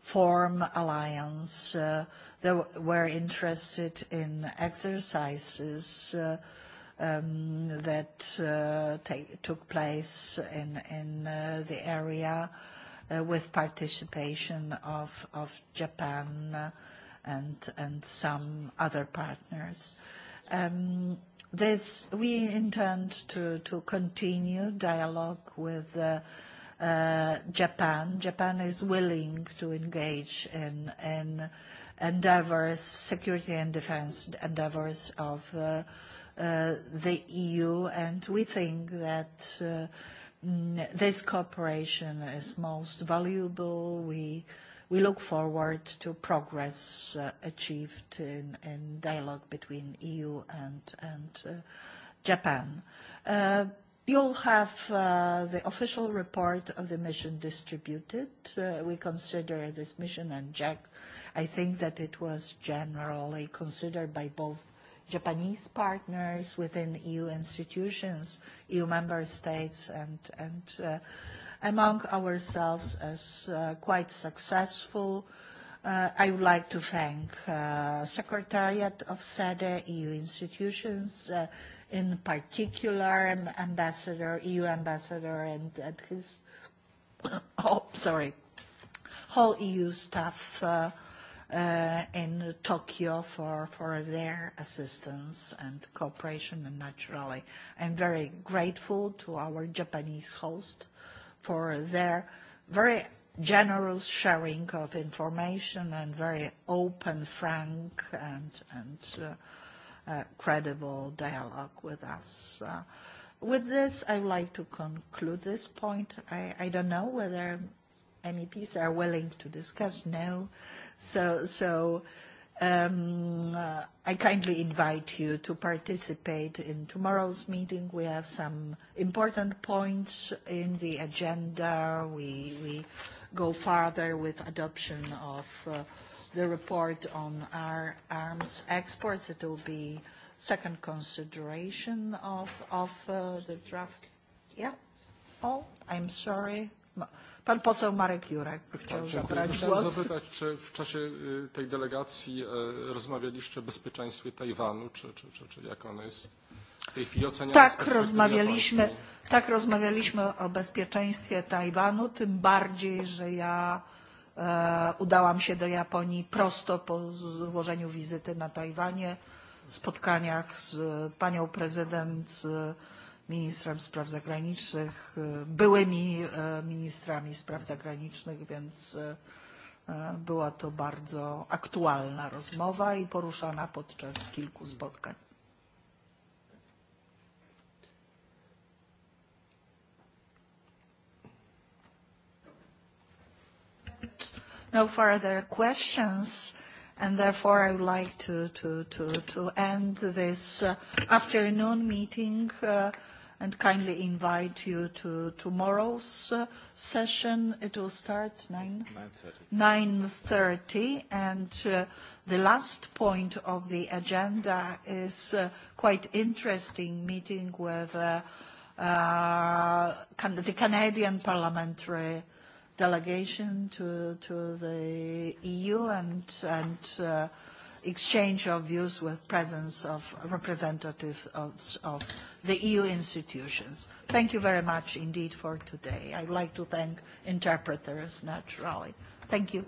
Speaker 1: form alliance. Uh, they were interested in exercises uh, um, that uh, take, took place in, in uh, the area uh, with participation of, of Japan uh, and, and some other partners. Um, this, we intend to, to continue dialogue with Uh, Japan. Japan is willing to engage in, endeavors, security and defense endeavors of uh, uh, the EU, and we think that mm, this cooperation is most valuable. We look forward to progress achieved in, dialogue between EU and, Japan. You'll have uh, the official report of the mission distributed. Uh, we consider this mission and Jack, I think that it was generally considered by both Japanese partners within EU institutions, EU member states, and, and uh, among ourselves as uh, quite successful. Uh, I would like to thank uh, Secretariat of SEDE, EU institutions, uh, in particular ambassador, EU ambassador and, and his [COUGHS] oh, sorry, whole EU staff uh, uh, in Tokyo for, for their assistance and cooperation. And naturally, I'm very grateful to our Japanese host for their very generous sharing of information and very open, frank, and, and uh, credible dialogue with us. Uh, with this, I would like to conclude this point. I, I don't know whether MEPs are willing to discuss. No. So, so um, uh, I kindly invite you to participate in tomorrow's meeting. We have some important points in the agenda. We, we go further with adoption of uh, the report on our arms exports. It will be second consideration of, of uh, the draft. Yeah. Oh, I'm sorry. Pan poseł Marek Jurek chciał zabrać głos. Chciałem zapytać,
Speaker 4: czy w czasie tej
Speaker 6: delegacji rozmawialiście o bezpieczeństwie Tajwanu, czy, czy, czy, czy jak ono jest w
Speaker 7: tej chwili oceniane? Tak rozmawialiśmy,
Speaker 1: japońskiej? tak rozmawialiśmy o bezpieczeństwie Tajwanu, tym bardziej, że ja Eh, udałam się do Japonii prosto po złożeniu wizyty na Tajwanie, spotkaniach z panią prezydent, ministrem spraw zagranicznych, eh, byłymi eh, ministrami spraw zagranicznych, więc była to bardzo aktualna rozmowa i poruszana podczas kilku spotkań. no further questions, and therefore I would like to, to, to, to end this uh, afternoon meeting uh, and kindly invite you to tomorrow's uh, session. It will start 9? 9.30. 9.30, and the last point of the agenda is quite interesting meeting with the Canadian parliamentary delegation to, to the EU and, and uh, exchange of views with presence of representatives of, of the EU institutions. Thank you very much indeed for today. I would like to thank interpreters, naturally. Thank you.